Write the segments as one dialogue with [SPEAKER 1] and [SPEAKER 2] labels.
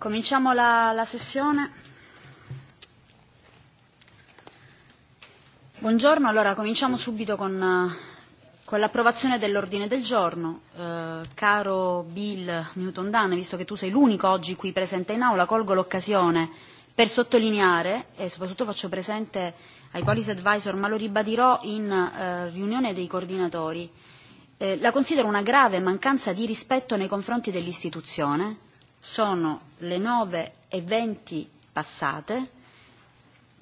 [SPEAKER 1] Cominciamo la, la sessione. Buongiorno, allora cominciamo subito con, eh, con l'approvazione dell'ordine del giorno. Eh, caro Bill Newton Dunn, visto che tu sei l'unico oggi qui presente in aula, colgo l'occasione per sottolineare e soprattutto faccio presente ai policy advisor, ma lo ribadirò in eh, riunione dei coordinatori, eh, la considero una grave mancanza di rispetto nei confronti dell'istituzione sono le 9 e 20 passate.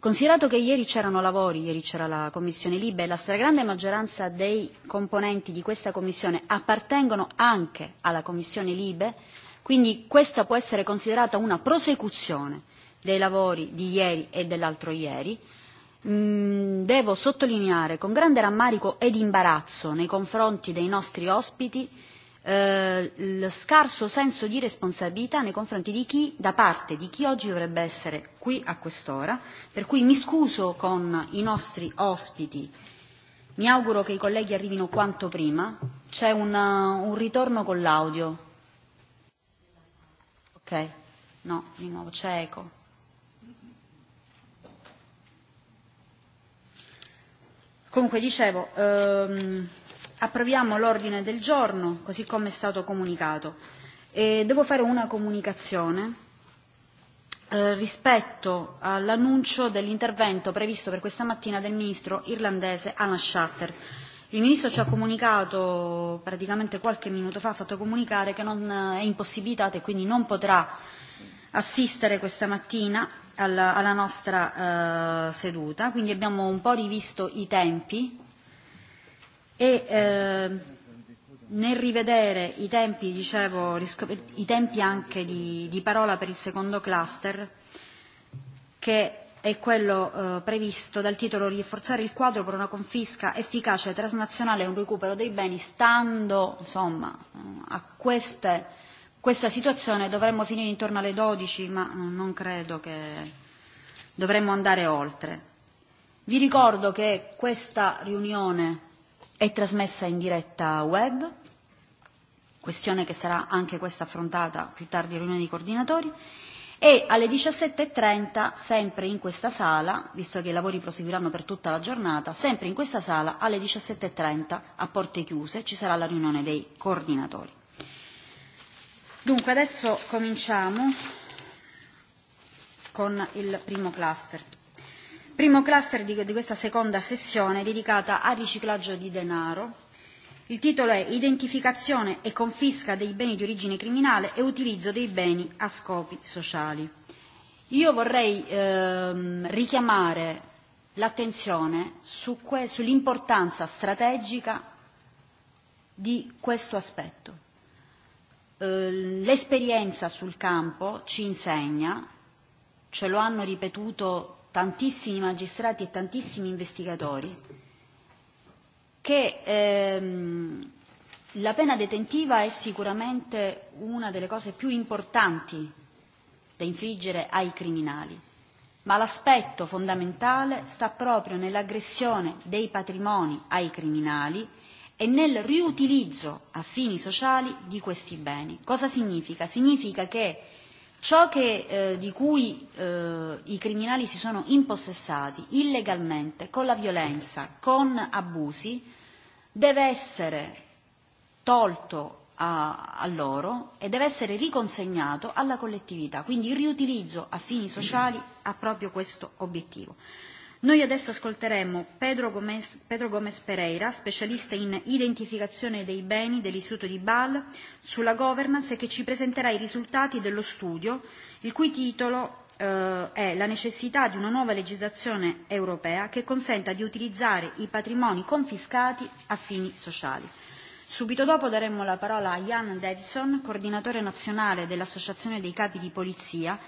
[SPEAKER 1] Considerato che ieri c'erano lavori, ieri c'era la Commissione Libe e la stragrande maggioranza dei componenti di questa Commissione appartengono anche alla Commissione Libe, quindi questa può essere considerata una prosecuzione dei lavori di ieri e dell'altro ieri. Mm, devo sottolineare con grande rammarico ed imbarazzo nei confronti dei nostri ospiti eh, lo scarso senso di responsabilità nei confronti di chi, da parte di chi oggi dovrebbe essere qui a quest'ora, per cui mi scuso con i nostri ospiti, mi auguro che i colleghi arrivino quanto prima, c'è un, eh, un ritorno con l'audio. Ok, no, di nuovo c'è eco. Comunque dicevo, ehm, Approviamo l'ordine del giorno, così come è stato comunicato. E devo fare una comunicazione eh, rispetto all'annuncio dell'intervento previsto per questa mattina del ministro irlandese Anna Shatter. Il Ministro ci ha comunicato praticamente qualche minuto fa, ha fatto comunicare che non eh, è impossibilitata e quindi non potrà assistere questa mattina alla, alla nostra eh, seduta, quindi abbiamo un po' rivisto i tempi e eh, nel rivedere i tempi, dicevo, i tempi anche di, di parola per il secondo cluster, che è quello eh, previsto dal titolo Rinforzare il quadro per una confisca efficace e transnazionale e un recupero dei beni, stando insomma, eh, a queste, questa situazione dovremmo finire intorno alle 12, ma eh, non credo che dovremmo andare oltre. Vi ricordo che questa riunione è trasmessa in diretta web, questione che sarà anche questa affrontata più tardi in riunione di coordinatori, e alle 17.30, e sempre in questa sala, visto che i lavori proseguiranno per tutta la giornata, sempre in questa sala alle 17.30 e a porte chiuse ci sarà la riunione dei coordinatori. Dunque adesso cominciamo con il primo cluster primo cluster di, di questa seconda sessione è dedicata al riciclaggio di denaro. Il titolo è Identificazione e confisca dei beni di origine criminale e utilizzo dei beni a scopi sociali. Io vorrei ehm, richiamare l'attenzione su que- sull'importanza strategica di questo aspetto. Eh, l'esperienza sul campo ci insegna, ce lo hanno ripetuto tantissimi magistrati e tantissimi investigatori, che ehm, la pena detentiva è sicuramente una delle cose più importanti da infliggere ai criminali, ma l'aspetto fondamentale sta proprio nell'aggressione dei patrimoni ai criminali e nel riutilizzo a fini sociali di questi beni. Cosa significa? Significa che Ciò che, eh, di cui eh, i criminali si sono impossessati illegalmente, con la violenza, con abusi, deve essere tolto a, a loro e deve essere riconsegnato alla collettività. Quindi il riutilizzo a fini sociali ha proprio questo obiettivo. Noi adesso ascolteremo Pedro Gomez, Pedro Gomez Pereira, specialista in identificazione dei beni dell'Istituto di Bâle, sulla governance e che ci presenterà i risultati dello studio, il cui titolo eh, è la necessità di una nuova legislazione europea che consenta di utilizzare i patrimoni confiscati a fini sociali. Subito dopo daremo la parola a Jan Davison, coordinatore nazionale dell'Associazione dei Capi di Polizia,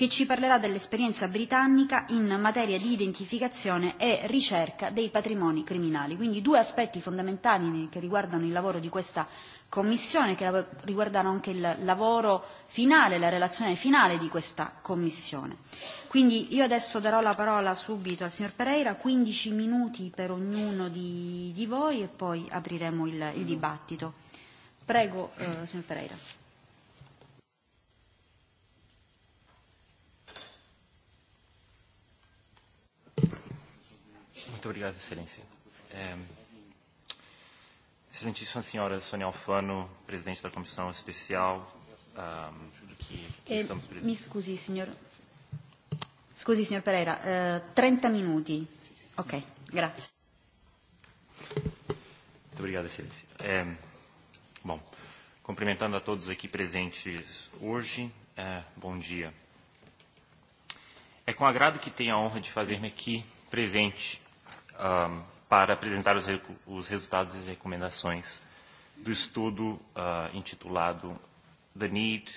[SPEAKER 1] che ci parlerà dell'esperienza britannica in materia di identificazione e ricerca dei patrimoni criminali. Quindi due aspetti fondamentali che riguardano il lavoro di questa Commissione, che riguardano anche il lavoro finale, la relazione finale di questa Commissione. Quindi io adesso darò la parola subito al signor Pereira, 15 minuti per ognuno di, di voi e poi apriremo il, il dibattito. Prego, eh, signor Pereira.
[SPEAKER 2] Muito obrigado, Excelência. É, excelentíssima senhora Sônia Alfano, presidente da Comissão Especial, um, que, que eh, estamos presentes. Mi
[SPEAKER 1] scusi, signor. Scusi, signor Pereira, uh, eh, 30 minuti. Ok, grazie.
[SPEAKER 2] Muito obrigado, Excelência. É, bom, cumprimentando a todos aqui presentes hoje, é, bom dia. É com agrado que tenho a honra de fazer-me aqui presente um, para apresentar os, os resultados e as recomendações do estudo uh, intitulado The Need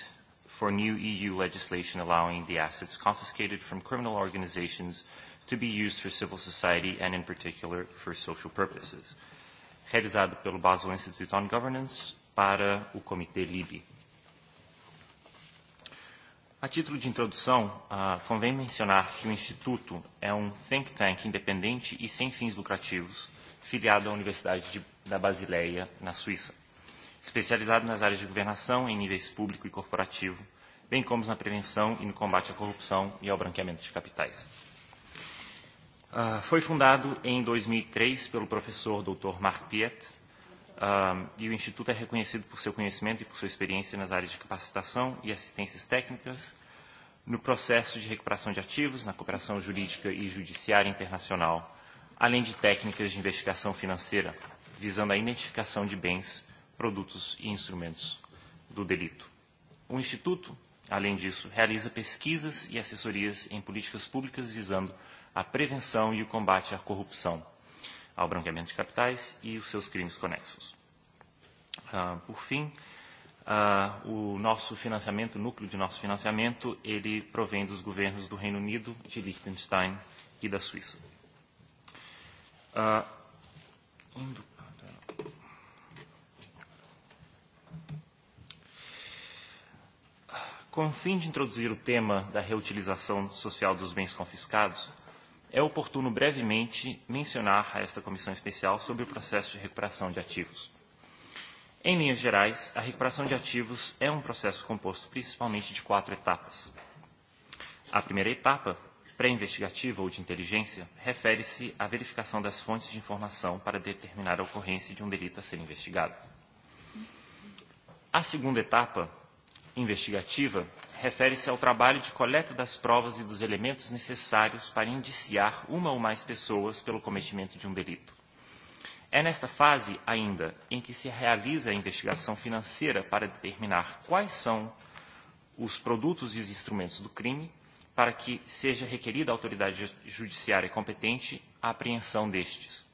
[SPEAKER 2] for New EU Legislation Allowing the Assets Confiscated from Criminal Organizations to be Used for Civil Society and, in particular, for Social Purposes, realizado pelo Basel Institute on Governance para o Comitê LIBE. A título de introdução, uh, convém mencionar que o Instituto é um think tank independente e sem fins lucrativos, filiado à Universidade de, da Basileia, na Suíça, especializado nas áreas de governação em níveis público e corporativo, bem como na prevenção e no combate à corrupção e ao branqueamento de capitais. Uh, foi fundado em 2003 e pelo professor Dr. Marc Piet, Uh, e o Instituto é reconhecido por seu conhecimento e por sua experiência nas áreas de capacitação e assistências técnicas, no processo de recuperação de ativos, na cooperação jurídica e judiciária internacional, além de técnicas de investigação financeira, visando a identificação de bens, produtos e instrumentos do delito. O Instituto, além disso, realiza pesquisas e assessorias em políticas públicas visando a prevenção e o combate à corrupção ao branqueamento de capitais e os seus crimes conexos. Uh, por fim, uh, o nosso financiamento, o núcleo de nosso financiamento, ele provém dos governos do Reino Unido, de Liechtenstein e da Suíça. Uh, indo Com o fim de introduzir o tema da reutilização social dos bens confiscados, é oportuno brevemente mencionar a esta comissão especial sobre o processo de recuperação de ativos. Em linhas gerais, a recuperação de ativos é um processo composto principalmente de quatro etapas. A primeira etapa, pré-investigativa ou de inteligência, refere-se à verificação das fontes de informação para determinar a ocorrência de um delito a ser investigado. A segunda etapa, investigativa, refere-se ao trabalho de coleta das provas e dos elementos necessários para indiciar uma ou mais pessoas pelo cometimento de um delito. É nesta fase ainda em que se realiza a investigação financeira para determinar quais são os produtos e os instrumentos do crime para que seja requerida à autoridade judiciária competente a apreensão destes,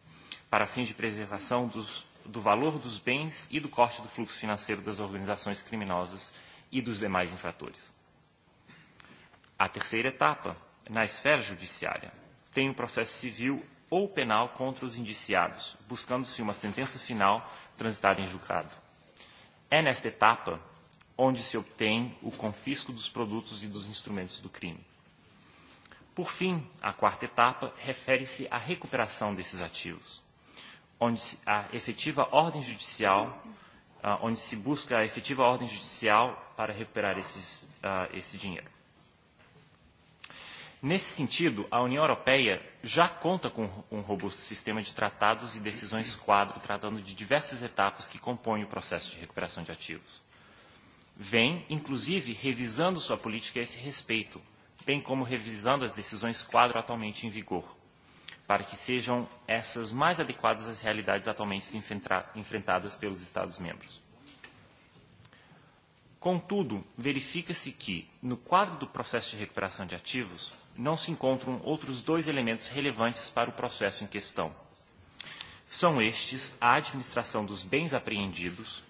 [SPEAKER 2] para fins de preservação dos, do valor dos bens e do corte do fluxo financeiro das organizações criminosas e dos demais infratores. A terceira etapa, na esfera judiciária, tem o um processo civil ou penal contra os indiciados, buscando-se uma sentença final transitada em julgado. É nesta etapa onde se obtém o confisco dos produtos e dos instrumentos do crime. Por fim, a quarta etapa refere-se à recuperação desses ativos, onde a efetiva ordem judicial, ah, onde se busca a efetiva ordem judicial para recuperar esses, uh, esse dinheiro. Nesse sentido, a União Europeia já conta com um robusto sistema de tratados e decisões quadro tratando de diversas etapas que compõem o processo de recuperação de ativos. Vem, inclusive, revisando sua política a esse respeito, bem como revisando as decisões quadro atualmente em vigor, para que sejam essas mais adequadas às realidades atualmente enfrentadas pelos Estados-membros. Contudo, verifica-se que, no quadro do processo de recuperação de ativos, não se encontram outros dois elementos relevantes para o processo em questão. São estes a administração dos bens apreendidos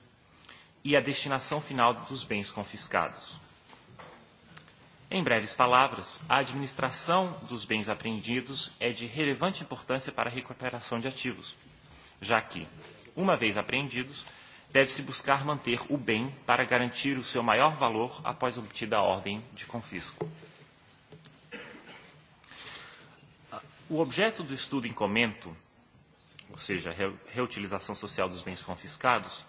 [SPEAKER 2] e a destinação final dos bens confiscados. Em breves palavras, a administração dos bens apreendidos é de relevante importância para a recuperação de ativos, já que, uma vez apreendidos, deve-se buscar manter o bem para garantir o seu maior valor após obtida a ordem de confisco. O objeto do estudo em comento, ou seja, a reutilização social dos bens confiscados,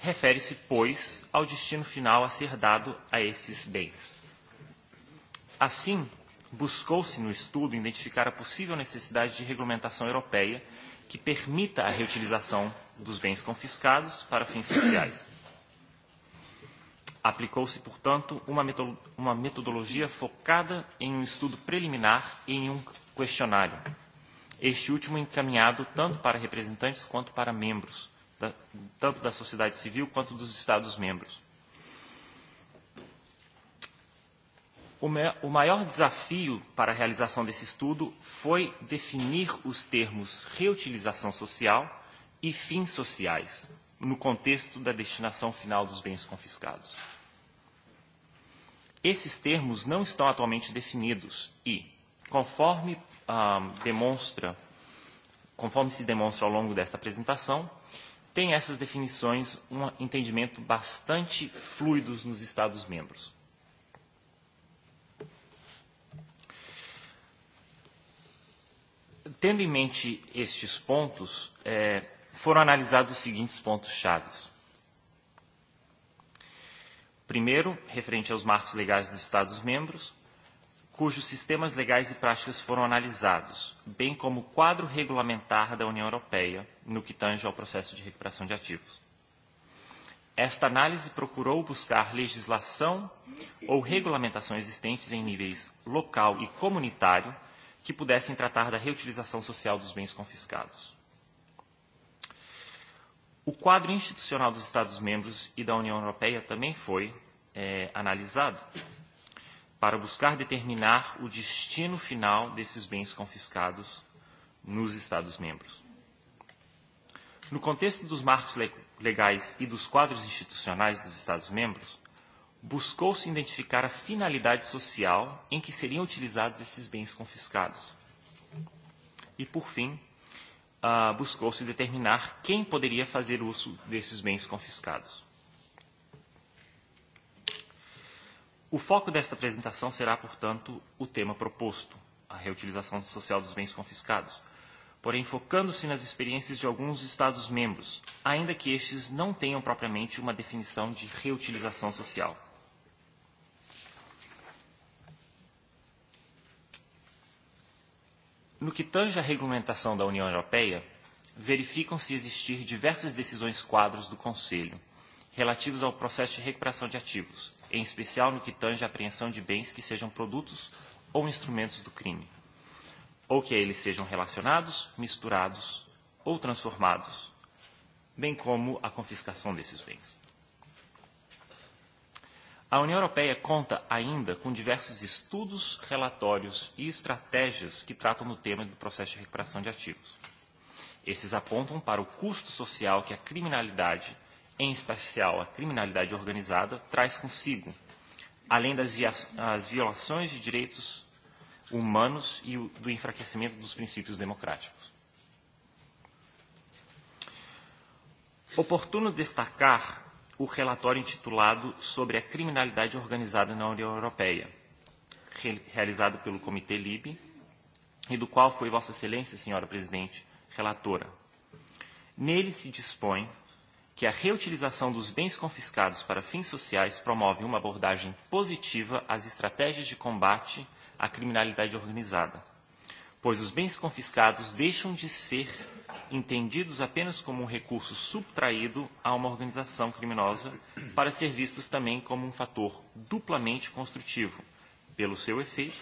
[SPEAKER 2] refere-se, pois, ao destino final a ser dado a esses bens. Assim, buscou-se no estudo identificar a possível necessidade de regulamentação europeia que permita a reutilização dos bens confiscados para fins sociais. Aplicou-se, portanto, uma metodologia focada em um estudo preliminar e em um questionário, este último encaminhado tanto para representantes quanto para membros, da, tanto da sociedade civil quanto dos Estados-membros. O, me, o maior desafio para a realização desse estudo foi definir os termos reutilização social e fins sociais, no contexto da destinação final dos bens confiscados. Esses termos não estão atualmente definidos e, conforme ah, demonstra, conforme se demonstra ao longo desta apresentação, tem essas definições um entendimento bastante fluidos nos Estados-membros. Tendo em mente estes pontos, é, eh, foram analisados os seguintes pontos chaves. Primeiro, referente aos marcos legais dos Estados-membros, cujos sistemas legais e práticas foram analisados, bem como o quadro regulamentar da União Europeia no que tange ao processo de recuperação de ativos. Esta análise procurou buscar legislação ou regulamentação existentes em níveis local e comunitário que pudessem tratar da reutilização social dos bens confiscados. O quadro institucional dos Estados-membros e da União Europeia também foi é, analisado para buscar determinar o destino final desses bens confiscados nos Estados-membros. No contexto dos marcos legais e dos quadros institucionais dos Estados-membros, buscou-se identificar a finalidade social em que seriam utilizados esses bens confiscados. E, por fim, uh, ah, buscou-se determinar quem poderia fazer uso desses bens confiscados. O foco desta apresentação será, portanto, o tema proposto, a reutilização social dos bens confiscados, porém focando-se nas experiências de alguns Estados-membros, ainda que estes não tenham propriamente uma definição de reutilização social. No que tange à regulamentação da União Europeia, verificam-se existir diversas decisões quadros do Conselho relativas ao processo de recuperação de ativos, em especial no que tange à apreensão de bens que sejam produtos ou instrumentos do crime, ou que a eles sejam relacionados, misturados ou transformados, bem como a confiscação desses bens. A União Europeia conta ainda com diversos estudos, relatórios e estratégias que tratam do tema do processo de recuperação de ativos. Esses apontam para o custo social que a criminalidade, em especial a criminalidade organizada, traz consigo, além das as violações de direitos humanos e do enfraquecimento dos princípios democráticos. Oportuno destacar o relatório intitulado Sobre a Criminalidade Organizada na União Europeia, realizado pelo Comitê LIBE e do qual foi Vossa Excelência, Senhora Presidente, relatora. Nele se dispõe que a reutilização dos bens confiscados para fins sociais promove uma abordagem positiva às estratégias de combate à criminalidade organizada, pois os bens confiscados deixam de ser entendidos apenas como um recurso subtraído a uma organização criminosa, para ser vistos também como um fator duplamente construtivo, pelo seu efeito,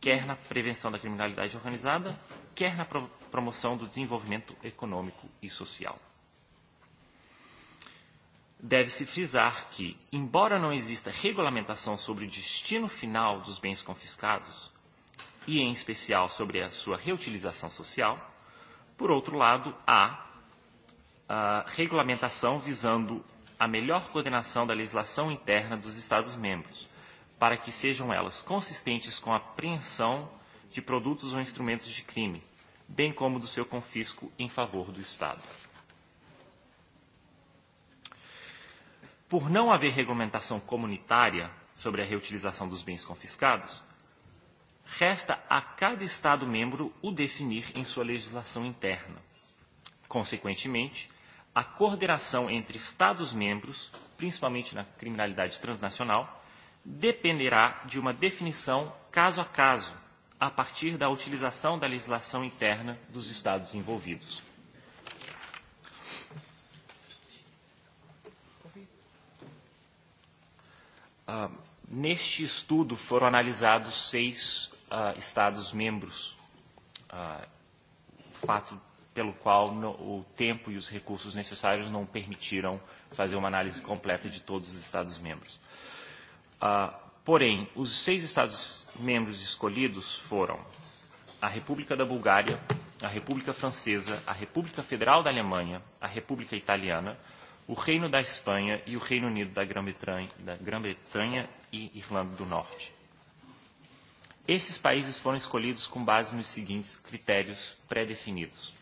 [SPEAKER 2] quer na prevenção da criminalidade organizada, quer na pro promoção do desenvolvimento econômico e social. Deve-se frisar que, embora não exista regulamentação sobre o destino final dos bens confiscados, e em especial sobre a sua reutilização social, Por outro lado, há a ah, regulamentação visando a melhor coordenação da legislação interna dos Estados-membros, para que sejam elas consistentes com a apreensão de produtos ou instrumentos de crime, bem como do seu confisco em favor do Estado. Por não haver regulamentação comunitária sobre a reutilização dos bens confiscados, resta a cada Estado-membro o definir em sua legislação interna. Consequentemente, a coordenação entre Estados-membros, principalmente na criminalidade transnacional, dependerá de uma definição caso a caso, a partir da utilização da legislação interna dos Estados envolvidos. Uh, neste estudo foram analisados seis uh, Estados-membros. Uh, o fato pelo qual no, o tempo e os recursos necessários não permitiram fazer uma análise completa de todos os Estados-membros. Uh, porém, os seis Estados-membros escolhidos foram a República da Bulgária, a República Francesa, a República Federal da Alemanha, a República Italiana, o Reino da Espanha e o Reino Unido da Grã-Bretanha Grã e Irlanda do Norte. Esses países foram escolhidos com base nos seguintes critérios pré-definidos.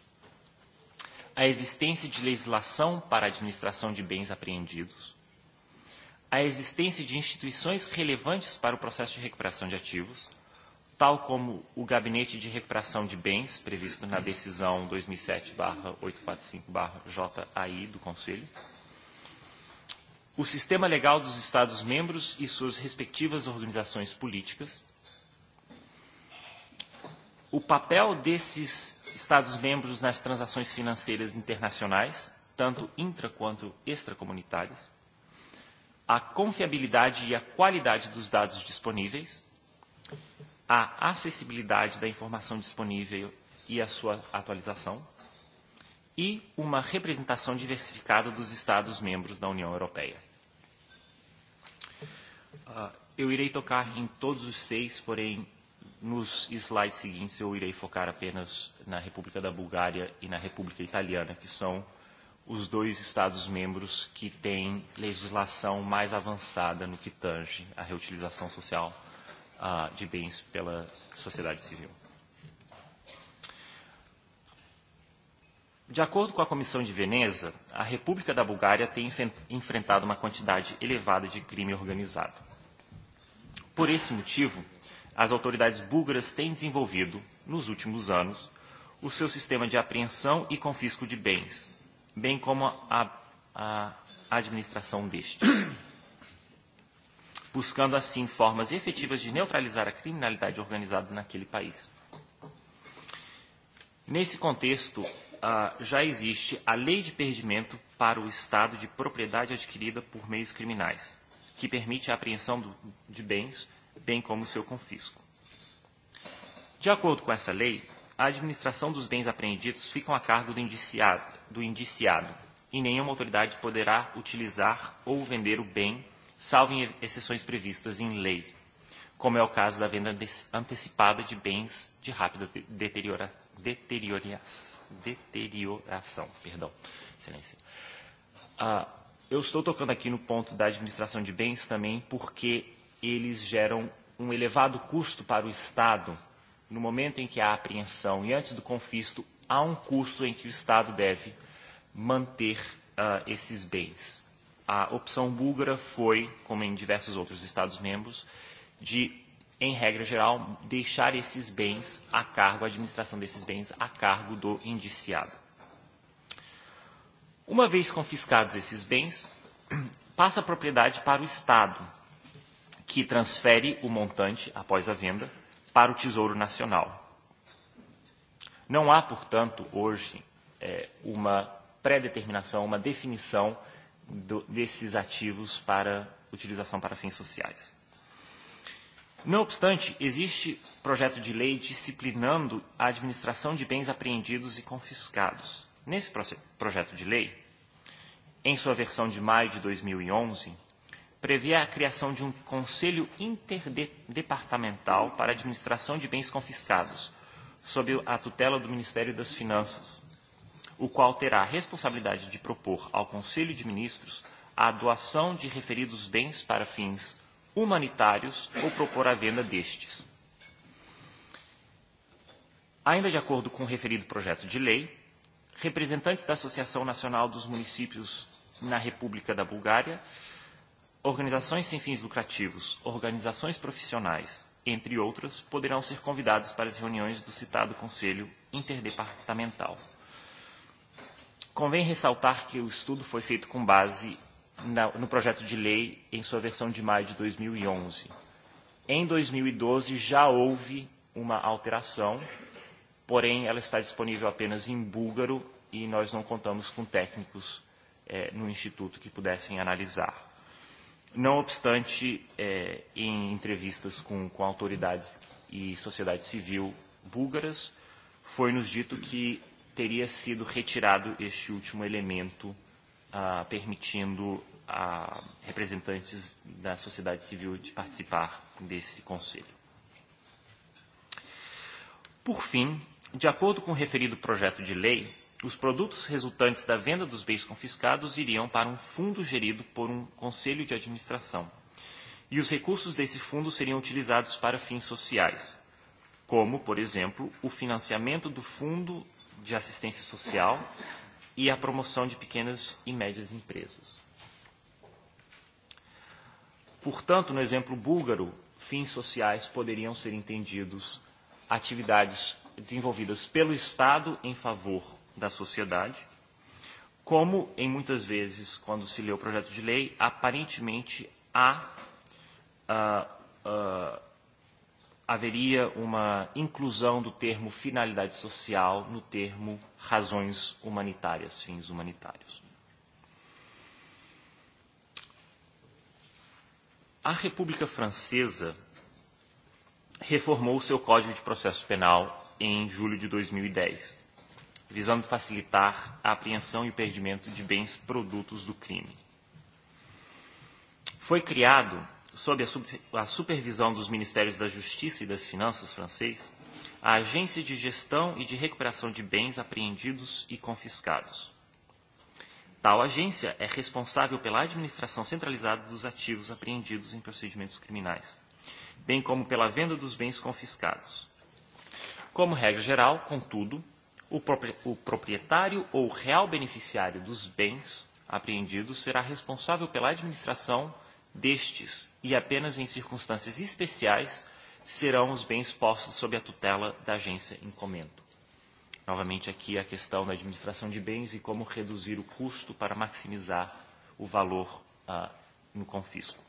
[SPEAKER 2] A existência de legislação para a administração de bens apreendidos, a existência de instituições relevantes para o processo de recuperação de ativos, tal como o Gabinete de Recuperação de Bens, previsto na decisão 2007-845-JAI e e do Conselho, o sistema legal dos Estados-membros e suas respectivas organizações políticas, o papel desses Estados-membros nas transações financeiras internacionais, tanto intra quanto extracomunitárias, a confiabilidade e a qualidade dos dados disponíveis, a acessibilidade da informação disponível e a sua atualização, e uma representação diversificada dos Estados-membros da União Europeia. Uh, eu irei tocar em todos os seis, porém Nos slides seguintes eu irei focar apenas na República da Bulgária e na República Italiana, que são os dois Estados-membros que têm legislação mais avançada no que tange à reutilização social uh, de bens pela sociedade civil. De acordo com a Comissão de Veneza, a República da Bulgária tem enfrentado uma quantidade elevada de crime organizado. Por esse motivo, as autoridades búlgaras têm desenvolvido, nos últimos anos, o seu sistema de apreensão e confisco de bens, bem como a, a administração destes, buscando assim formas efetivas de neutralizar a criminalidade organizada naquele país. Nesse contexto, ah, já existe a Lei de Perdimento para o Estado de Propriedade Adquirida por Meios Criminais, que permite a apreensão de bens bem como seu confisco. De acordo com essa lei, a administração dos bens apreendidos ficam a cargo do indiciado, do indiciado e nenhuma autoridade poderá utilizar ou vender o bem, salvo em exceções previstas em lei, como é o caso da venda antecipada de bens de rápida deteriora, deteriora, deterioração. Perdão, excelência. Ah, eu estou tocando aqui no ponto da administração de bens também porque eles geram um elevado custo para o Estado no momento em que há apreensão e antes do confisco, há um custo em que o Estado deve manter uh, esses bens. A opção búlgara foi, como em diversos outros Estados-membros, de, em regra geral, deixar esses bens a cargo, a administração desses bens a cargo do indiciado. Uma vez confiscados esses bens, passa a propriedade para o Estado, que transfere o montante após a venda para o Tesouro Nacional. Não há, portanto, hoje é, uma pré-determinação, uma definição do, desses ativos para utilização para fins sociais. Não obstante, existe projeto de lei disciplinando a administração de bens apreendidos e confiscados. Nesse projeto de lei, em sua versão de maio de 2011, prevê a criação de um conselho interdepartamental para a administração de bens confiscados, sob a tutela do Ministério das Finanças, o qual terá a responsabilidade de propor ao Conselho de Ministros a doação de referidos bens para fins humanitários ou propor a venda destes. Ainda de acordo com o referido projeto de lei, representantes da Associação Nacional dos Municípios na República da Bulgária Organizações sem fins lucrativos, organizações profissionais, entre outras, poderão ser convidadas para as reuniões do citado Conselho Interdepartamental. Convém ressaltar que o estudo foi feito com base na, no projeto de lei em sua versão de maio de 2011. E em 2012 e já houve uma alteração, porém ela está disponível apenas em búlgaro e nós não contamos com técnicos eh, no Instituto que pudessem analisar. Não obstante, é, em entrevistas com, com autoridades e sociedade civil búlgaras, foi-nos dito que teria sido retirado este último elemento, ah, permitindo a representantes da sociedade civil de participar desse conselho. Por fim, de acordo com o referido projeto de lei, Os produtos resultantes da venda dos bens confiscados iriam para um fundo gerido por um conselho de administração. E os recursos desse fundo seriam utilizados para fins sociais, como, por exemplo, o financiamento do fundo de assistência social e a promoção de pequenas e médias empresas. Portanto, no exemplo búlgaro, fins sociais poderiam ser entendidos atividades desenvolvidas pelo Estado em favor da sociedade, como em muitas vezes, quando se lê o projeto de lei, aparentemente há, uh, uh, haveria uma inclusão do termo finalidade social no termo razões humanitárias, fins humanitários. A República Francesa reformou seu Código de Processo Penal em julho de 2010 visando facilitar a apreensão e o perdimento de bens produtos do crime. Foi criado, sob a supervisão dos Ministérios da Justiça e das Finanças francês, a Agência de Gestão e de Recuperação de Bens Apreendidos e Confiscados. Tal agência é responsável pela administração centralizada dos ativos apreendidos em procedimentos criminais, bem como pela venda dos bens confiscados. Como regra geral, contudo, o proprietário ou real beneficiário dos bens apreendidos será responsável pela administração destes e apenas em circunstâncias especiais serão os bens postos sob a tutela da agência em comento. Novamente aqui a questão da administração de bens e como reduzir o custo para maximizar o valor ah, no confisco.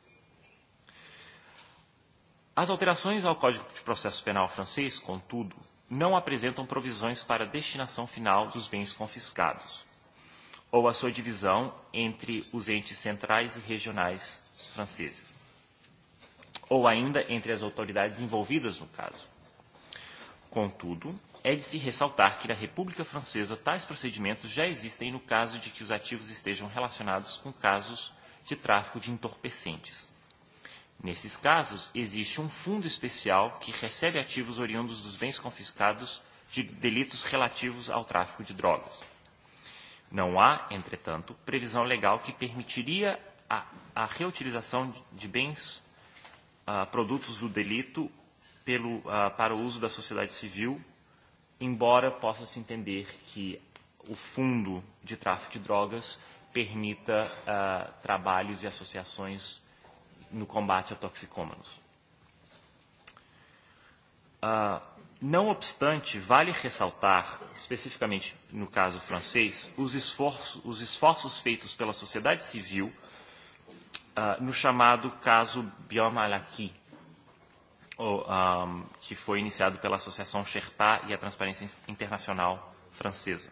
[SPEAKER 2] As alterações ao Código de Processo Penal francês, contudo, não apresentam provisões para a destinação final dos bens confiscados ou a sua divisão entre os entes centrais e regionais franceses ou ainda entre as autoridades envolvidas no caso. Contudo, é de se ressaltar que na República Francesa tais procedimentos já existem no caso de que os ativos estejam relacionados com casos de tráfico de entorpecentes. Nesses casos, existe um fundo especial que recebe ativos oriundos dos bens confiscados de delitos relativos ao tráfico de drogas. Não há, entretanto, previsão legal que permitiria a, a reutilização de, de bens uh, produtos do delito pelo, uh, para o uso da sociedade civil, embora possa se entender que o fundo de tráfico de drogas permita uh, trabalhos e associações no combate a toxicômanos. Ah, não obstante, vale ressaltar, especificamente no caso francês, os esforços, os esforços feitos pela sociedade civil ah, no chamado caso Biomalaki, ou, um, ah, que foi iniciado pela Associação Sherpa e a Transparência Internacional Francesa.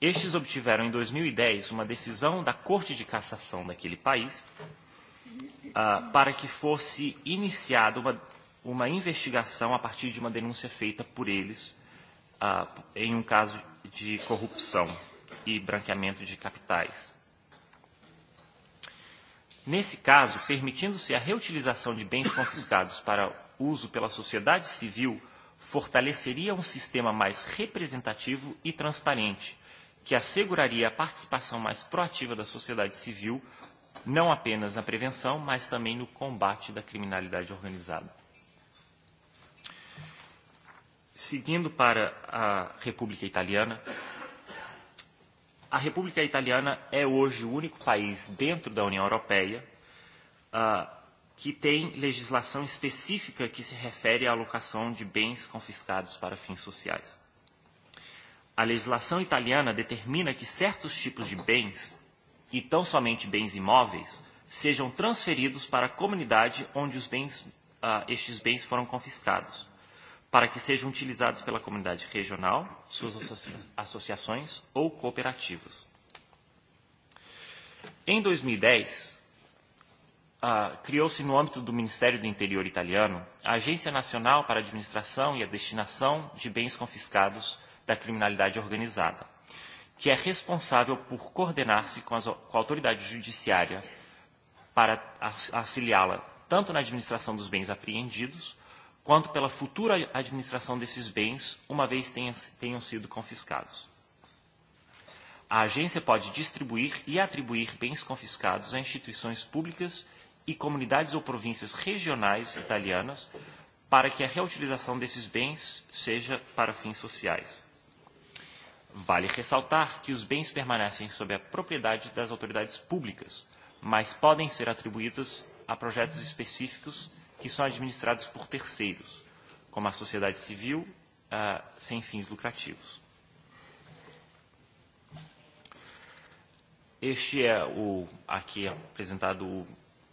[SPEAKER 2] Estes obtiveram em 2010 e uma decisão da Corte de Cassação daquele país, uh, para que fosse iniciada uma, uma investigação a partir de uma denúncia feita por eles uh, em um caso de corrupção e branqueamento de capitais. Nesse caso, permitindo-se a reutilização de bens confiscados para uso pela sociedade civil, fortaleceria um sistema mais representativo e transparente, que asseguraria a participação mais proativa da sociedade civil não apenas na prevenção, mas também no combate da criminalidade organizada. Seguindo para a República Italiana, a República Italiana é hoje o único país dentro da União Europeia uh, que tem legislação específica que se refere à alocação de bens confiscados para fins sociais. A legislação italiana determina que certos tipos de bens e tão somente bens imóveis sejam transferidos para a comunidade onde os bens, uh, estes bens foram confiscados, para que sejam utilizados pela comunidade regional, suas associa associações ou cooperativas. Em 2010, uh, e ah, criou-se no âmbito do Ministério do Interior italiano a Agência Nacional para a Administração e a Destinação de Bens Confiscados da Criminalidade Organizada, que é responsável por coordenar-se com, com a autoridade judiciária para auxiliá-la tanto na administração dos bens apreendidos, quanto pela futura administração desses bens, uma vez tenham, tenham sido confiscados. A agência pode distribuir e atribuir bens confiscados a instituições públicas e comunidades ou províncias regionais italianas para que a reutilização desses bens seja para fins sociais. Vale ressaltar que os bens permanecem sob a propriedade das autoridades públicas, mas podem ser atribuídas a projetos específicos que são administrados por terceiros, como a sociedade civil uh, sem fins lucrativos. Este é o aqui é apresentado o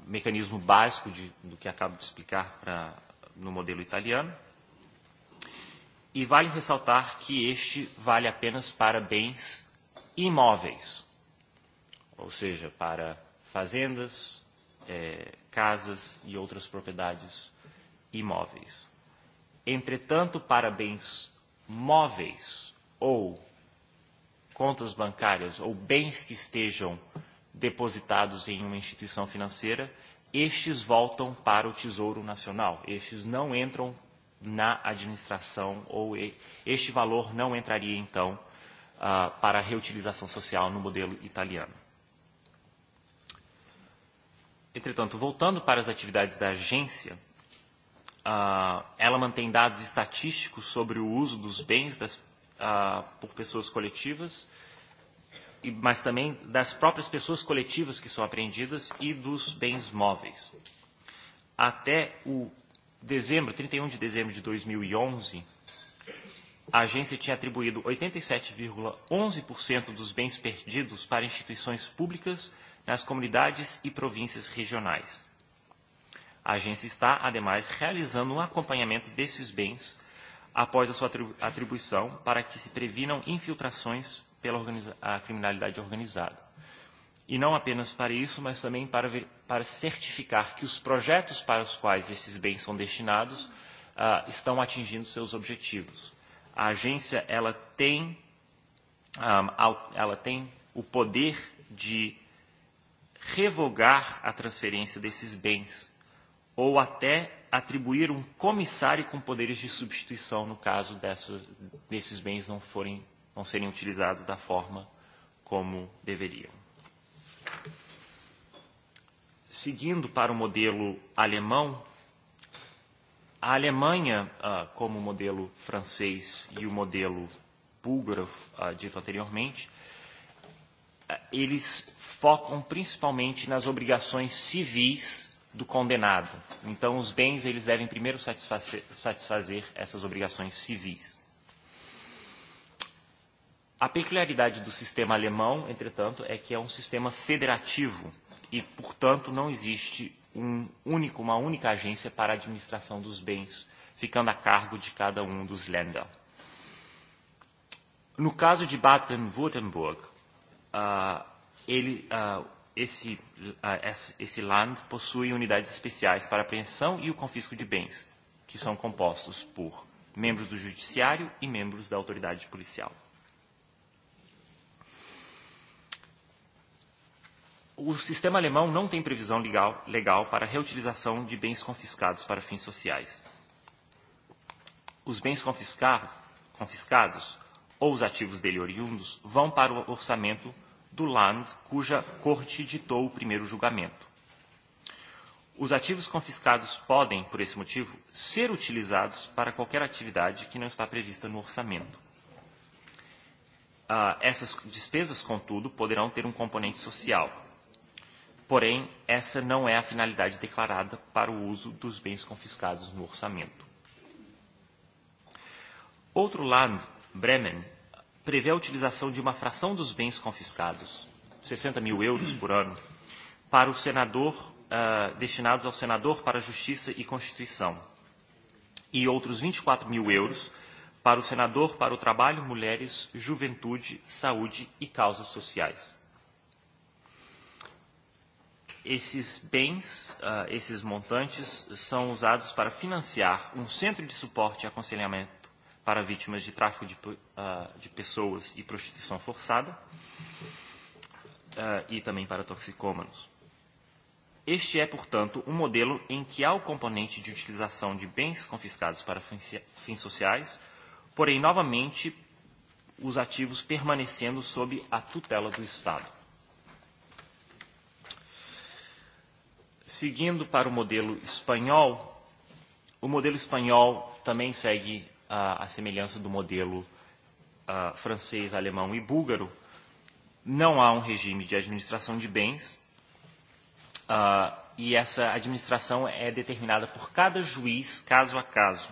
[SPEAKER 2] mecanismo básico de, do que acabo de explicar pra, no modelo italiano e vale ressaltar que este vale apenas para bens imóveis, ou seja, para fazendas, é, casas e outras propriedades imóveis. Entretanto, para bens móveis ou contas bancárias ou bens que estejam depositados em uma instituição financeira, estes voltam para o Tesouro Nacional. Estes não entram na administração ou e, este valor não entraria, então, uh, para a reutilização social no modelo italiano. Entretanto, voltando para as atividades da agência, uh, ela mantém dados estatísticos sobre o uso dos bens das, uh, por pessoas coletivas, e, mas também das próprias pessoas coletivas que são apreendidas e dos bens móveis. Até o dezembro, 31 e um de dezembro de 2011, e a agência tinha atribuído 87,11% e dos bens perdidos para instituições públicas nas comunidades e províncias regionais. A agência está, ademais, realizando um acompanhamento desses bens após a sua atribuição para que se previnam infiltrações pela organiza a criminalidade organizada e não apenas para isso, mas também para, para certificar que os projetos para os quais esses bens são destinados uh, estão atingindo seus objetivos. A agência ela tem, um, ela tem o poder de revogar a transferência desses bens ou até atribuir um comissário com poderes de substituição no caso dessa, desses bens não, forem, não serem utilizados da forma como deveriam. Seguindo para o modelo alemão, a Alemanha, ah, como o modelo francês e o modelo búlgaro ah, dito anteriormente, ah, eles focam principalmente nas obrigações civis do condenado. Então, os bens eles devem primeiro satisfazer, satisfazer essas obrigações civis. A peculiaridade do sistema alemão, entretanto, é que é um sistema federativo e, portanto, não existe um único, uma única agência para a administração dos bens, ficando a cargo de cada um dos Länder. No caso de Baden-Württemberg, uh, ele, uh, esse, uh, esse land possui unidades especiais para a apreensão e o confisco de bens, que são compostos por membros do judiciário e membros da autoridade policial. O sistema alemão não tem previsão legal, legal para a reutilização de bens confiscados para fins sociais. Os bens confiscar, confiscados ou os ativos dele oriundos vão para o orçamento do Land, cuja corte ditou o primeiro julgamento. Os ativos confiscados podem, por esse motivo, ser utilizados para qualquer atividade que não está prevista no orçamento. Uh, essas despesas, contudo, poderão ter um componente social, Porém, essa não é a finalidade declarada para o uso dos bens confiscados no orçamento. Outro lado, Bremen, prevê a utilização de uma fração dos bens confiscados, 60 mil euros por ano, para o senador, uh, destinados ao senador para Justiça e Constituição, e outros 24 e mil euros para o senador para o Trabalho, Mulheres, Juventude, Saúde e Causas Sociais. Esses bens, uh, esses montantes, são usados para financiar um centro de suporte e aconselhamento para vítimas de tráfico de, uh, de pessoas e prostituição forçada,
[SPEAKER 3] uh,
[SPEAKER 2] e também para toxicômanos. Este é, portanto, um modelo em que há o componente de utilização de bens confiscados para fins sociais, porém, novamente, os ativos permanecendo sob a tutela do Estado. Seguindo para o modelo espanhol, o modelo espanhol também segue a, ah, a semelhança do modelo a, ah, francês, alemão e búlgaro. Não há um regime de administração de bens a, ah, e essa administração é determinada por cada juiz, caso a caso.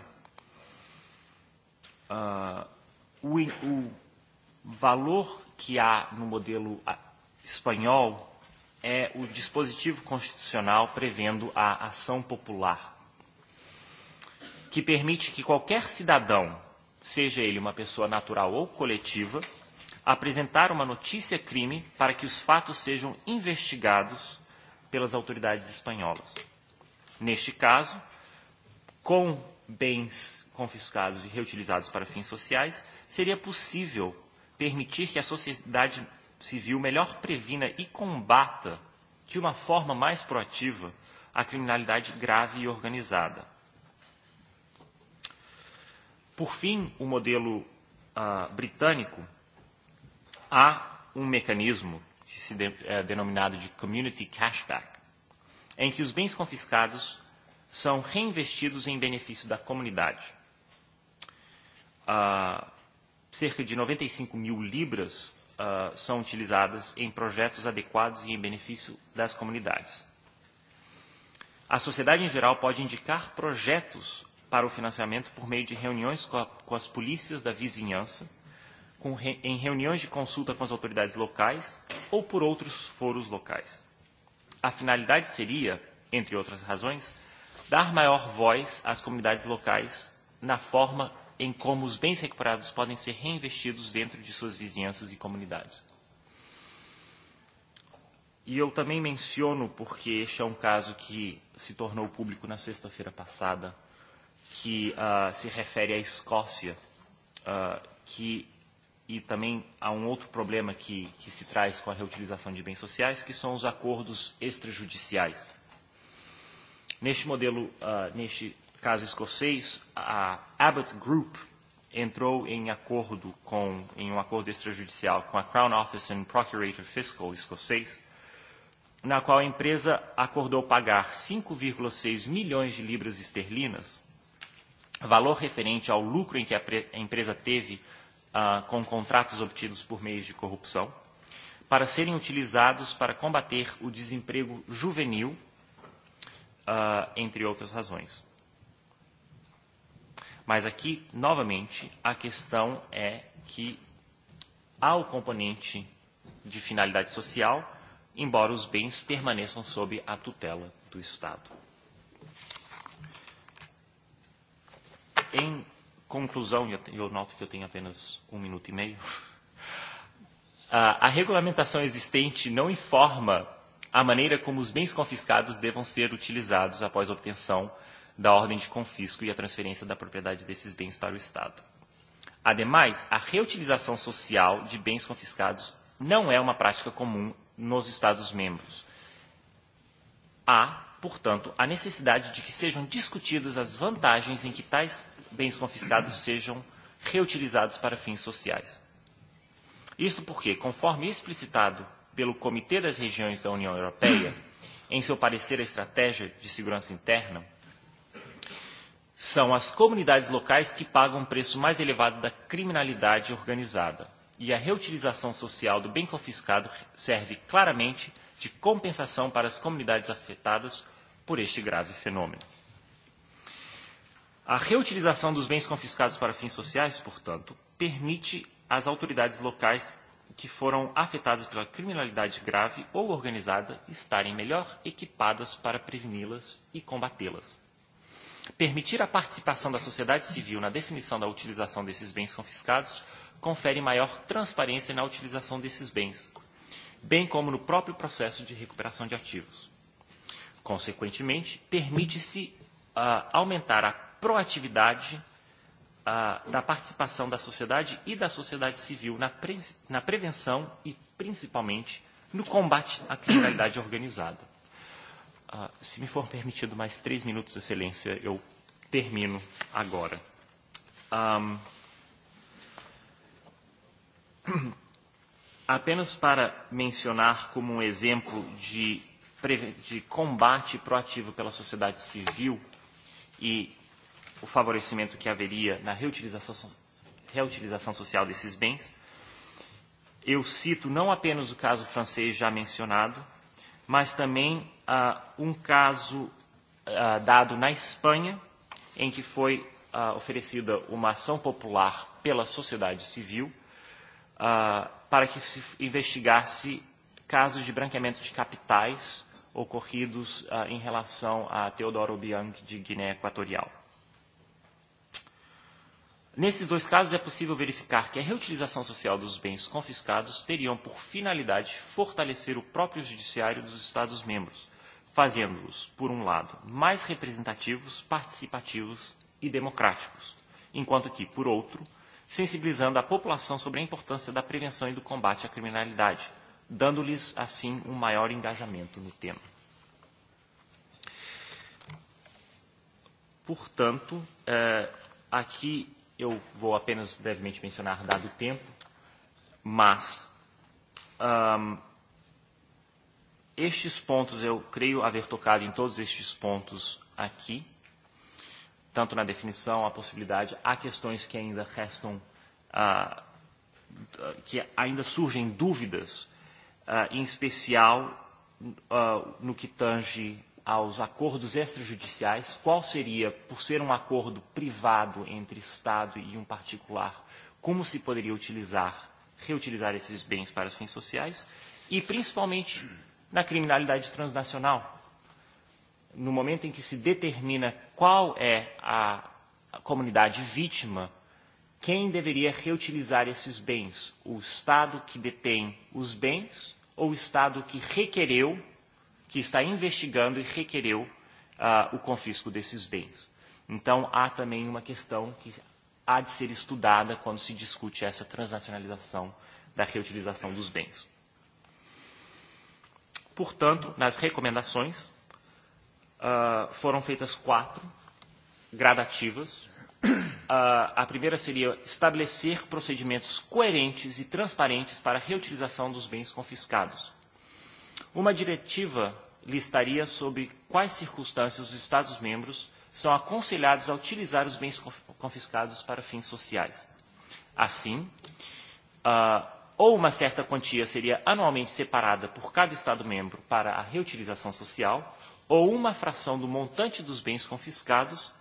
[SPEAKER 2] Uh, o, o valor que há no modelo espanhol é o dispositivo constitucional prevendo a ação popular, que permite que qualquer cidadão, seja ele uma pessoa natural ou coletiva, apresentar uma notícia crime para que os fatos sejam investigados pelas autoridades espanholas. Neste caso, com bens confiscados e reutilizados para fins sociais, seria possível permitir que a sociedade civil melhor previna e combata de uma forma mais proativa a criminalidade grave e organizada. Por fim, o modelo ah, britânico, há um mecanismo que se de, é, denominado de community cashback, em que os bens confiscados são reinvestidos em benefício da comunidade. Ah, cerca de 95 e mil libras uh, são utilizadas em projetos adequados e em benefício das comunidades. A sociedade em geral pode indicar projetos para o financiamento por meio de reuniões com, a, com as polícias da vizinhança, com re, em reuniões de consulta com as autoridades locais ou por outros foros locais. A finalidade seria, entre outras razões, dar maior voz às comunidades locais na forma em como os bens recuperados podem ser reinvestidos dentro de suas vizinhanças e comunidades. E eu também menciono, porque este é um caso que se tornou público na sexta-feira passada, que uh, se refere à Escócia, uh, que, e também a um outro problema que, que se traz com a reutilização de bens sociais, que são os acordos extrajudiciais. Neste modelo, uh, neste caso escocês, a Abbott Group entrou em acordo com, em um acordo extrajudicial com a Crown Office and Procurator Fiscal escocês, na qual a empresa acordou pagar 5,6 milhões de libras esterlinas, valor referente ao lucro em que a, a empresa teve uh, com contratos obtidos por meios de corrupção, para serem utilizados para combater o desemprego juvenil, uh, entre outras razões. Mas aqui, novamente, a questão é que há o componente de finalidade social, embora os bens permaneçam sob a tutela do Estado. Em conclusão, e eu noto que eu tenho apenas um minuto e meio, a regulamentação existente não informa a maneira como os bens confiscados devam ser utilizados após a obtenção da ordem de confisco e a transferência da propriedade desses bens para o Estado. Ademais, a reutilização social de bens confiscados não é uma prática comum nos Estados-membros. Há, portanto, a necessidade de que sejam discutidas as vantagens em que tais bens confiscados sejam reutilizados para fins sociais. Isto porque, conforme explicitado pelo Comitê das Regiões da União Europeia, em seu parecer a Estratégia de Segurança Interna, São as comunidades locais que pagam o um preço mais elevado da criminalidade organizada. E a reutilização social do bem confiscado serve claramente de compensação para as comunidades afetadas por este grave fenômeno. A reutilização dos bens confiscados para fins sociais, portanto, permite às autoridades locais que foram afetadas pela criminalidade grave ou organizada estarem melhor equipadas para preveni-las e combatê-las. Permitir a participação da sociedade civil na definição da utilização desses bens confiscados confere maior transparência na utilização desses bens, bem como no próprio processo de recuperação de ativos. Consequentemente, permite-se uh, aumentar a proatividade uh, da participação da sociedade e da sociedade civil na, pre na prevenção e, principalmente, no combate à criminalidade organizada. Ah, se me for permitido mais três minutos, Excelência, eu termino agora. Um, apenas para mencionar como um exemplo de, de combate proativo pela sociedade civil e o favorecimento que haveria na reutilização, reutilização social desses bens, eu cito não apenas o caso francês já mencionado, mas também uh, um caso uh, dado na Espanha, em que foi uh, oferecida uma ação popular pela sociedade civil uh, para que se investigasse casos de branqueamento de capitais ocorridos uh, em relação a Teodoro Biang de Guiné Equatorial. Nesses dois casos, é possível verificar que a reutilização social dos bens confiscados teriam por finalidade fortalecer o próprio judiciário dos Estados-membros, fazendo-os, por um lado, mais representativos, participativos e democráticos, enquanto que, por outro, sensibilizando a população sobre a importância da prevenção e do combate à criminalidade, dando-lhes, assim, um maior engajamento no tema. Portanto, eh, aqui Eu vou apenas brevemente mencionar, dado o tempo, mas um, estes pontos, eu creio haver tocado em todos estes pontos aqui, tanto na definição, a possibilidade, há questões que ainda restam, uh, que ainda surgem dúvidas, uh, em especial uh, no que tange aos acordos extrajudiciais, qual seria, por ser um acordo privado entre Estado e um particular, como se poderia utilizar, reutilizar esses bens para fins sociais, e principalmente na criminalidade transnacional, no momento em que se determina qual é a comunidade vítima, quem deveria reutilizar esses bens? O Estado que detém os bens ou o Estado que requereu que está investigando e requereu uh, o confisco desses bens. Então, há também uma questão que há de ser estudada quando se discute essa transnacionalização da reutilização dos bens. Portanto, nas recomendações, uh, foram feitas quatro, gradativas. Uh, a primeira seria estabelecer procedimentos coerentes e transparentes para a reutilização dos bens confiscados, Uma diretiva listaria sobre quais circunstâncias os Estados-membros são aconselhados a utilizar os bens confiscados para fins sociais. Assim, uh, ou uma certa quantia seria anualmente separada por cada Estado-membro para a reutilização social, ou uma fração do montante dos bens confiscados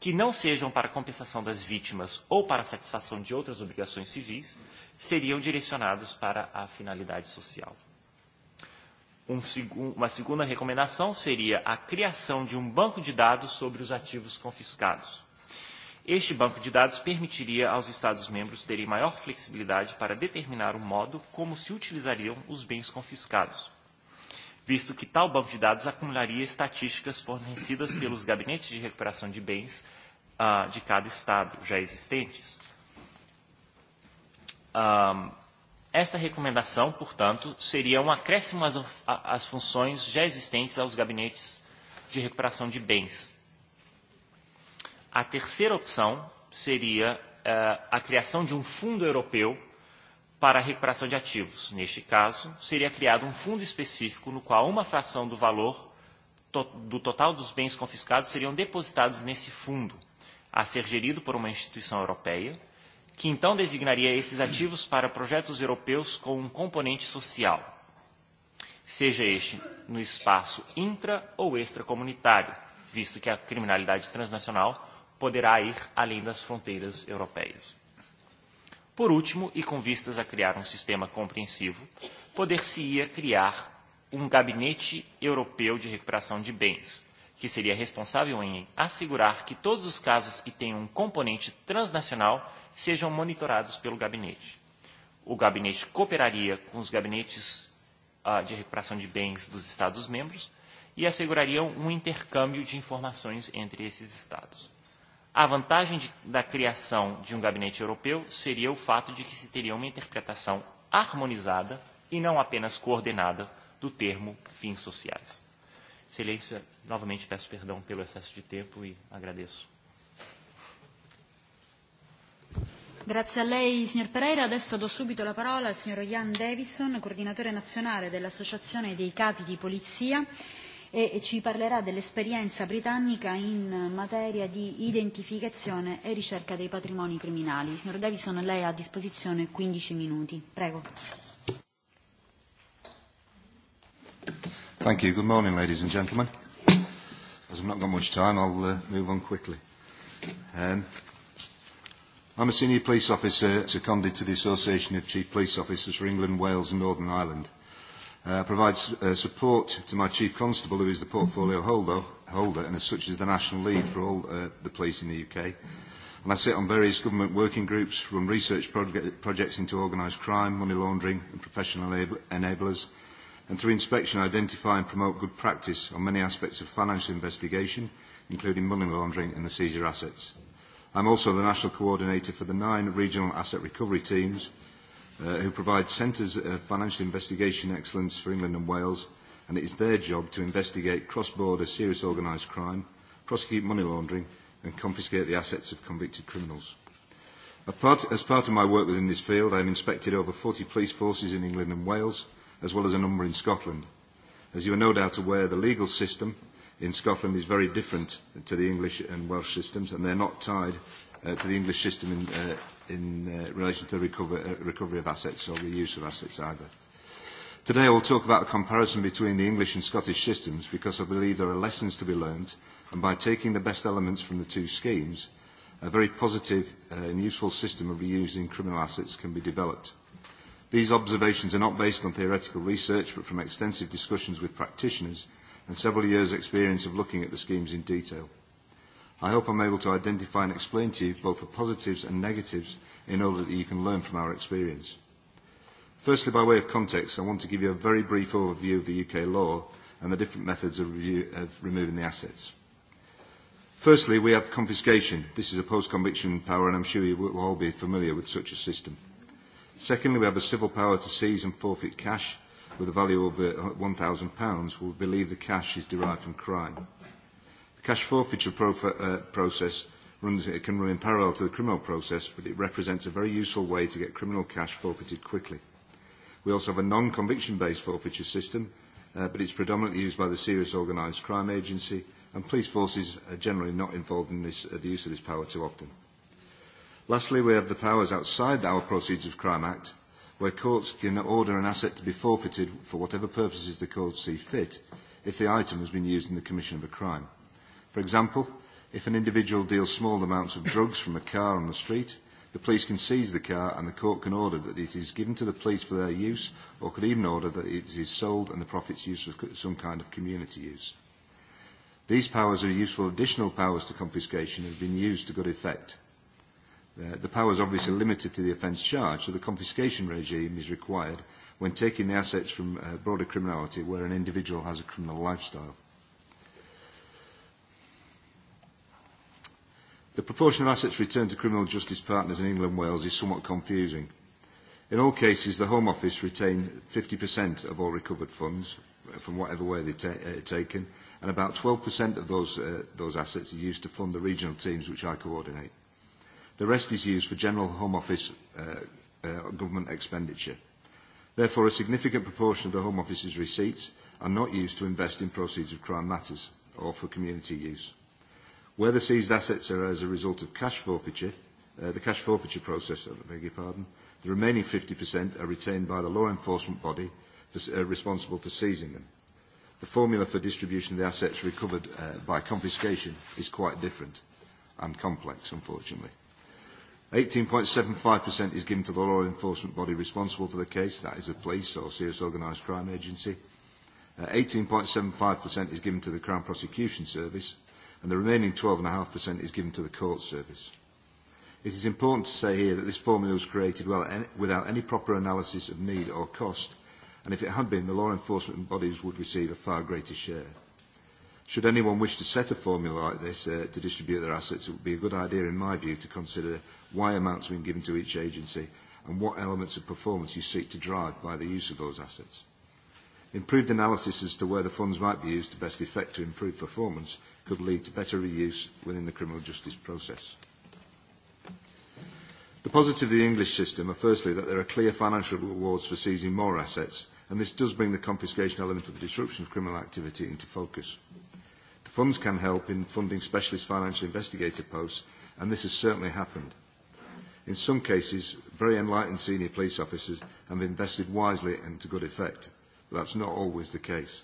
[SPEAKER 2] que não sejam para compensação das vítimas ou para satisfação de outras obrigações civis, seriam direcionadas para a finalidade social um, uma segunda recomendação seria a criação de um banco de dados sobre os ativos confiscados. Este banco de dados permitiria aos Estados-membros terem maior flexibilidade para determinar o modo como se utilizariam os bens confiscados, visto que tal banco de dados acumularia estatísticas fornecidas pelos gabinetes de recuperação de bens uh, de cada Estado já existentes. Um, Esta recomendação, portanto, seria um acréscimo às, às funções já existentes aos gabinetes de recuperação de bens. A terceira opção seria uh, a criação de um fundo europeu para a recuperação de ativos. Neste caso, seria criado um fundo específico no qual uma fração do valor to do total dos bens confiscados seriam depositados nesse fundo, a ser gerido por uma instituição europeia que então designaria esses ativos para projetos europeus com um componente social, seja este no espaço intra ou extracomunitário, visto que a criminalidade transnacional poderá ir além das fronteiras europeias. Por último, e com vistas a criar um sistema compreensivo, poder-se-ia criar um gabinete europeu de recuperação de bens, que seria responsável em assegurar que todos os casos que tenham um componente transnacional sejam monitorados pelo gabinete. O gabinete cooperaria com os gabinetes uh, de recuperação de bens dos Estados-membros e assegurariam um intercâmbio de informações entre esses Estados. A vantagem de, da criação de um gabinete europeu seria o fato de que se teria uma interpretação harmonizada e não apenas coordenada do termo fins sociais. Excelência, novamente peço perdão pelo excesso de tempo e agradeço
[SPEAKER 1] Grazie a lei, signor Pereira. Adesso do subito la parola al signor Jan Davison, coordinatore nazionale dell'Associazione dei Capi di Polizia e ci parlerà dell'esperienza britannica in materia di identificazione e ricerca dei patrimoni criminali. Signor Davison, lei ha a disposizione 15 minuti. Prego.
[SPEAKER 4] Thank you. Good morning, ladies and gentlemen. As I've not got much time, I'll uh, move on quickly. Um, I'm a senior police officer seconded to the Association of Chief Police Officers for England, Wales and Northern Ireland. Uh, provides uh, support to my Chief Constable, who is the portfolio holder, holder and as such is the national lead for all uh, the police in the UK. And I sit on various government working groups, run research proge projects into organised crime, money laundering and professional enablers, and through inspection identify and promote good practice on many aspects of financial investigation, including money laundering and the seizure assets. I'm also the national coordinator for the nine regional asset recovery teams uh, who provide centres of financial investigation excellence for England and Wales and it is their job to investigate cross-border serious organised crime, prosecute money laundering and confiscate the assets of convicted criminals. Part, as part of my work within this field, I have inspected over 40 police forces in England and Wales, as well as a number in Scotland. As you are no doubt aware, the legal system in Scotland is very different to the English and Welsh systems, and they're not tied uh, to the English system in, uh, in uh, relation to recover, uh, recovery of assets or reuse of assets either. Today I will talk about a comparison between the English and Scottish systems because I believe there are lessons to be learned and by taking the best elements from the two schemes, a very positive uh, and useful system of reusing criminal assets can be developed. These observations are not based on theoretical research but from extensive discussions with practitioners – and several years' experience of looking at the schemes in detail. I hope I'm able to identify and explain to you both the positives and negatives in order that you can learn from our experience. Firstly, by way of context, I want to give you a very brief overview of the UK law and the different methods of, review, of removing the assets. Firstly, we have confiscation. This is a post-conviction power, and I'm sure you will all be familiar with such a system. Secondly, we have a civil power to seize and forfeit cash, with a value of uh, £1,000 will believe the cash is derived from crime. The cash forfeiture prof- uh, process runs, it can run in parallel to the criminal process, but it represents a very useful way to get criminal cash forfeited quickly. We also have a non-conviction-based forfeiture system, uh, but it's predominantly used by the Serious Organised Crime Agency, and police forces are generally not involved in this, uh, the use of this power too often. Lastly, we have the powers outside our Proceeds of Crime Act, where courts can order an asset to be forfeited for whatever purposes the court see fit if the item has been used in the commission of a crime. For example, if an individual deals small amounts of drugs from a car on the street, the police can seize the car and the court can order that it is given to the police for their use or could even order that it is sold and the profits used for some kind of community use. These powers are useful additional powers to confiscation and have been used to good effect. Uh, the powers obviously limited to the offence charge, so the confiscation regime is required when taking the assets from uh, broader criminality where an individual has a criminal lifestyle. The proportion of assets returned to criminal justice partners in England and Wales is somewhat confusing. In all cases, the Home Office retained 50% of all recovered funds uh, from whatever way they're ta uh, taken, and about 12% of those, uh, those assets are used to fund the regional teams which I coordinate. The rest is used for general Home Office uh, uh, government expenditure. Therefore, a significant proportion of the Home Office's receipts are not used to invest in proceeds of crime matters or for community use. Where the seized assets are as a result of cash forfeiture, uh, the cash forfeiture process, I beg your pardon, the remaining 50% are retained by the law enforcement body for, uh, responsible for seizing them. The formula for distribution of the assets recovered uh, by confiscation is quite different and complex, unfortunately. 18.75% is given to the law enforcement body responsible for the case, that is a police or serious organised crime agency. Uh, 18.75% is given to the Crown Prosecution Service, and the remaining 12.5% is given to the Court Service. It is important to say here that this formula was created well, any, without any proper analysis of need or cost, and if it had been, the law enforcement bodies would receive a far greater share. Should anyone wish to set a formula like this uh, to distribute their assets, it would be a good idea, in my view, to consider why amounts have been given to each agency and what elements of performance you seek to drive by the use of those assets. Improved analysis as to where the funds might be used to best effect to improve performance could lead to better reuse within the criminal justice process. The positive of the English system are firstly that there are clear financial rewards for seizing more assets, and this does bring the confiscation element of the disruption of criminal activity into focus. Uh, The funds can help in funding specialist financial investigator posts, and this has certainly happened. In some cases, very enlightened senior police officers have invested wisely and to good effect, but that's not always the case.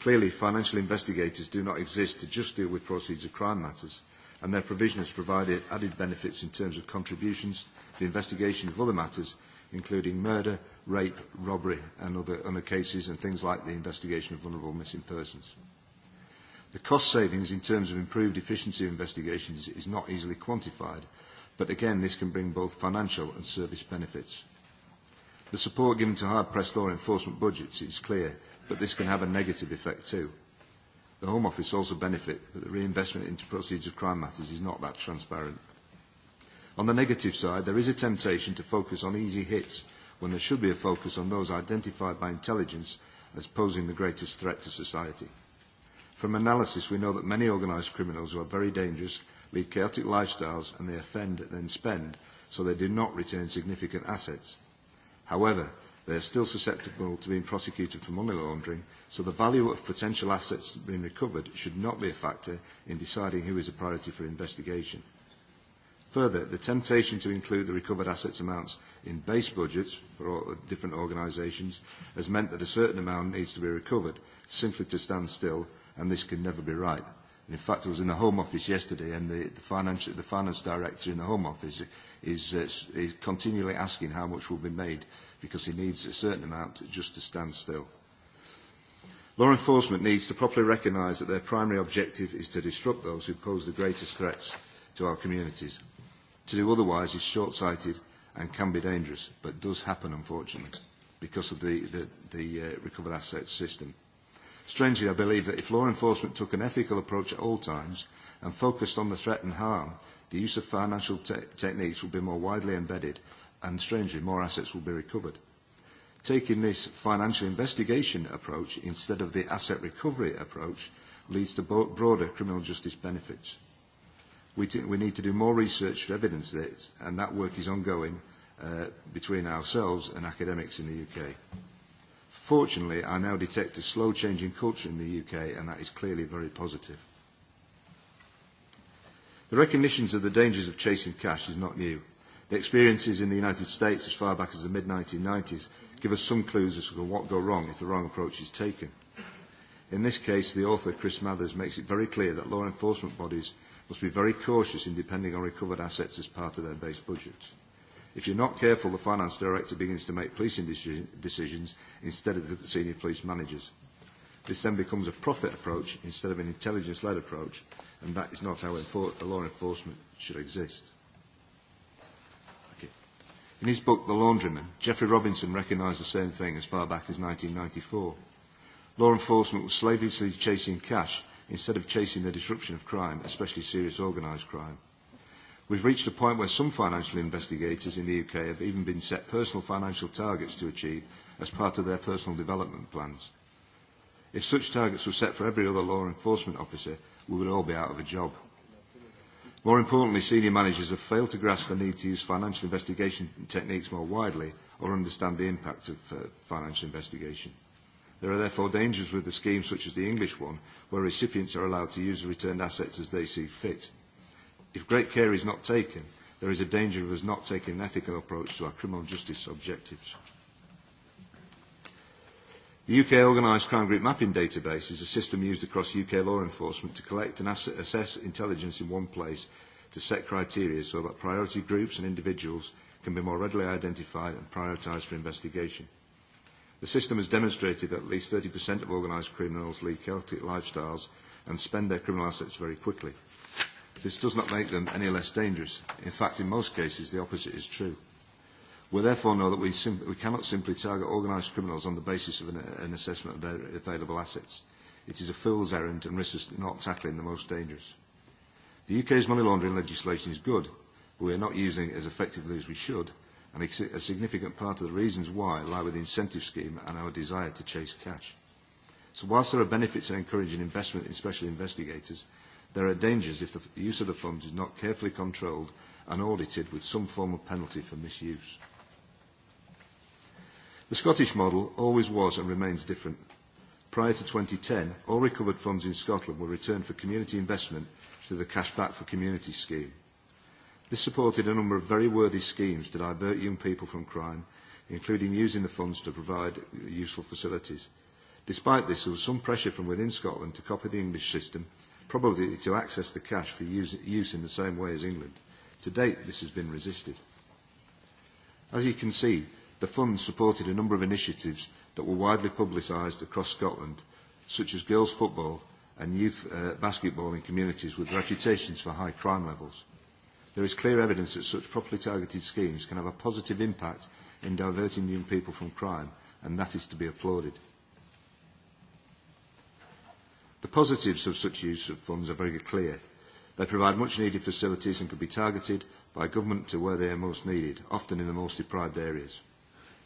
[SPEAKER 4] Clearly, financial investigators do not exist to just deal with proceeds of crime matters, and their provision has provided added benefits in terms of contributions to the investigation of other matters, including murder, rape, robbery, and other, other cases, and things like the investigation of vulnerable missing persons. The cost savings in terms of improved efficiency of investigations is not easily quantified, but again, this can bring both financial and service benefits. The support given to hard-pressed law enforcement budgets is clear, but this can have a negative effect too. The Home Office also benefit, but the reinvestment into proceeds of crime matters is not that transparent. On the negative side, there is a temptation to focus on easy hits when there should be a focus on those identified by intelligence as posing the greatest threat to society. From analysis, we know that many organised criminals who are very dangerous lead chaotic lifestyles and they offend and then spend, so they do not retain significant assets. However, they are still susceptible to being prosecuted for money laundering, so the value of potential assets being recovered should not be a factor in deciding who is a priority for investigation. Further, the temptation to include the recovered assets amounts in base budgets for different organisations has meant that a certain amount needs to be recovered simply to stand still and this can never be right. And in fact, I was in the Home Office yesterday, and the, the, finance, the finance director in the Home Office is, uh, is continually asking how much will be made because he needs a certain amount just to stand still. Law enforcement needs to properly recognise that their primary objective is to disrupt those who pose the greatest threats to our communities. To do otherwise is short-sighted and can be dangerous, but does happen, unfortunately, because of the, the, the uh, recovered assets system. Strangely, I believe that if law enforcement took an ethical approach at all times and focused on the threat and harm, the use of financial te techniques would be more widely embedded and, strangely, more assets will be recovered. Taking this financial investigation approach instead of the asset recovery approach leads to broader criminal justice benefits. We, we need to do more research to evidence this, and that work is ongoing uh, between ourselves and academics in the UK. Fortunately, I now detect a slow change in culture in the UK, and that is clearly very positive. The recognitions of the dangers of chasing cash is not new. The experiences in the United States as far back as the mid-1990s give us some clues as to what go wrong if the wrong approach is taken. In this case, the author, Chris Mathers, makes it very clear that law enforcement bodies must be very cautious in depending on recovered assets as part of their base budgets. If you're not careful, the finance director begins to make policing decisions instead of the senior police managers. This then becomes a profit approach instead of an intelligence-led approach, and that is not how enfor law enforcement should exist. Okay. In his book, The Laundryman, Geoffrey Robinson recognised the same thing as far back as 1994. Law enforcement was slavishly chasing cash instead of chasing the disruption of crime, especially serious organised crime. We've reached a point where some financial investigators in the UK have even been set personal financial targets to achieve as part of their personal development plans. If such targets were set for every other law enforcement officer, we would all be out of a job. More importantly, senior managers have failed to grasp the need to use financial investigation techniques more widely or understand the impact of uh, financial investigation. There are therefore dangers with a scheme such as the English one, where recipients are allowed to use the returned assets as they see fit. If great care is not taken, there is a danger of us not taking an ethical approach to our criminal justice objectives. The UK Organised Crime Group Mapping Database is a system used across UK law enforcement to collect and assess intelligence in one place to set criteria so that priority groups and individuals can be more readily identified and prioritised for investigation. The system has demonstrated that at least 30% of organised criminals lead chaotic lifestyles and spend their criminal assets very quickly. This does not make them any less dangerous. In fact, in most cases, the opposite is true. We therefore know that we, sim- we cannot simply target organised criminals on the basis of an, an assessment of their available assets. It is a fool's errand and risks not tackling the most dangerous. The UK's money laundering legislation is good, but we are not using it as effectively as we should, and a significant part of the reasons why lie with the incentive scheme and our desire to chase cash. So whilst there are benefits in encouraging investment in special investigators, There are dangers if the use of the funds is not carefully controlled and audited with some form of penalty for misuse. The Scottish model always was and remains different. Prior to 2010, all recovered funds in Scotland were returned for community investment through the Cash Back for Community scheme. This supported a number of very worthy schemes to divert young people from crime, including using the funds to provide useful facilities. Despite this, there was some pressure from within Scotland to copy the English system probably to access the cash for use, use in the same way as England. To date, this has been resisted. As you can see, the fund supported a number of initiatives that were widely publicised across Scotland, such as girls' football and youth uh, basketball in communities with reputations for high crime levels. There is clear evidence that such properly targeted schemes can have a positive impact in diverting young people from crime, and that is to be applauded. The positives of such use of funds are very clear. They provide much needed facilities and can be targeted by government to where they are most needed, often in the most deprived areas.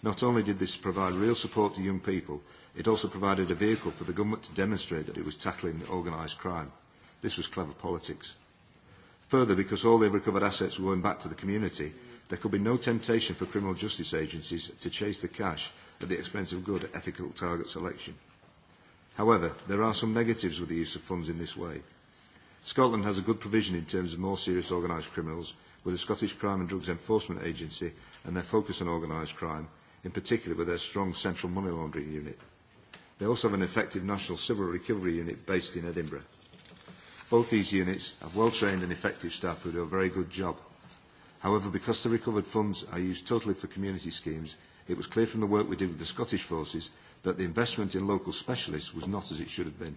[SPEAKER 4] Not only did this provide real support to young people, it also provided a vehicle for the government to demonstrate that it was tackling organised crime. This was clever politics. Further, because all the recovered assets were going back to the community, there could be no temptation for criminal justice agencies to chase the cash at the expense of good ethical target selection. However, there are some negatives with the use of funds in this way. Scotland has a good provision in terms of more serious organised criminals, with the Scottish Crime and Drugs Enforcement Agency and their focus on organised crime, in particular with their strong central money laundering unit. They also have an effective national civil recovery unit based in Edinburgh. Both these units have well-trained and effective staff who do a very good job. However, because the recovered funds are used totally for community schemes, it was clear from the work we did with the Scottish forces that the investment in local specialists was not as it should have been.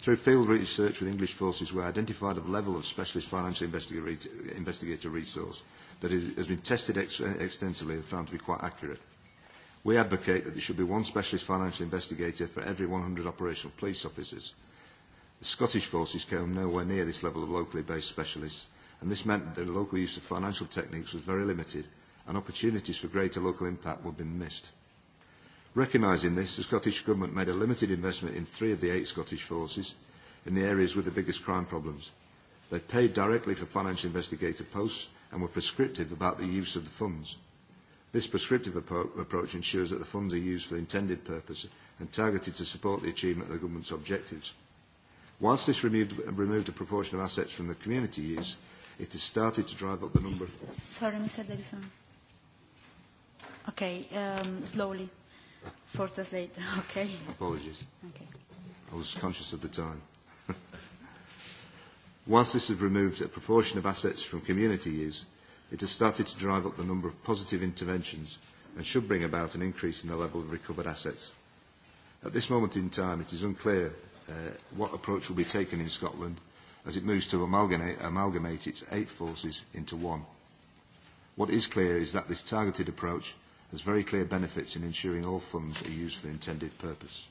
[SPEAKER 4] Through field research with English forces, we identified a level of specialist financial investigator, investigator resource that is, has been tested ex extensively and found to be quite accurate. We advocate that there should be one specialist financial investigator for every 100 operational police officers. The Scottish forces came nowhere near this level of locally based specialists, and this meant that the local use of financial techniques was very limited, and opportunities for greater local impact would be missed. Recognising this, the Scottish Government made a limited investment in three of the eight Scottish forces in the areas with the biggest crime problems. They paid directly for financial investigator posts and were prescriptive about the use of the funds. This prescriptive appro approach ensures that the funds are used for the intended purpose and targeted to support the achievement of the government's objectives. Whilst this removed, removed a proportion of assets from the community use, it has started to drive up the number.
[SPEAKER 1] Sorry, Mr. Davison. Okay, um, slowly. Four days later, okay. Apologies. Okay.
[SPEAKER 4] I was conscious of the time. Whilst this has removed a proportion of assets from community use, it has started to drive up the number of positive interventions and should bring about an increase in the level of recovered assets. At this moment in time, it is unclear uh, what approach will be taken in Scotland as it moves to amalgamate, amalgamate its eight forces into one. What is clear is that this targeted approach There's very clear benefits in ensuring all funds are used for the intended purpose.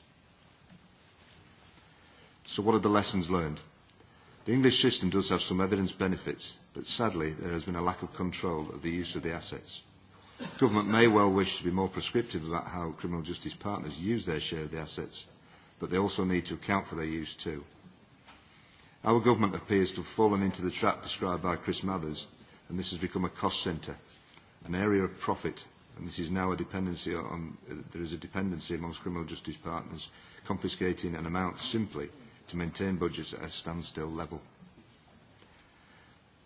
[SPEAKER 4] So what are the lessons learned? The English system does have some evidence benefits, but sadly there has been a lack of control of the use of the assets. Government may well wish to be more prescriptive about how criminal justice partners use their share of the assets, but they also need to account for their use too. Our government appears to have fallen into the trap described by Chris Mathers, and this has become a cost centre, an area of profit and this is now a dependency on, uh, there is a dependency amongst criminal justice partners confiscating an amount simply to maintain budgets at a standstill level.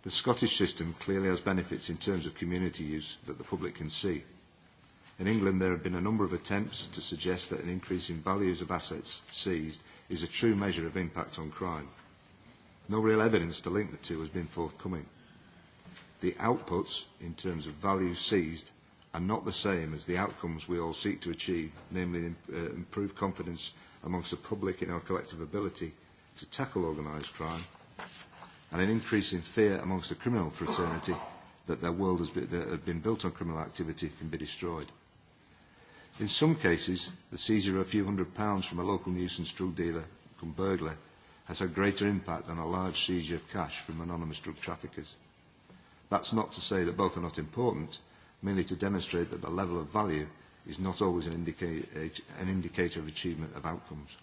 [SPEAKER 4] The Scottish system clearly has benefits in terms of community use that the public can see. In England, there have been a number of attempts to suggest that an increase in values of assets seized is a true measure of impact on crime. No real evidence to link the two has been forthcoming. The outputs, in terms of value seized, and not the same as the outcomes we all seek to achieve, namely uh, improve confidence amongst the public in our collective ability to tackle organised crime, and an increase in fear amongst the criminal fraternity that their world has been, that had been built on criminal activity can be destroyed. In some cases, the seizure of a few hundred pounds from a local nuisance drug dealer come burglar has had greater impact than a large seizure of cash from anonymous drug traffickers. That's not to say that both are not important, merely to demonstrate that the level of value is not always an, indica- an indicator of achievement of outcomes.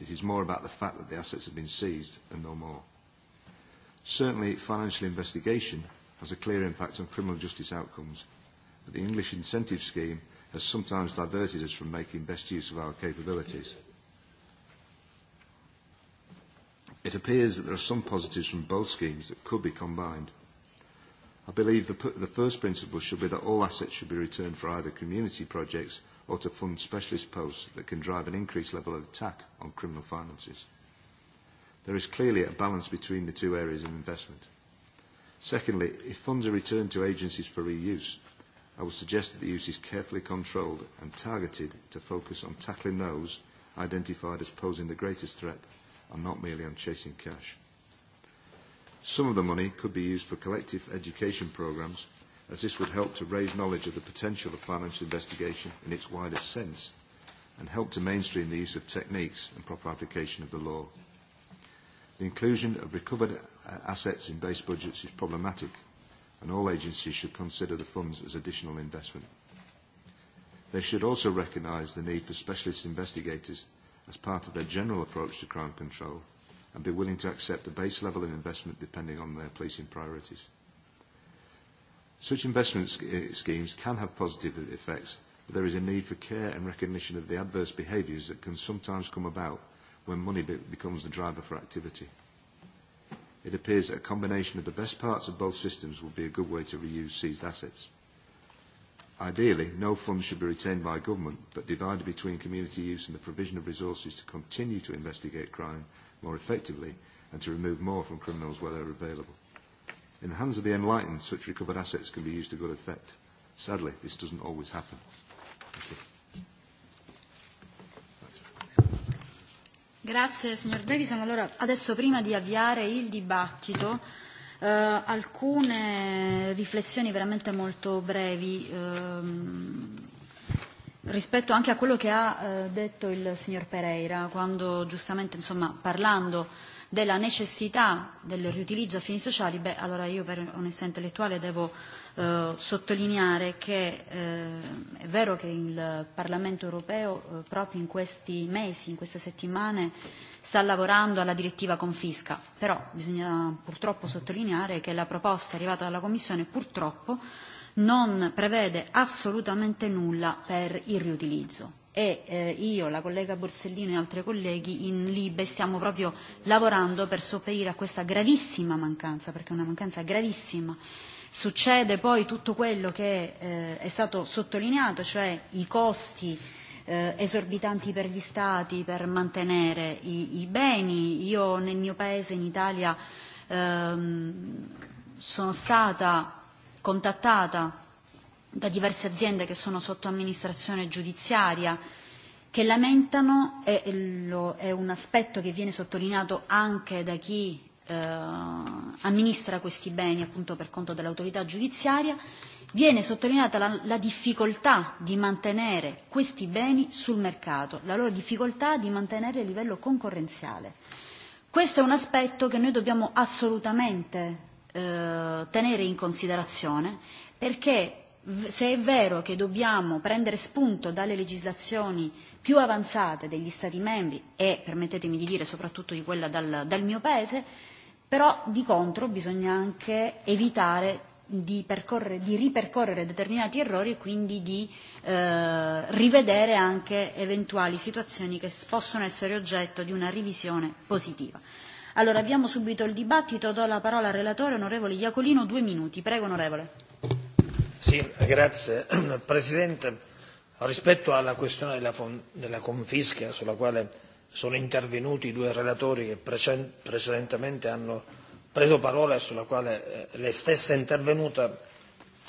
[SPEAKER 4] It is more about the fact that the assets have been seized and no more. Certainly, financial investigation has a clear impact on criminal justice outcomes, but the English incentive scheme has sometimes diverted us from making best use of our capabilities. It appears that there are some positives from both schemes that could be combined – I believe the, the first principle should be that all assets should be returned for either community projects or to fund specialist posts that can drive an increased level of attack on criminal finances. There is clearly a balance between the two areas of investment. Secondly, if funds are returned to agencies for reuse, I would suggest that the use is carefully controlled and targeted to focus on tackling those identified as posing the greatest threat and not merely on chasing cash. Some of the money could be used for collective education programs, as this would help to raise knowledge of the potential of financial investigation in its widest sense and help to mainstream the use of techniques and proper application of the law. The inclusion of recovered uh, assets in base budgets is problematic, and all agencies should consider the funds as additional investment. They should also recognise the need for specialist investigators as part of their general approach to crime control and be willing to accept a base level of investment depending on their placing priorities. Such investment sch eh, schemes can have positive effects, but there is a need for care and recognition of the adverse behaviours that can sometimes come about when money be becomes the driver for activity. It appears that a combination of the best parts of both systems would be a good way to reuse seized assets. Ideally, no funds should be retained by government, but divided between community use and the provision of resources to continue to investigate crime more effectively and to remove more from criminals where they're available. In the hands of the enlightened, such recovered assets can be used to good effect. Sadly, this doesn't always happen. Thank you.
[SPEAKER 1] Grazie signor Davison. Allora, adesso prima di avviare il dibattito, eh, alcune riflessioni veramente molto brevi. Eh, rispetto anche a quello che ha eh, detto il signor Pereira, quando giustamente insomma, parlando della necessità del riutilizzo a fini sociali, beh, allora io per onestà intellettuale devo eh, sottolineare che eh, è vero che il Parlamento europeo eh, proprio in questi mesi, in queste settimane, sta lavorando alla direttiva confisca, però bisogna purtroppo sottolineare che la proposta arrivata dalla Commissione purtroppo eh, non prevede assolutamente nulla per il riutilizzo e eh, io, la collega Borsellino e altri colleghi in Libe stiamo proprio lavorando per sopperire a questa gravissima mancanza, perché è una mancanza gravissima. Succede poi tutto quello che eh, è stato sottolineato, cioè i costi eh, esorbitanti per gli Stati per mantenere i, i beni. Io nel mio paese, in Italia, ehm, sono stata contattata da diverse aziende che sono sotto amministrazione giudiziaria, che lamentano, e lo, è un aspetto che viene sottolineato anche da chi eh, amministra questi beni appunto per conto dell'autorità giudiziaria, viene sottolineata la, la difficoltà di mantenere questi beni sul mercato, la loro difficoltà di mantenere il livello concorrenziale. Questo è un aspetto che noi dobbiamo assolutamente eh, tenere in considerazione perché se è vero che dobbiamo prendere spunto dalle legislazioni più avanzate degli Stati membri e, permettetemi di dire, soprattutto di quella dal, dal mio Paese, però di contro bisogna anche evitare di, percorre, di ripercorrere determinati errori e quindi di eh, rivedere anche eventuali situazioni che possono essere oggetto di una revisione positiva. Allora, abbiamo subito il dibattito. Do la parola al relatore, onorevole Iacolino, due minuti. Prego, onorevole.
[SPEAKER 3] Sì, grazie. Presidente, rispetto alla questione della, della confisca sulla quale sono intervenuti i due relatori che precedentemente hanno preso parola e sulla quale eh, lei stessa è intervenuta,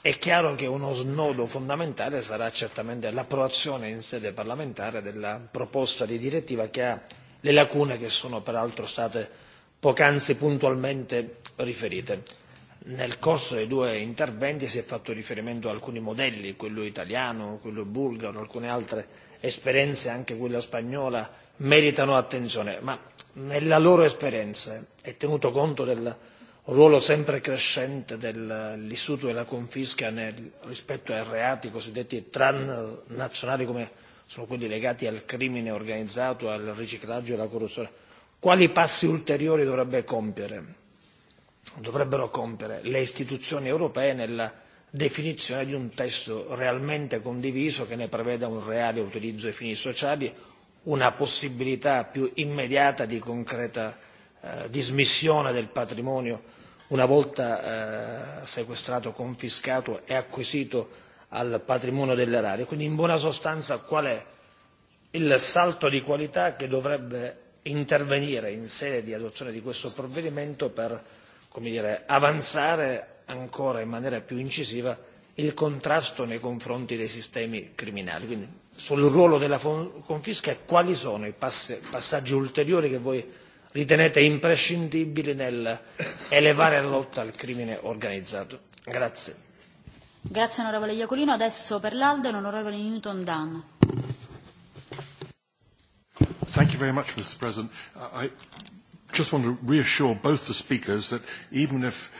[SPEAKER 3] è chiaro che uno snodo fondamentale sarà certamente l'approvazione in sede parlamentare della proposta di direttiva che ha le lacune che sono peraltro state poc'anzi puntualmente riferite. Nel corso dei due interventi si è fatto riferimento a alcuni modelli, quello italiano, quello bulgaro, alcune altre esperienze, anche quella spagnola, meritano attenzione, ma nella loro esperienza è tenuto conto del ruolo sempre crescente dell'istituto della confisca nel, rispetto ai reati cosiddetti transnazionali come sono quelli legati al crimine organizzato, al riciclaggio e alla corruzione. Quali passi ulteriori dovrebbe compiere? dovrebbero compiere le istituzioni europee nella definizione di un testo realmente condiviso che ne preveda un reale utilizzo ai fini sociali, una possibilità più immediata di concreta eh, dismissione del patrimonio una volta eh, sequestrato, confiscato e acquisito al patrimonio dell'erario. Quindi in buona sostanza qual è il salto di qualità che dovrebbe intervenire in sede di adozione di questo provvedimento per come dire, avanzare ancora in maniera più incisiva il contrasto nei confronti dei sistemi criminali. Quindi sul ruolo della confisca e quali sono i pass- passaggi ulteriori che voi ritenete imprescindibili nel elevare la lotta al crimine organizzato? Grazie.
[SPEAKER 1] Grazie onorevole Iacolino. Adesso per l'Alde l'onorevole Newton Dunn.
[SPEAKER 5] Thank you very much, Mr. President. I just want to reassure both the speakers that even if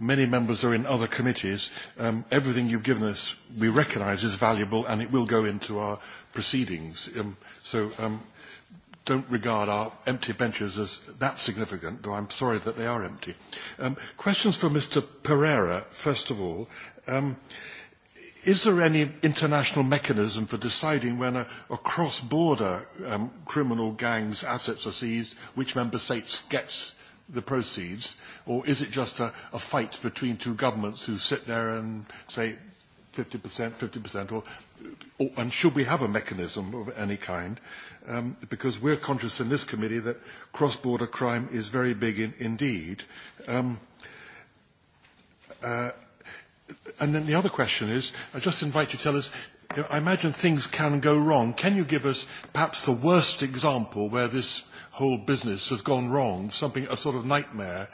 [SPEAKER 5] many members are in other committees, um, everything you've given us we recognise is valuable and it will go into our proceedings. Um, so um, don't regard our empty benches as that significant, though I'm sorry that they are empty. Um, questions for Mr Pereira, first of all. Um, uh, Is there any international mechanism for deciding when a, a cross-border um, criminal gang's assets are seized, which member states gets the proceeds, or is it just a, a fight between two governments who sit there and say 50%, 50%, or, or and should we have a mechanism of any kind? Um, because we're conscious in this committee that cross-border crime is very big in, indeed. Um, uh, And then the other question is, I just invite you to tell us, I imagine things can go wrong. Can you give us perhaps the worst example where this whole business has gone wrong, something, a sort of nightmare,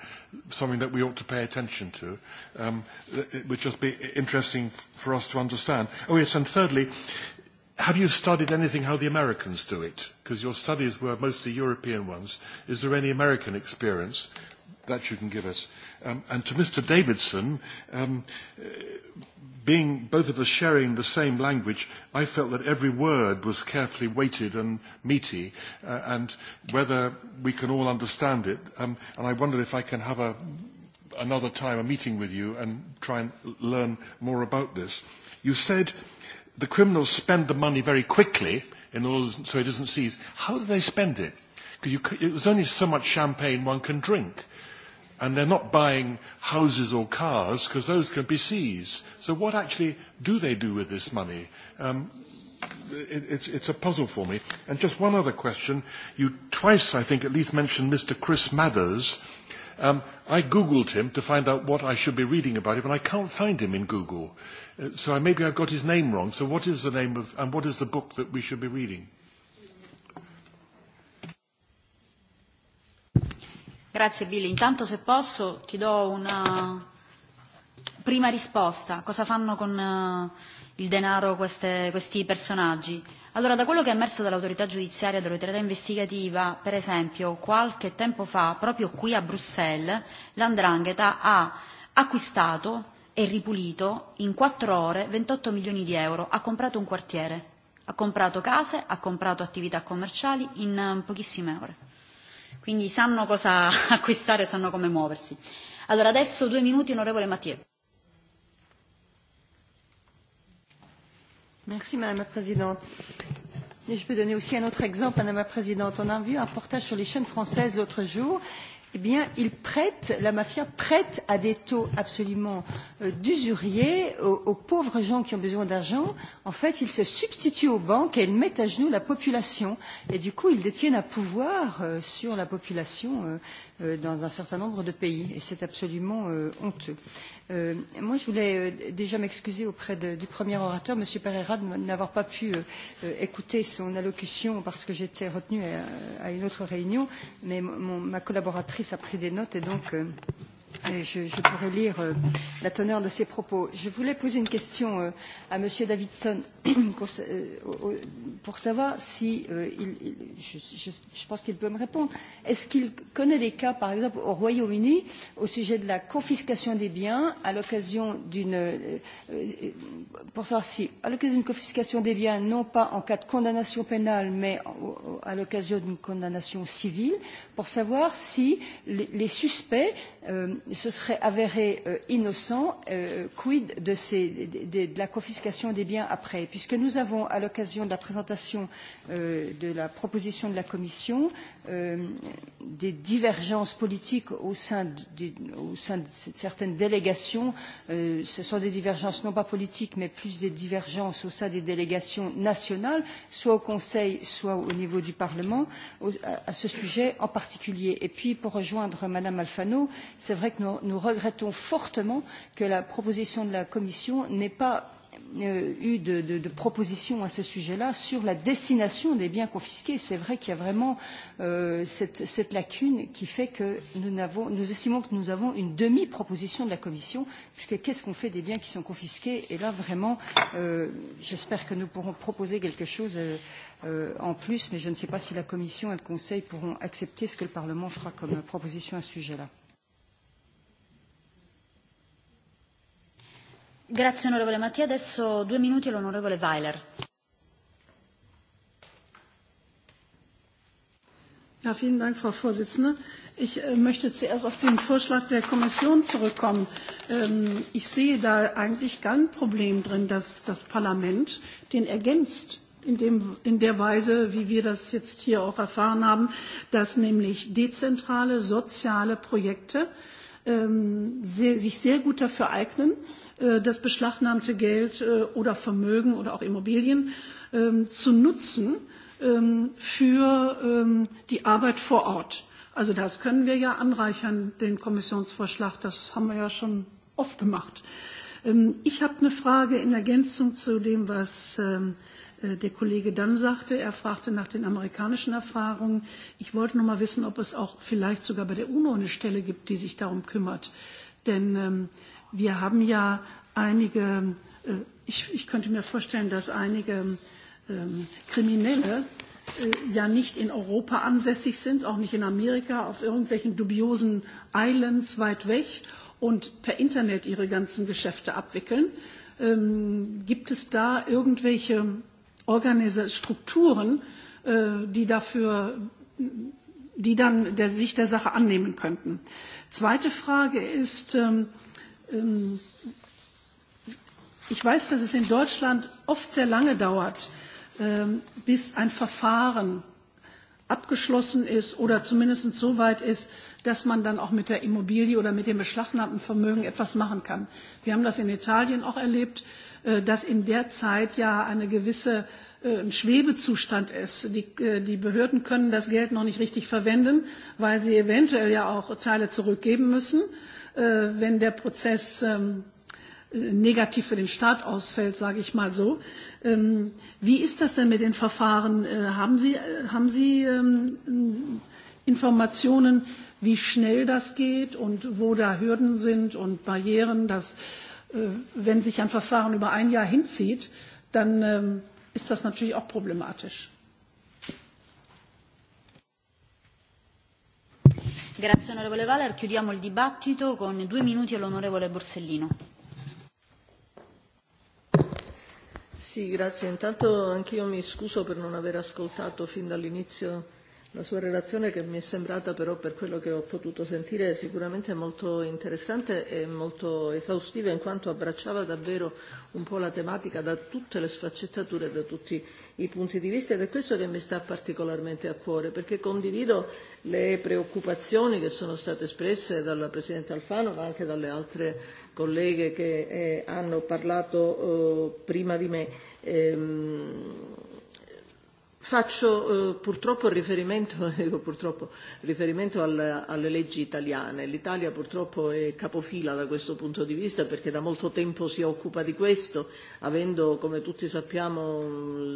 [SPEAKER 5] something that we ought to pay attention to? Um, it would just be interesting for us to understand. Oh yes, and thirdly, have you studied anything how the Americans do it? Because your studies were mostly European ones. Is there any American experience that you can give us? Um, and to Mr. Davidson, um, being both of us sharing the same language, I felt that every word was carefully weighted and meaty, uh, and whether we can all understand it. Um, and I wondered if I can have a, another time a meeting with you and try and learn more about this. You said the criminals spend the money very quickly in order so it doesn't seize. How do they spend it? Because there's only so much champagne one can drink and they're not buying houses or cars because those can be seized. So what actually do they do with this money? Um, it, it's, it's a puzzle for me. And just one other question. You twice, I think, at least mentioned Mr. Chris Mathers. Um, I Googled him to find out what I should be reading about him, and I can't find him in Google. Uh, so I, maybe I've got his name wrong. So what is the name of, and what is the book that we should be reading?
[SPEAKER 1] Grazie Billy. Intanto se posso ti do una prima risposta. Cosa fanno con uh, il denaro queste, questi personaggi? Allora, da quello che è emerso dall'autorità giudiziaria, dall'autorità investigativa, per esempio, qualche tempo fa, proprio qui a Bruxelles, l'Andrangheta ha acquistato e ripulito in 4 ore 28 milioni di euro, ha comprato un quartiere, ha comprato case, ha comprato attività commerciali in eh, pochissime ore quindi sanno cosa acquistare, sanno come muoversi. Allora adesso
[SPEAKER 6] due minuti, onorevole Mathieu. Merci Madame la Présidente. Et je peux donner aussi un autre exemple, Madame la Présidente. On a vu un reportage sur les chaînes françaises l'autre jour eh bien, ils prêtent, la mafia prête à des taux absolument euh, d'usurier aux, aux pauvres gens qui ont besoin d'argent. En fait, ils se substituent aux banques et ils mettent à genoux la population. Et du coup, ils détiennent un pouvoir euh, sur la population euh, euh, dans un certain nombre de pays, et c'est absolument euh, honteux. Euh, moi, je voulais euh, déjà m'excuser auprès de, du premier orateur, M. Pereira, de n'avoir pas pu euh, euh, écouter son allocution parce que j'étais retenue à, à une autre réunion, mais mon, ma collaboratrice a pris des notes et donc. Euh, je, je pourrais lire euh, la teneur de ses propos. Je voulais poser une question euh, à M. Davidson pour, euh, pour savoir si, euh, il, il, je, je, je pense qu'il peut me répondre, est-ce qu'il connaît des cas, par exemple, au Royaume-Uni, au sujet de la confiscation des biens à l'occasion d'une, euh, euh pour savoir si, à l'occasion d'une confiscation des biens, non pas en cas de condamnation pénale, mais en, à l'occasion d'une condamnation civile, pour savoir si les, les suspects euh, se serait avéré euh, innocent, euh, quid de, ces, de, de, de la confiscation des biens après Puisque nous avons, à l'occasion de la présentation euh, de la proposition de la Commission, euh, des divergences politiques au sein, de, au sein de certaines délégations. Euh, ce sont des divergences non pas politiques, mais plus des divergences au sein des délégations nationales, soit au Conseil, soit au niveau du Parlement, au, à, à ce sujet en particulier. Et puis, pour rejoindre Madame Alfano, c'est vrai fait, nous, nous regrettons fortement que la proposition de la Commission n'ait pas euh, eu de, de, de propositions à ce sujet-là sur la destination des biens confisqués. C'est vrai qu'il y a vraiment euh, cette, cette lacune qui fait que nous, avons, nous estimons que nous avons une demi-proposition de la Commission, puisque qu'est-ce qu'on fait des biens qui sont confisqués Et là, vraiment, euh, j'espère que nous pourrons proposer quelque chose euh, euh, en plus, mais je ne sais pas si la Commission et le Conseil pourront accepter ce que le Parlement fera comme proposition à ce sujet-là.
[SPEAKER 1] Grazie onorevole Mattia, adesso due minuti l'onorevole Weiler.
[SPEAKER 7] Ja, vielen Dank, Frau Vorsitzende. Ich äh, möchte zuerst auf den Vorschlag der Kommission zurückkommen. Ähm, ich sehe da eigentlich kein Problem drin, dass das Parlament den ergänzt. In, dem, in der Weise, wie wir das jetzt hier auch erfahren haben, dass nämlich dezentrale soziale Projekte ähm, sehr, sich sehr gut dafür eignen, äh, Äh, das beschlagnahmte Geld äh, oder Vermögen oder auch Immobilien ähm, zu nutzen ähm, für ähm, die Arbeit vor Ort. Also das können wir ja anreichern, den Kommissionsvorschlag. Das haben wir ja schon oft gemacht. Ich habe eine Frage in Ergänzung zu dem, was äh, der Kollege Damm sagte. Er fragte nach den amerikanischen Erfahrungen. Ich wollte noch mal wissen, ob es auch vielleicht sogar bei der UNO eine Stelle gibt, die sich darum kümmert. Denn ähm, wir haben ja einige, äh, ich, ich könnte mir vorstellen, dass einige ähm, Kriminelle äh, ja nicht in Europa ansässig sind, auch nicht in Amerika, auf irgendwelchen dubiosen Islands weit weg und per Internet ihre ganzen Geschäfte abwickeln. Ähm, gibt es da irgendwelche Organis Strukturen, äh, die dafür die dann der, sich der Sache annehmen könnten. Zweite Frage ist, ähm, ähm, ich weiß, dass es in Deutschland oft sehr lange dauert, ähm, bis ein Verfahren abgeschlossen ist oder zumindest so weit ist, dass man dann auch mit der Immobilie oder mit dem beschlagnahmten Vermögen etwas machen kann. Wir haben das in Italien auch erlebt, äh, dass in der Zeit ja eine gewisse äh, ein Schwebezustand ist. Die, äh, die Behörden können das Geld noch nicht richtig verwenden, weil sie eventuell ja auch Teile zurückgeben müssen. Äh, Äh, wenn der Prozess ähm, negativ für den Staat ausfällt, sage ich mal so. Ähm, wie ist das denn mit den Verfahren? Äh, haben Sie, äh, haben Sie ähm, Informationen, wie schnell das geht und wo da Hürden sind und Barrieren, dass wenn sich ein Verfahren über ein Jahr hinzieht, dann ist das natürlich auch problematisch.
[SPEAKER 1] Grazie onorevole Valer, chiudiamo il dibattito con due minuti all'onorevole Borsellino.
[SPEAKER 8] Sì, grazie. Intanto anch'io mi scuso per non aver ascoltato fin dall'inizio La sua relazione che mi è sembrata però per quello che ho potuto sentire sicuramente molto interessante e molto esaustiva in quanto abbracciava davvero un po' la tematica da tutte le sfaccettature, e da tutti i punti di vista ed è questo che mi sta particolarmente a cuore perché condivido le preoccupazioni che sono state espresse dalla Presidente Alfano ma anche dalle altre colleghe che eh, hanno parlato eh, prima di me. Ehm, Faccio eh, purtroppo riferimento, dico purtroppo, riferimento al, alle leggi italiane. L'Italia purtroppo è capofila da questo punto di vista perché da molto tempo si occupa di questo, avendo, come tutti sappiamo,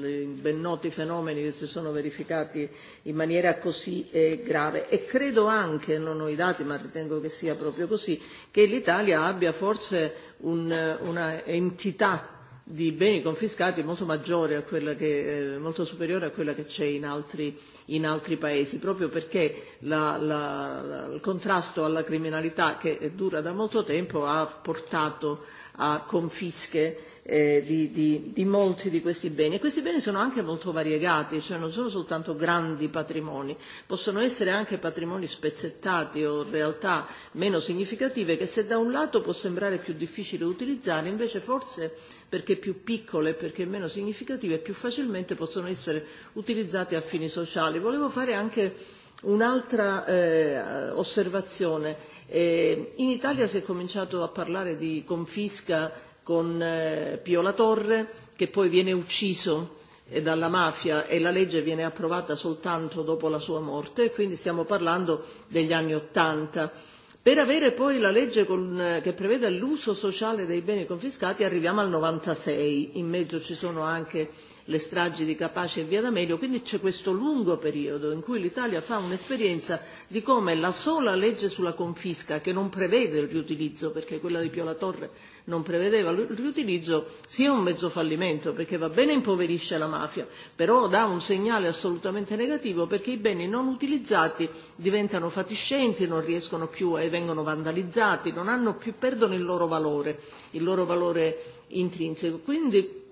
[SPEAKER 8] i ben noti fenomeni che si sono verificati in maniera così eh, grave. E credo anche, non ho i dati ma ritengo che sia proprio così, che l'Italia abbia forse un, una entità di beni confiscati molto maggiore a quella che, eh, molto superiore a quella che c'è in altri, in altri paesi, proprio perché la, la, la, il contrasto alla criminalità che dura da molto tempo ha portato a confische eh, di, di, di molti di questi beni. E questi beni sono anche molto variegati, cioè non sono soltanto grandi patrimoni, possono essere anche patrimoni spezzettati o realtà meno significative che se da un lato può sembrare più difficile utilizzare, invece forse perché più piccole, perché meno significative, più facilmente possono essere utilizzate a fini sociali. Volevo fare anche un'altra eh, osservazione. Eh, in Italia si è cominciato a parlare di confisca con eh, Pio La Torre, che poi viene ucciso eh, dalla mafia e la legge viene approvata soltanto dopo la sua morte, e quindi stiamo parlando degli anni Ottanta. Per avere poi la legge con, eh, che prevede l'uso sociale dei beni confiscati arriviamo al 96, in mezzo ci sono anche le stragi di Capace e Via D'Amelio, quindi c'è questo lungo periodo in cui l'Italia fa un'esperienza di come la sola legge sulla confisca, che non prevede il riutilizzo, perché quella di Pio La Torre non prevedeva il riutilizzo sia un mezzo fallimento, perché va bene impoverisce la mafia, però dà un segnale assolutamente negativo perché i beni non utilizzati diventano fatiscenti, non riescono più e vengono vandalizzati, non hanno più, perdono il loro valore, il loro valore intrinseco. Quindi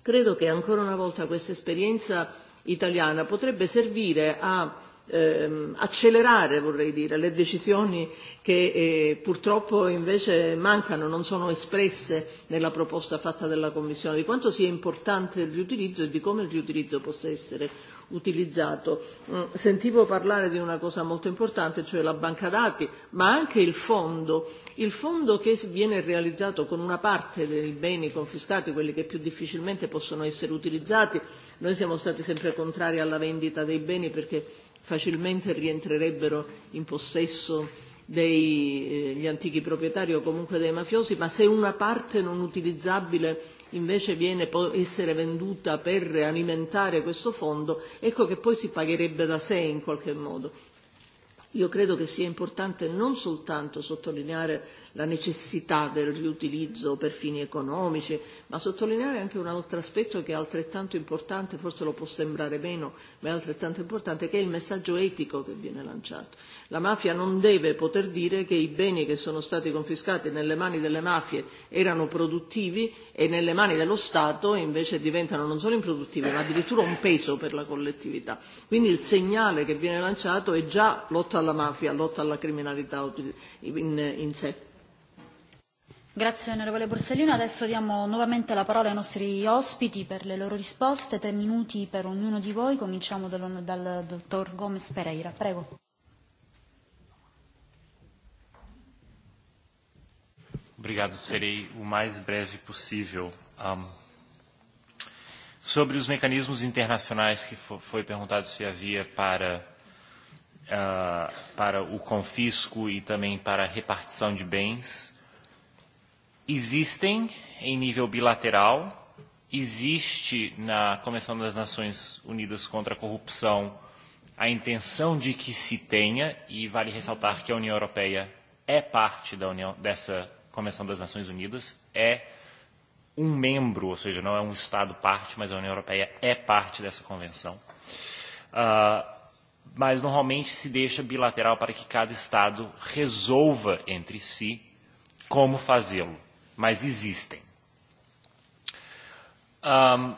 [SPEAKER 8] credo che ancora una volta questa esperienza italiana potrebbe servire a ehm, accelerare, vorrei dire, le decisioni che eh, purtroppo invece mancano, non sono espresse nella proposta fatta dalla Commissione, di quanto sia importante il riutilizzo e di come il riutilizzo possa essere utilizzato. Mm, sentivo parlare di una cosa molto importante, cioè la banca dati, ma anche il fondo. Il fondo che viene realizzato con una parte dei beni confiscati, quelli che più difficilmente possono essere utilizzati, noi siamo stati sempre contrari alla vendita dei beni perché facilmente rientrerebbero in possesso degli eh, antichi proprietari o comunque dei mafiosi, ma se una parte non utilizzabile invece viene può essere venduta per alimentare questo fondo, ecco che poi si pagherebbe da sé in qualche modo. Io credo che sia importante non soltanto sottolineare la necessità del riutilizzo per fini economici, ma sottolineare anche un altro aspetto che è altrettanto importante, forse lo può sembrare meno, ma è altrettanto importante, che è il messaggio etico che viene lanciato. La mafia non deve poter dire che i beni che sono stati confiscati nelle mani delle mafie erano produttivi e nelle mani dello Stato invece diventano non solo improduttivi ma addirittura un peso per la collettività. Quindi il segnale che viene lanciato è già lotta alla mafia, lotta alla criminalità in, in sé.
[SPEAKER 1] Grazie onorevole Borsellino. Adesso diamo nuovamente la parola ai nostri ospiti per le loro risposte. Tre minuti per ognuno di voi. Cominciamo dal, dal dottor Gomez Pereira. Prego.
[SPEAKER 2] Obrigado. Serei o mais breve possível. Um, sobre os mecanismos internacionais que fo foi perguntado se havia para, uh, para o confisco e também para a repartição de bens, existem em nível bilateral, existe na Convenção das Nações Unidas contra a Corrupção a intenção de que se tenha, e vale ressaltar que a União Europeia é parte da União, dessa Convenção das Nações Unidas é um membro, ou seja, não é um Estado parte, mas a União Europeia é parte dessa convenção. Uh, mas normalmente se deixa bilateral para que cada Estado resolva entre si como fazê-lo. Mas existem. Um,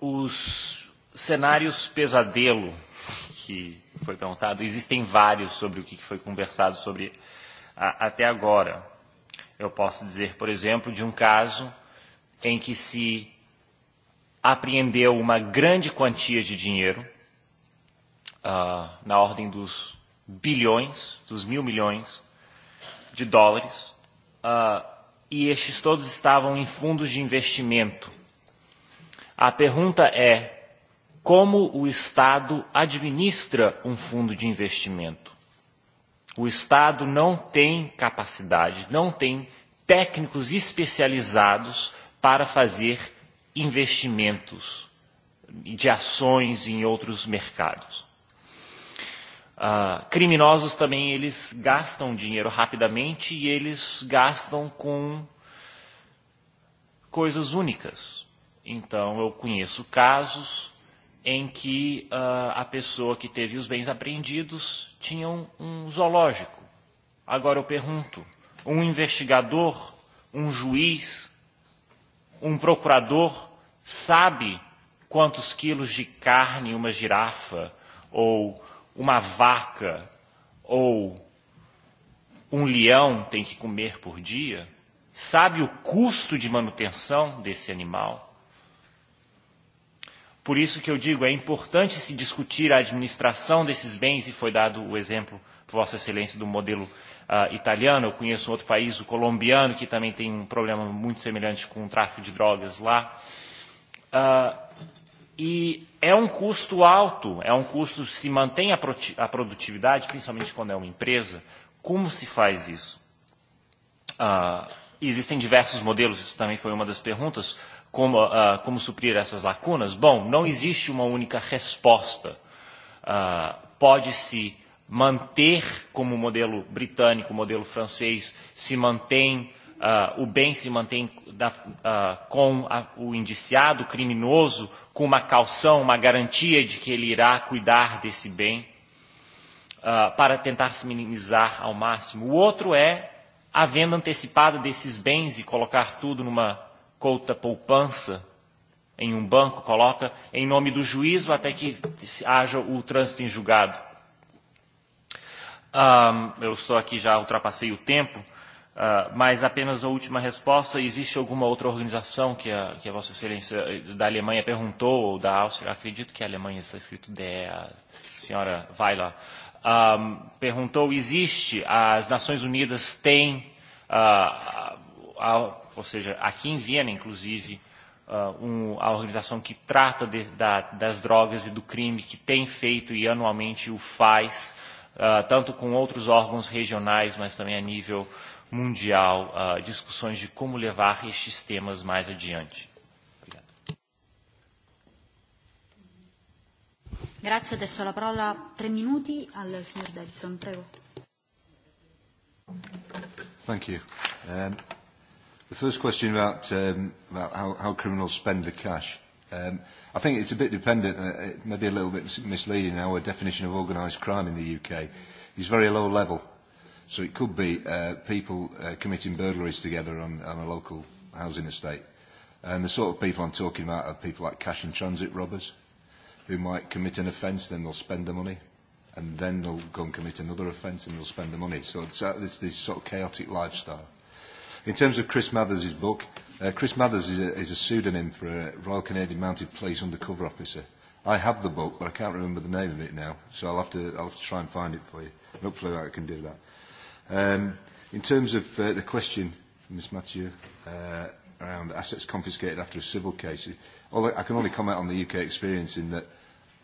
[SPEAKER 2] os cenários pesadelo que foi perguntado, existem vários sobre o que foi conversado sobre a, até agora. Eu posso dizer, por exemplo, de um caso em que se apreendeu uma grande quantia de dinheiro, uh, na ordem dos bilhões, dos mil milhões de dólares, uh, e estes todos estavam em fundos de investimento. A pergunta é como o Estado administra um fundo de investimento? O Estado não tem capacidade, não tem técnicos especializados para fazer investimentos de ações em outros mercados. Uh, criminosos também eles gastam dinheiro rapidamente e eles gastam com coisas únicas. Então eu conheço casos em que uh, a pessoa que teve os bens apreendidos tinha um, um zoológico. Agora eu pergunto, um investigador, um juiz, um procurador sabe quantos quilos de carne uma girafa ou uma vaca ou um leão tem que comer por dia? Sabe o custo de manutenção desse animal? Por isso que eu digo, é importante se discutir a administração desses bens, e foi dado o exemplo, por Vossa Excelência, do modelo uh, italiano. Eu conheço um outro país, o colombiano, que também tem um problema muito semelhante com o tráfico de drogas lá. Uh, e é um custo alto, é um custo, se mantém a, a produtividade, principalmente quando é uma empresa. Como se faz isso? Uh, existem diversos modelos, isso também foi uma das perguntas. Uh, como, uh, como suprir essas lacunas? Bom, não existe uma única resposta. Uh, ah, Pode-se manter como o modelo britânico, o modelo francês, se mantém, uh, o bem se mantém da, uh, com a, o indiciado, o criminoso, com uma calção, uma garantia de que ele irá cuidar desse bem uh, para tentar se minimizar ao máximo. O outro é a venda antecipada desses bens e colocar tudo numa couta poupança em um banco, coloca em nome do juízo até que haja o trânsito em julgado. Um, eu estou aqui, já ultrapassei o tempo, uh, mas apenas a última resposta. Existe alguma outra organização que a, que a Vossa Excelência eh, da Alemanha perguntou, ou da Áustria? Acredito que a Alemanha está escrito DE, a senhora vai lá. Um, perguntou, existe, as Nações Unidas têm uh, a, a ou seja, aqui em Viena, inclusive, uh, um, a organização que trata de, da, das drogas e do crime, que tem feito e anualmente o faz, uh, tanto com outros órgãos regionais, mas também a nível mundial, uh, discussões de como levar estes temas mais adiante. Obrigado.
[SPEAKER 1] Grazie, adesso la parola tre minuti al signor Davidson, prego.
[SPEAKER 4] Thank you. Um, The first question about, um, about how, how criminals spend the cash. Um, I think it's a bit dependent, uh, maybe a little bit misleading. Our definition of organised crime in the UK is very low level. So it could be uh, people uh, committing burglaries together on, on a local housing estate. And the sort of people I'm talking about are people like cash and transit robbers who might commit an offence, then they'll spend the money, and then they'll go and commit another offence and they'll spend the money. So it's uh, this, this sort of chaotic lifestyle. In terms of Chris Mathers' book, uh, Chris Mathers is a, is a pseudonym for a Royal Canadian Mounted Police undercover officer. I have the book, but I can't remember the name of it now, so I'll have to, I'll have to try and find it for you. Hopefully I can do that. Um, in terms of uh, the question, Ms Mathieu, uh, around assets confiscated after a civil case, all, I can only comment on the UK experience in that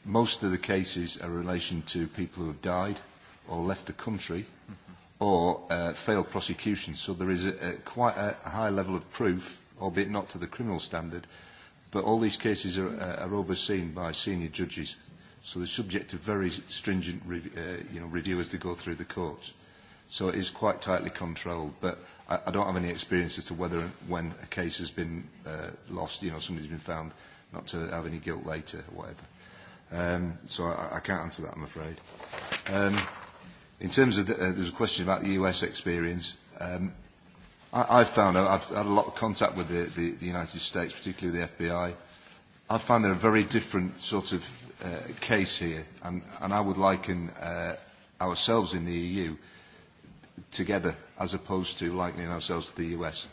[SPEAKER 4] most of the cases are in relation to people who have died or left the country. Mm or uh, failed prosecution. So there is a, a quite a high level of proof, albeit not to the criminal standard, but all these cases are, uh, are overseen by senior judges. So they're subject to very stringent rev uh, you know, review as they go through the courts. So it is quite tightly controlled, but I, I don't have any experience as to whether when a case has been uh, lost, you know, somebody's been found not to have any guilt later or whatever. Um, so I, I can't answer that, I'm afraid. Um, in terms of, the, uh, there's a question about the US experience. Um, I, I've found, I've had a lot of contact with the, the, the United States, particularly the FBI. I've found they're a very different sort of uh, case here, and, and I would liken uh, ourselves in the EU together as opposed to likening ourselves to the US.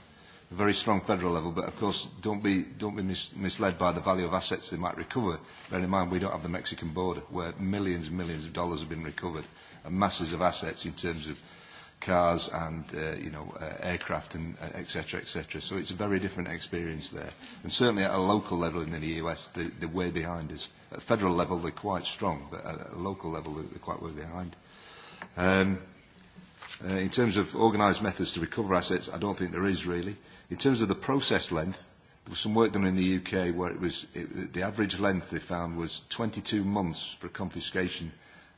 [SPEAKER 4] A very strong federal level, but of course don't be, don't be mis misled by the value of assets they might recover. Bear in mind we don't have the Mexican border where millions and millions of dollars have been recovered. Uh, Uh, masses of assets in terms of cars and uh, you know uh, aircraft and uh, etc etc so it's a very different experience there and certainly at a local level in the US they, they're way behind us at federal level they're quite strong but at a local level they're quite way behind um, uh, in terms of organised methods to recover assets I don't think there is really in terms of the process length there was some work done in the UK where it was it, the average length they found was 22 months for confiscation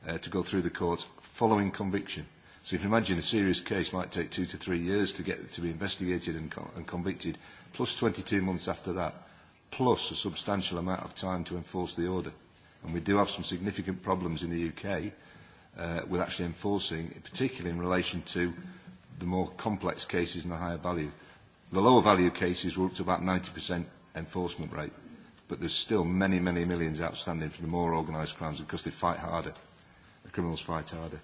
[SPEAKER 4] uh, to go through the court following conviction. So you can imagine a serious case might take two to three years to get to be investigated and, co and convicted, plus 22 months after that, plus a substantial amount of time to enforce the order. And we do have some significant problems in the UK uh, with actually enforcing, particularly in relation to the more complex cases and the higher value. The lower value cases were up to about 90% enforcement rate, but there's still many, many millions outstanding for the more organised crimes because they fight harder criminals fight harder.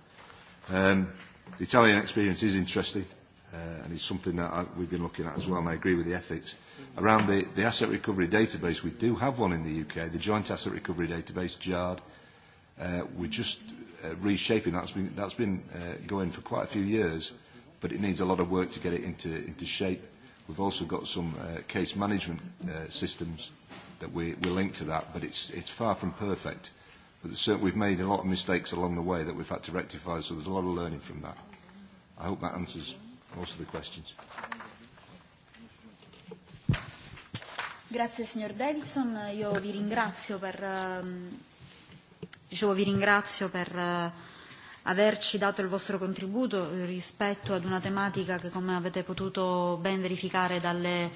[SPEAKER 4] Um, the Italian experience is interesting, uh, and it's something that I, we've been looking at as well, and I agree with the ethics. Around the, the asset recovery database, we do have one in the UK, the Joint Asset Recovery Database, JARD. Uh, we're just uh, reshaping. That's been, that's been uh, going for quite a few years, but it needs a lot of work to get it into, into shape. We've also got some uh, case management uh, systems that we, we're linked to that, but it's, it's far from perfect. Uh, But so we've made a lot of mistakes along the way that we've had to rectify, so there's a lot of learning from that. I hope that answers most of the questions.
[SPEAKER 1] Grazie signor Davidson, io vi ringrazio per, ehm, dicevo, vi ringrazio per eh, averci dato il vostro contributo rispetto ad una tematica che, come avete potuto ben verificare dalle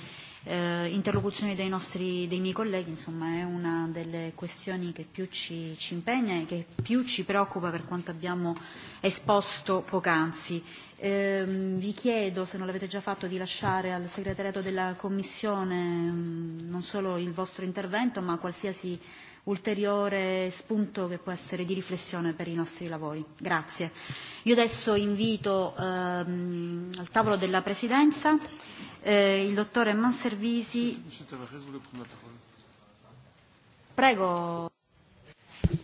[SPEAKER 1] eh, interlocuzioni dei, nostri, dei miei colleghi, insomma è una delle questioni che più ci, ci impegna e che più ci preoccupa per quanto abbiamo esposto poc'anzi. Eh, vi chiedo, se non l'avete già fatto, di lasciare al segretariato della Commissione mh, mm, non solo il vostro intervento, ma qualsiasi ulteriore spunto che può essere di riflessione per i nostri lavori. Grazie. Io adesso invito ehm, al tavolo della Presidenza eh, il dottore Manservisi. Prego.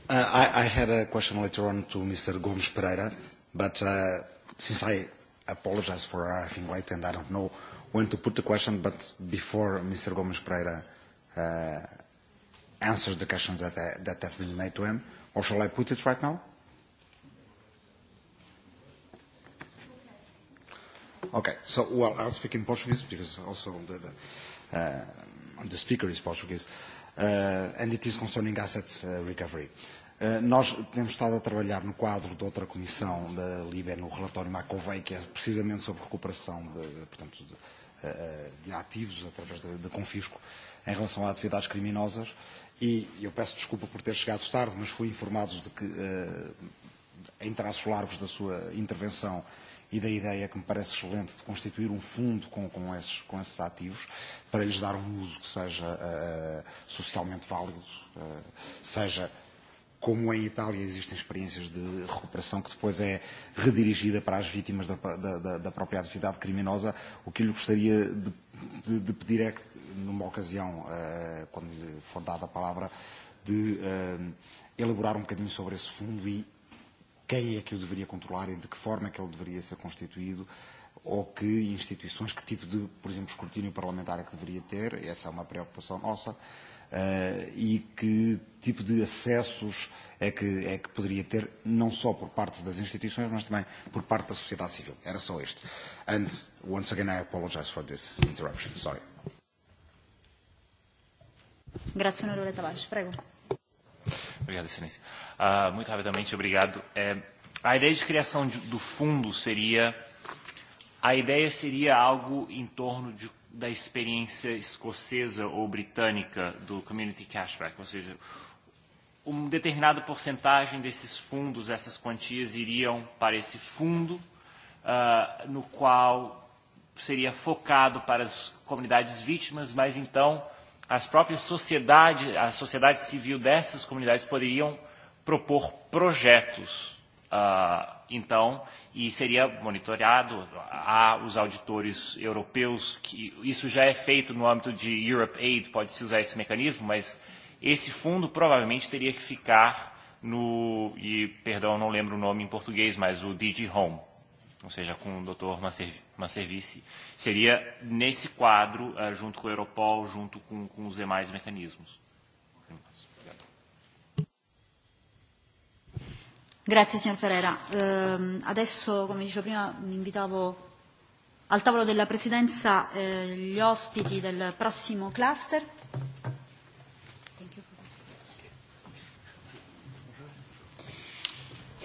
[SPEAKER 5] Uh, I, I
[SPEAKER 9] had a question later on to Mr. Gomes Pereira, but uh, since I apologize for arriving late and I don't know when to put the question, but before Mr. Gomes Pereira uh, answers the questions that, I, uh, that have been made to him, or shall I put it right now? Okay, so well, I'll speak in Portuguese because also the, the, uh, the speaker is Portuguese, uh, and it is concerning asset uh, recovery. Uh, nós temos estado a trabalhar no quadro de outra comissão da Líbia, no relatório Macovei, que é precisamente sobre recuperação de, portanto, de, uh, uh, de ativos através de, de confisco em relação a atividades criminosas. E eu peço desculpa por ter chegado tarde, mas fui informado de que, uh, em traços largos da sua intervenção, uh, e da ideia que me parece excelente de constituir um fundo com, com, esses, com esses ativos para lhes dar um uso que seja uh, socialmente válido, uh, seja como em Itália existem experiências de recuperação que depois é redirigida para as vítimas da, da, da própria atividade criminosa, o que eu lhe gostaria de, de, de pedir é que, numa ocasião, uh, quando lhe for dada a palavra, de uh, elaborar um bocadinho sobre esse fundo e quem é que o deveria controlar e de que forma é que ele deveria ser constituído ou que instituições, que tipo de, por exemplo, escrutínio parlamentar é que deveria ter, essa é uma preocupação nossa, uh, e que tipo de acessos é que, é que poderia ter, não só por parte das instituições, mas também por parte da sociedade civil. Era só isto. And, once again, I apologize for this interruption. Sorry.
[SPEAKER 1] Grazie, onorevole Tavares. Prego.
[SPEAKER 2] Obrigado, Excelência. Uh, muito rapidamente, obrigado. É, a ideia de criação de, do fundo seria. A ideia seria algo em torno de, da experiência escocesa ou britânica do Community Cashback, ou seja, uma determinada porcentagem desses fundos, essas quantias, iriam para esse fundo, uh, no qual seria focado para as comunidades vítimas, mas então as próprias sociedades, a sociedade civil dessas comunidades poderiam propor projetos, uh, então, e seria monitorado a os auditores europeus, que isso já é feito no âmbito de Europe Aid, pode-se usar esse mecanismo, mas esse fundo provavelmente teria que ficar no, e perdão, não lembro o nome em português, mas o DG Home, ou seja, com o Dr. Manservi uma serviço, seria nesse quadro, uh, junto com o Europol, junto com, com os demais mecanismos.
[SPEAKER 1] Grazie signor Ferreira. Eh, adesso, come dicevo prima, invitavo al tavolo della Presidenza eh, gli ospiti del prossimo cluster.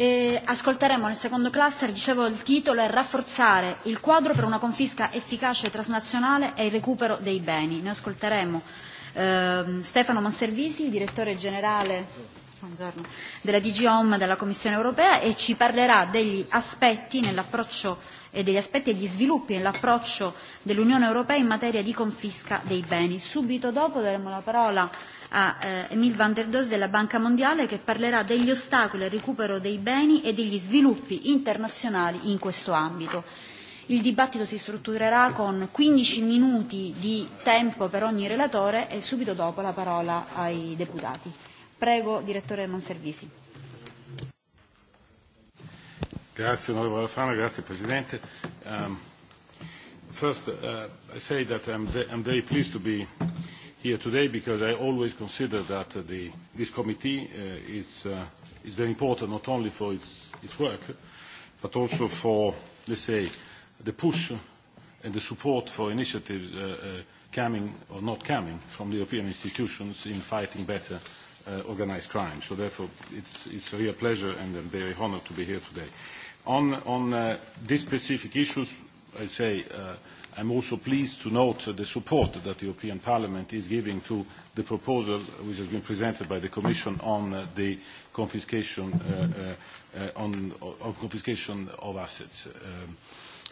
[SPEAKER 1] E ascolteremo nel secondo cluster, dicevo il titolo è Rafforzare il quadro per una confisca efficace e transnazionale e il recupero dei beni. Ne ascolteremo eh, Stefano Manservisi, il direttore generale buongiorno, della DG Home della Commissione europea e ci parlerà degli aspetti nell'approccio e degli aspetti e gli sviluppi nell'approccio dell'Unione Europea in materia di confisca dei beni. Subito dopo daremo la parola a eh, Emil van der Does della Banca Mondiale che parlerà degli ostacoli al recupero dei beni e degli sviluppi internazionali in questo ambito. Il dibattito si strutturerà con 15 minuti di tempo per ogni relatore e subito dopo la parola ai deputati. Prego, direttore Manservisi.
[SPEAKER 10] Grazie, onorevole Alfano. Grazie, Presidente. Um, first, uh, I say that I'm, I'm very pleased to be here today because I always consider that the, this committee uh, is, uh, is very important not only for its, its work, but also for, let's say, the push and the support for initiatives uh, uh, coming or not coming from the European institutions in fighting better uh, organized crime. So therefore, it's, it's a real pleasure and I'm very honored to be here today. Uh, On, on uh, these specific issues, I say uh, I'm also pleased to note uh, the support that the European Parliament is giving to the proposal which has been presented by the Commission on uh, the confiscation, uh, uh, uh, on, uh, on confiscation of assets. Um,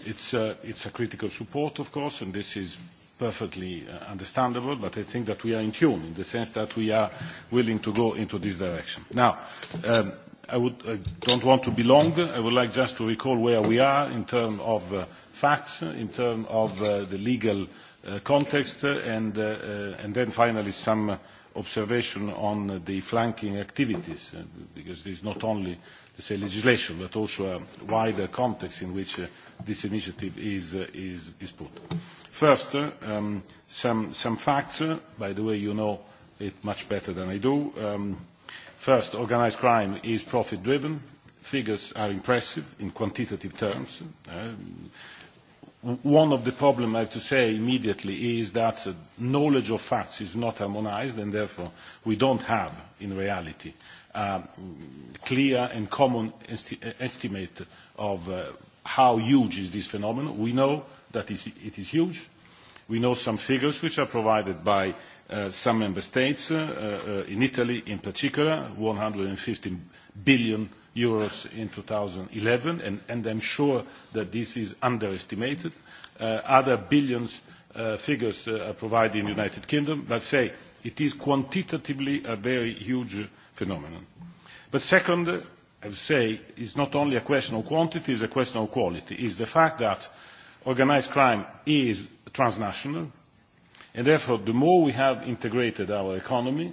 [SPEAKER 10] it's, uh, it's a critical support, of course, and this is perfectly uh, understandable, but I think that we are in tune in the sense that we are willing to go into this direction. Now, um, I, would, I uh, don't want to be long. I would like just to recall where we are in terms of uh, facts, in terms of uh, the legal uh, context, uh, and, uh, uh, and then finally some uh, observation on uh, the flanking activities, uh, because there is not only let's say, legislation, but also a wider context in which uh, this initiative is, uh, is, is put. First, uh, um, some, some facts. Uh, by the way, you know it much better than I do. Um, First, organized crime is profit-driven. Figures are impressive in quantitative terms. Um, one of the problems, I have to say immediately, is that uh, knowledge of facts is not harmonized, and therefore we don't have, in reality, uh, clear and common esti estimate of uh, how huge is this phenomenon. We know that it is huge. We know some figures which are provided by Uh, some member states, uh, uh, in Italy in particular, 115 billion euros in 2011, and, and I'm sure that this is underestimated. Other billions figures are provided in the United Kingdom, but say it is quantitatively a very huge phenomenon. But second, I would say, it's not only a question of quantity, it's a question of quality. It's the fact that organized crime is transnational, And therefore, the more we have integrated our economy,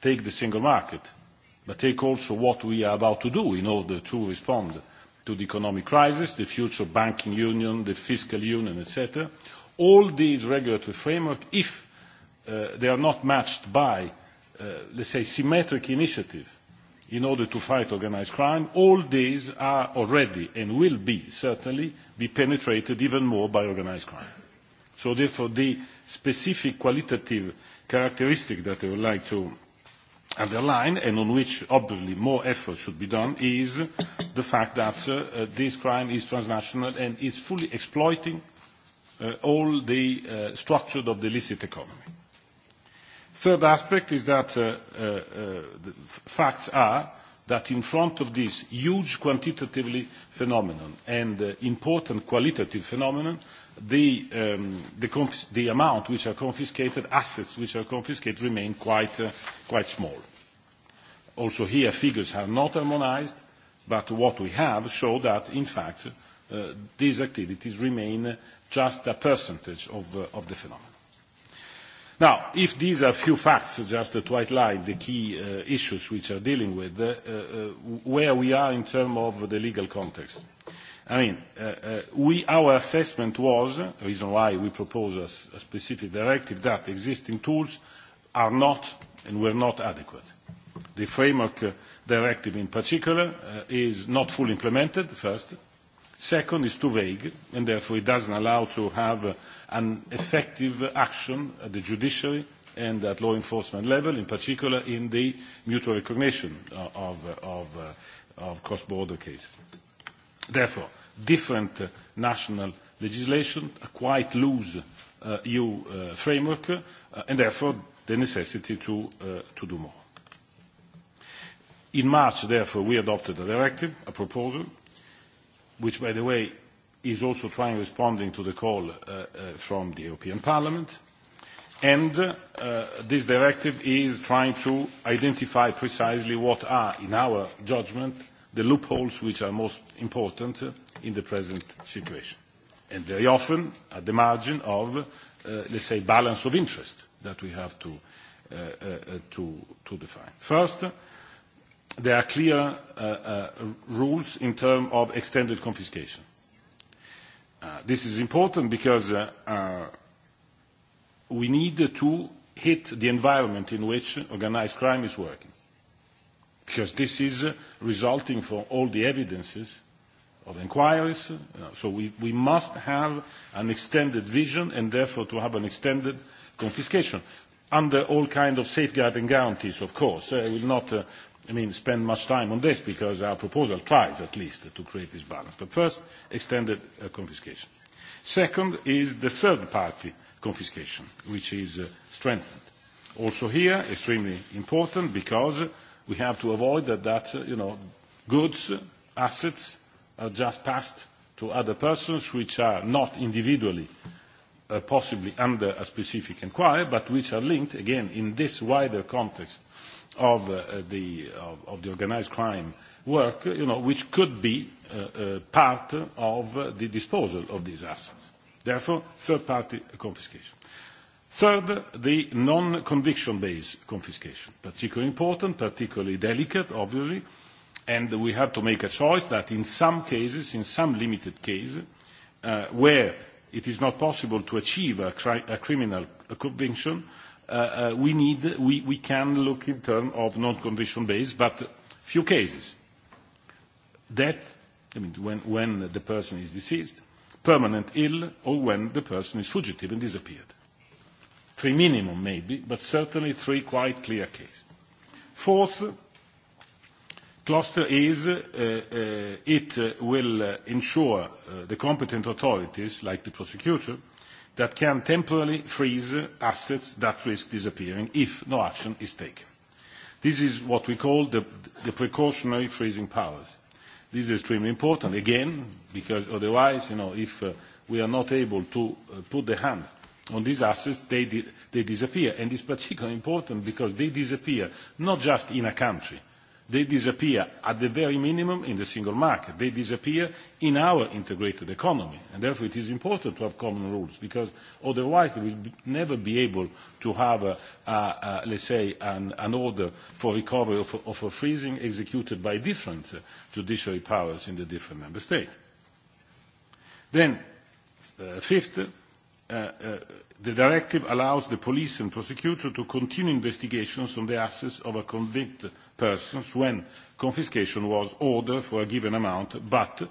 [SPEAKER 10] take the single market, but take also what we are about to do in order to respond to the economic crisis, the future banking union, the fiscal union, etc. All these regulatory framework, if uh, they are not matched by, uh, let's say, symmetric initiative in order to fight organized crime, all these are already and will be certainly be penetrated even more by organized crime. So therefore, the specific qualitative characteristic that I would like to underline and on which obviously more effort should be done is the fact that uh, uh, this crime is transnational and is fully exploiting uh, all the uh, structures of the illicit economy. Third aspect is that uh, uh, uh, the facts are that in front of this huge quantitatively phenomenon and uh, important qualitative phenomenon, the, um, the, the amount which are confiscated, assets which are confiscated, remain quite, uh, quite small. Also here, figures are not harmonized, but what we have show that, in fact, uh, these activities remain just a percentage of, uh, of the phenomenon. Now, if these are few facts, just to outline the key uh, issues which are dealing with, uh, uh, where we are in terms of the legal context. I mean, uh, uh, we, our assessment was, the reason why we propose a, a specific directive, that existing tools are not and were not adequate. The framework uh, directive in particular uh, is not fully implemented, first. Second, it's too vague, and therefore it doesn't allow to have uh, an effective action at the judiciary and at law enforcement level, in particular in the mutual recognition uh, of, uh, of, of, uh, of cross-border cases. Therefore, different uh, national legislation, a quite loose uh, EU uh, framework, uh, and therefore the necessity to, uh, to do more. In March, therefore, we adopted a directive, a proposal, which, by the way, is also trying responding to the call uh, uh, from the European Parliament. And uh, this directive is trying to identify precisely what are, in our judgment, the loopholes which are most important in the present situation. And very often at the margin of, uh, let's say, balance of interest that we have to, uh, uh, uh to, to define. First, there are clear uh, uh, rules in terms of extended confiscation. Uh, this is important because uh, uh, we need to hit the environment in which organized crime is working because this is resulting from all the evidences of inquiries. Uh, so we, we must have an extended vision and therefore to have an extended confiscation under all kind of safeguarding guarantees, of course. Uh, I will not, uh, I mean, spend much time on this because our proposal tries at least to create this balance. But first, extended uh, confiscation. Second is the third-party confiscation, which is uh, strengthened. Also here, extremely important because We have to avoid that, that uh, you know, goods, assets are just passed to other persons which are not individually uh, possibly under a specific inquiry, but which are linked, again, in this wider context of, uh, the, of, of the organized crime work, uh, you know, which could be uh, uh, part of uh, the disposal of these assets. Therefore, third-party confiscation. Third, the non-conviction-based confiscation, particularly important, particularly delicate, obviously, and we have to make a choice that in some cases, in some limited cases, uh, where it is not possible to achieve a, cri a criminal a conviction, uh, uh, we, need, we, we can look in terms of non-conviction-based, but few cases. Death, I mean, when, when the person is deceased, permanent ill, or when the person is fugitive and disappeared three minimum maybe, but certainly three quite clear cases. Fourth, cluster is uh, uh, it uh, will uh, ensure uh, the competent authorities, like the prosecutor, that can temporarily freeze assets that risk disappearing if no action is taken. This is what we call the, the precautionary freezing powers. This is extremely important, again, because otherwise, you know, if uh, we are not able to uh, put the hand uh, on these assets, they, di- they disappear. And it's particularly important because they disappear not just in a country. They disappear at the very minimum in the single market. They disappear in our integrated economy. And therefore it is important to have common rules because otherwise we will be, never be able to have, a, a, a, let's say, an, an order for recovery of, of a freezing executed by different uh, judiciary powers in the different member states. Then, uh, fifth, uh, uh, the directive allows the police and prosecutor to continue investigations on the assets of a convicted person when confiscation was ordered for a given amount, but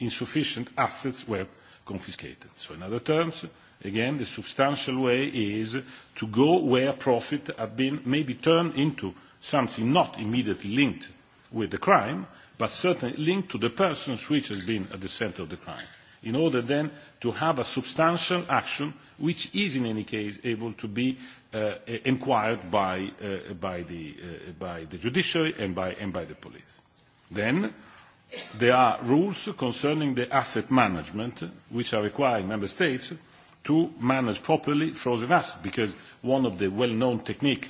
[SPEAKER 10] insufficient assets were confiscated. So in other terms, again, the substantial way is to go where profit had been maybe turned into something not immediately linked with the crime, but certainly linked to the persons which has been at the center of the crime in order then to have a substantial action which is in any case able to be uh, inquired by, uh, by, the, uh, by the judiciary and by, and by the police. Then there are rules concerning the asset management which are requiring member states to manage properly frozen assets because one of the well-known techniques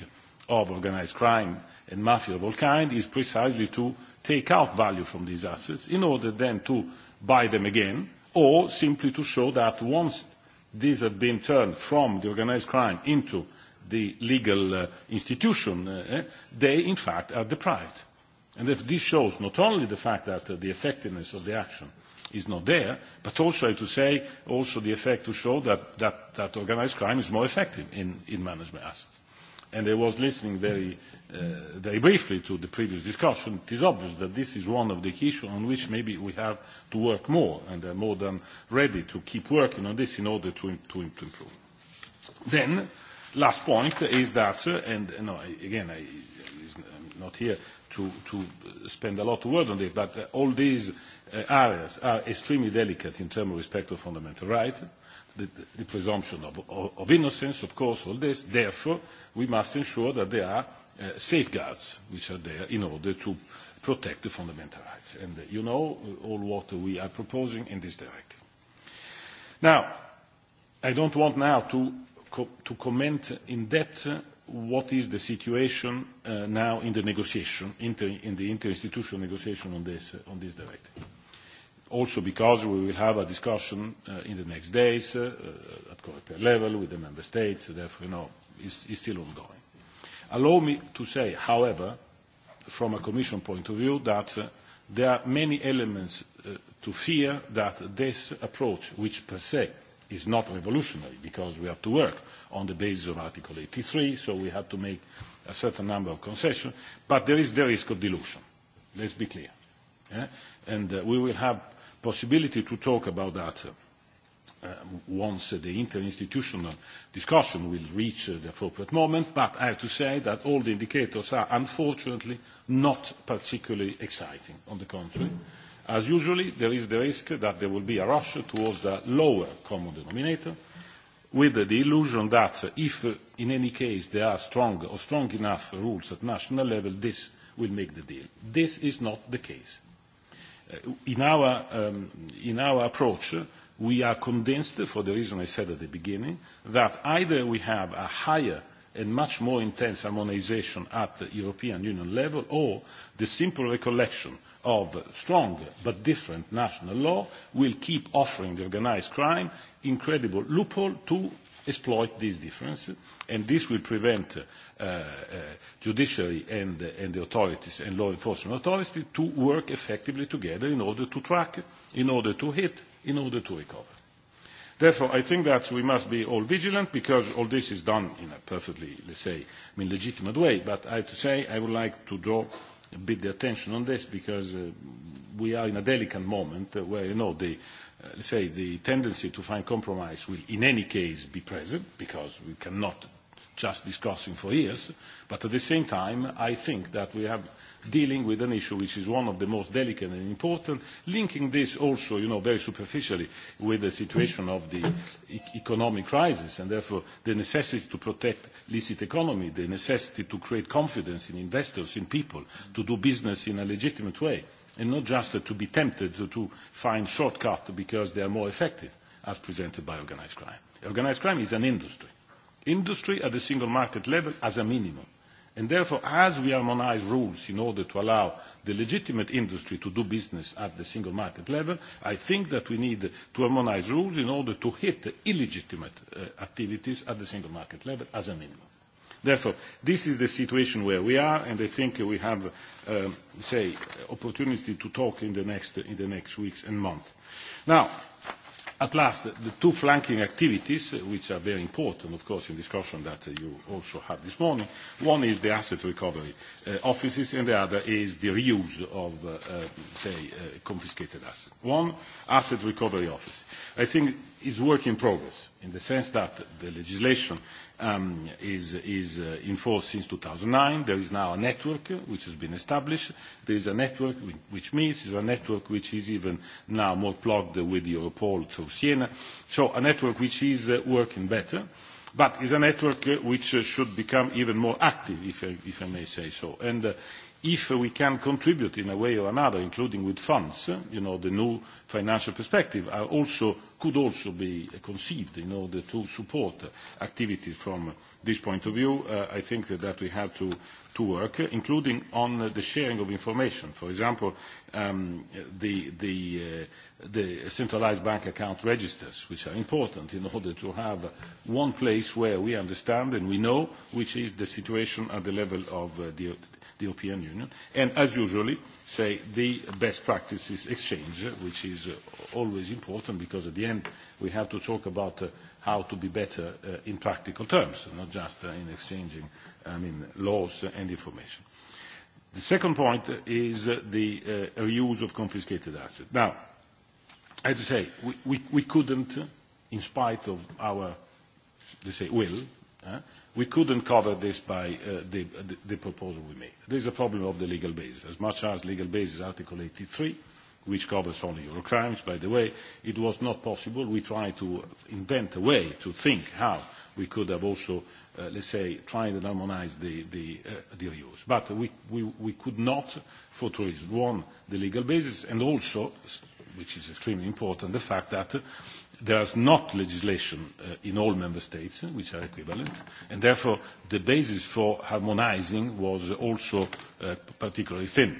[SPEAKER 10] of organized crime and mafia of all kind is precisely to take out value from these assets in order then to buy them again or simply to show that once these have been turned from the organized crime into the legal uh, institution, uh, eh, they in fact are deprived. And if this shows not only the fact that uh, the effectiveness of the action is not there, but also to say also the effect to show that, that, that organized crime is more effective in, in management assets. And I was listening very uh, very briefly to the previous discussion, it is obvious that this is one of the issues on which maybe we have to work more, and are more than ready to keep working on this in order to, to improve. Then, last point is that, uh, and uh, no, again, I, I'm not here to, to spend a lot of word on it, but uh, all these uh, areas are extremely delicate in terms of respect of fundamental rights. The, the presumption of, of, of innocence, of course, all this. Therefore, we must ensure that they are uh, safeguards which are there in order to protect the fundamental rights. And uh, you know uh, all what we are proposing in this directive. Now, I don't want now to, co to comment in depth uh, what is the situation uh, now in the negotiation, inter, in the interinstitutional negotiation on this, uh, on this directive. Also because we will have a discussion uh, in the next days uh, uh, at COREPER level with the member states, therefore, you know, it's, it's still ongoing. Allow me to say, however, from a Commission point of view, that uh, there are many elements uh, to fear that this approach, which per se is not revolutionary, because we have to work on the basis of Article 83, so we have to make a certain number of concessions, but there is the risk of dilution. Let's be clear. Yeah? And uh, we will have possibility to talk about that uh, Uh, once the interinstitutional discussion will reach uh, the appropriate moment. But I have to say that all the indicators are unfortunately not particularly exciting. On the contrary, as usually, there is the risk that there will be a rush towards the lower common denominator, with the illusion that if, uh, in any case, there are strong or strong enough rules at national level, this will make the deal. This is not the case. In our, um, in our approach, we are convinced, for the reason I said at the beginning, that either we have a higher and much more intense harmonization at the European Union level, or the simple recollection of strong but different national law will keep offering the organized crime incredible loophole to exploit these differences, and this will prevent uh, uh, judiciary and, uh, and the authorities and law enforcement authorities to work effectively together in order to track, in order to hit, in order to recover. Therefore, I think that we must be all vigilant because all this is done in a perfectly, let's say, I mean, legitimate way. But I have to say I would like to draw a bit the attention on this because uh, we are in a delicate moment where, you know, the, uh, let's say, the tendency to find compromise will in any case be present because we cannot just discussing for years. But at the same time, I think that we have dealing with an issue which is one of the most delicate and important, linking this also, you know, very superficially with the situation of the e economic crisis and therefore the necessity to protect licit economy, the necessity to create confidence in investors, in people, to do business in a legitimate way, and not just uh, to be tempted to, to find shortcuts because they are more effective, as presented by organized crime. Organized crime is an industry. Industry at the single market level as a minimum And therefore, as we harmonize rules in order to allow the legitimate industry to do business at the single market level, I think that we need to harmonize rules in order to hit the illegitimate uh, activities at the single market level as a minimum. Therefore, this is the situation where we are, and I think we have, um, say, opportunity to talk in the next, in the next weeks and months. Now, At last, the two flanking activities, uh, which are very important, of course, in discussion that uh, you also had this morning. One is the asset recovery uh, offices, and the other is the reuse of, uh, uh, say, uh, confiscated assets. One, asset recovery office. I think it's work in progress in the sense that the legislation um, is, is uh, in force since 2009. There is now a network which has been established. There is a network which meets, is a network which is even now more plugged with Europol through Siena. So a network which is uh, working better, but is a network uh, which uh, should become even more active, if I, if I may say so. And uh, if we can contribute in a way or another, including with funds, uh, you know, the new financial perspective, are also could also be conceived in order to support activities from this point of view. Uh, I think that, that we have to, to work, including on the sharing of information. For example, um, the, the, uh, the centralized bank account registers, which are important in order to have one place where we understand and we know which is the situation at the level of uh, the, the European Union. And as usually, uh, say, the best practices exchange, which is uh, always important because at the end we have to talk about uh, how to be better uh, in practical terms, not just uh, in exchanging I mean, laws and information. The second point is uh, the uh, reuse of confiscated assets. Now, I have to say, we, we, we couldn't, uh, in spite of our, let's say, will, uh, We couldn't cover this by uh, the, the, the proposal we made. There is a problem of the legal basis. As much as legal basis Article 83, which covers only Eurocrimes, by the way, it was not possible. We tried to invent a way to think how we could have also, uh, let's say, tried and harmonized the, the, uh, the reuse. But we, we, we could not, for two reasons. One, the legal basis, and also, which is extremely important, the fact that there is not legislation uh, in all member states uh, which are equivalent, and therefore the basis for harmonizing was also uh, particularly thin.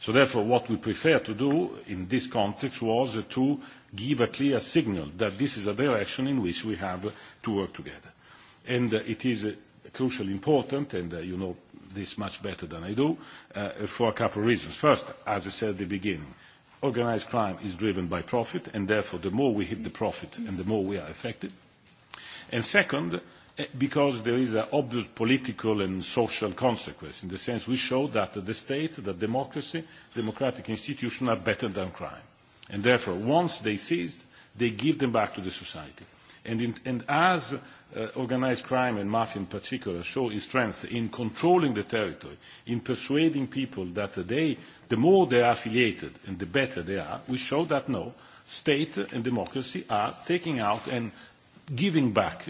[SPEAKER 10] So therefore what we prefer to do in this context was uh, to give a clear signal that this is a direction in which we have uh, to work together. And uh, it is uh, crucially important, and uh, you know this much better than I do, uh, for a couple of reasons. First, as I said at the beginning, organized crime is driven by profit, and therefore the more we hit the profit and the more we are affected. And second, eh, because there is an obvious political and social consequence, in the sense we show that the state, that democracy, democratic institutions are better than crime. And therefore, once they ceased, they give them back to the society. And, in, and as uh, organized crime and mafia in particular show its strength in controlling the territory, in persuading people that they, the more they are affiliated and the better they are, we show that no, state and democracy are taking out and giving back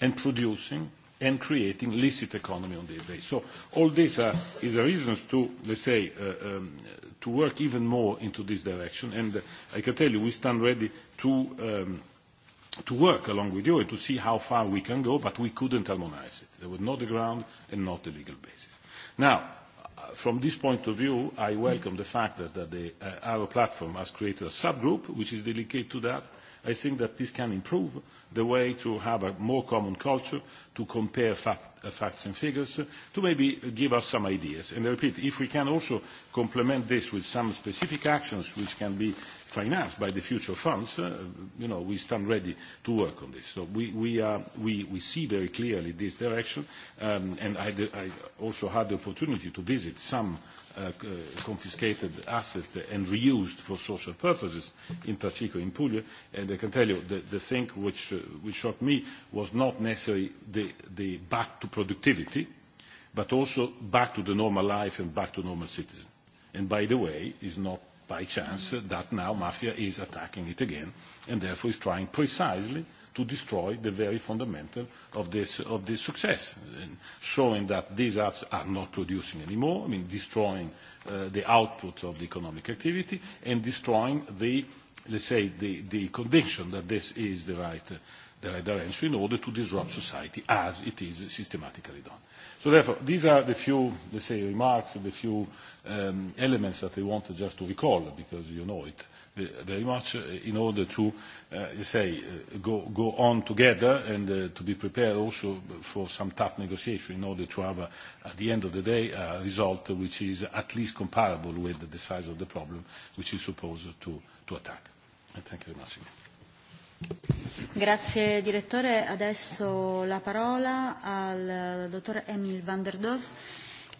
[SPEAKER 10] and producing and creating licit economy on their base. So all this are, uh, is the reasons to, let's say, uh, um, to work even more into this direction. And uh, I can tell you, we stand ready to um, to work along with you and to see how far we can go, but we couldn't harmonize it. There was not the ground and not the legal basis. Now, uh, from this point of view, I welcome the fact that, that the uh, our platform has created a subgroup which is dedicated to that. I think that this can improve the way to have a more common culture, to compare fact, uh, facts and figures, uh, to maybe give us some ideas. And I repeat, if we can also complement this with some specific actions which can be financed by the future funds, uh, you know, we stand ready to work on this. So we, we, are, we, we see very clearly this direction, um, and I, I also had the opportunity to visit some uh, uh, confiscated assets and reused for social purposes, in particular in Puglia, and I can tell you the, the thing which, uh, which shocked me was not necessarily the, the back to productivity, but also back to the normal life and back to normal citizen. And by the way, is not by chance that now mafia is attacking it again and therefore is trying precisely to destroy the very fundamental of this, of this success, and showing that these arts are not producing anymore, I mean, destroying uh, the output of the economic activity and destroying the, let's say, the, the conviction that this is the right, uh, the right direction in order to disrupt society as it is systematically done. So therefore, these are the few, let's say, remarks, the few uh, um, elements that I wanted just to recall, because you know it very much, uh, in order to, uh, you say, uh, go, go on together and uh, to be prepared also for some tough negotiation in order to have, a, at the end of the day, a result which is at least comparable with the size of the problem which is supposed to, to attack. And thank you very much.
[SPEAKER 1] Grazie direttore. Adesso la parola al uh, dottor Emil van der Does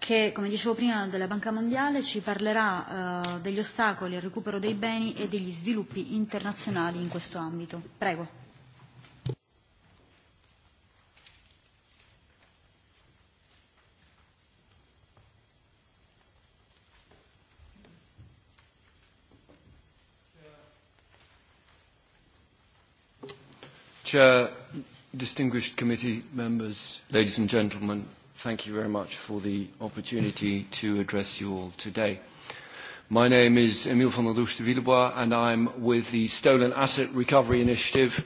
[SPEAKER 1] che, come dicevo prima, della Banca Mondiale ci parlerà eh, degli ostacoli al recupero dei beni e degli sviluppi internazionali in questo ambito. Prego.
[SPEAKER 11] Chair, distinguished committee members, ladies and gentlemen, thank you very much for the opportunity to address you all today. My name is Emile van der Does de Villebois, and I'm with the Stolen Asset Recovery Initiative,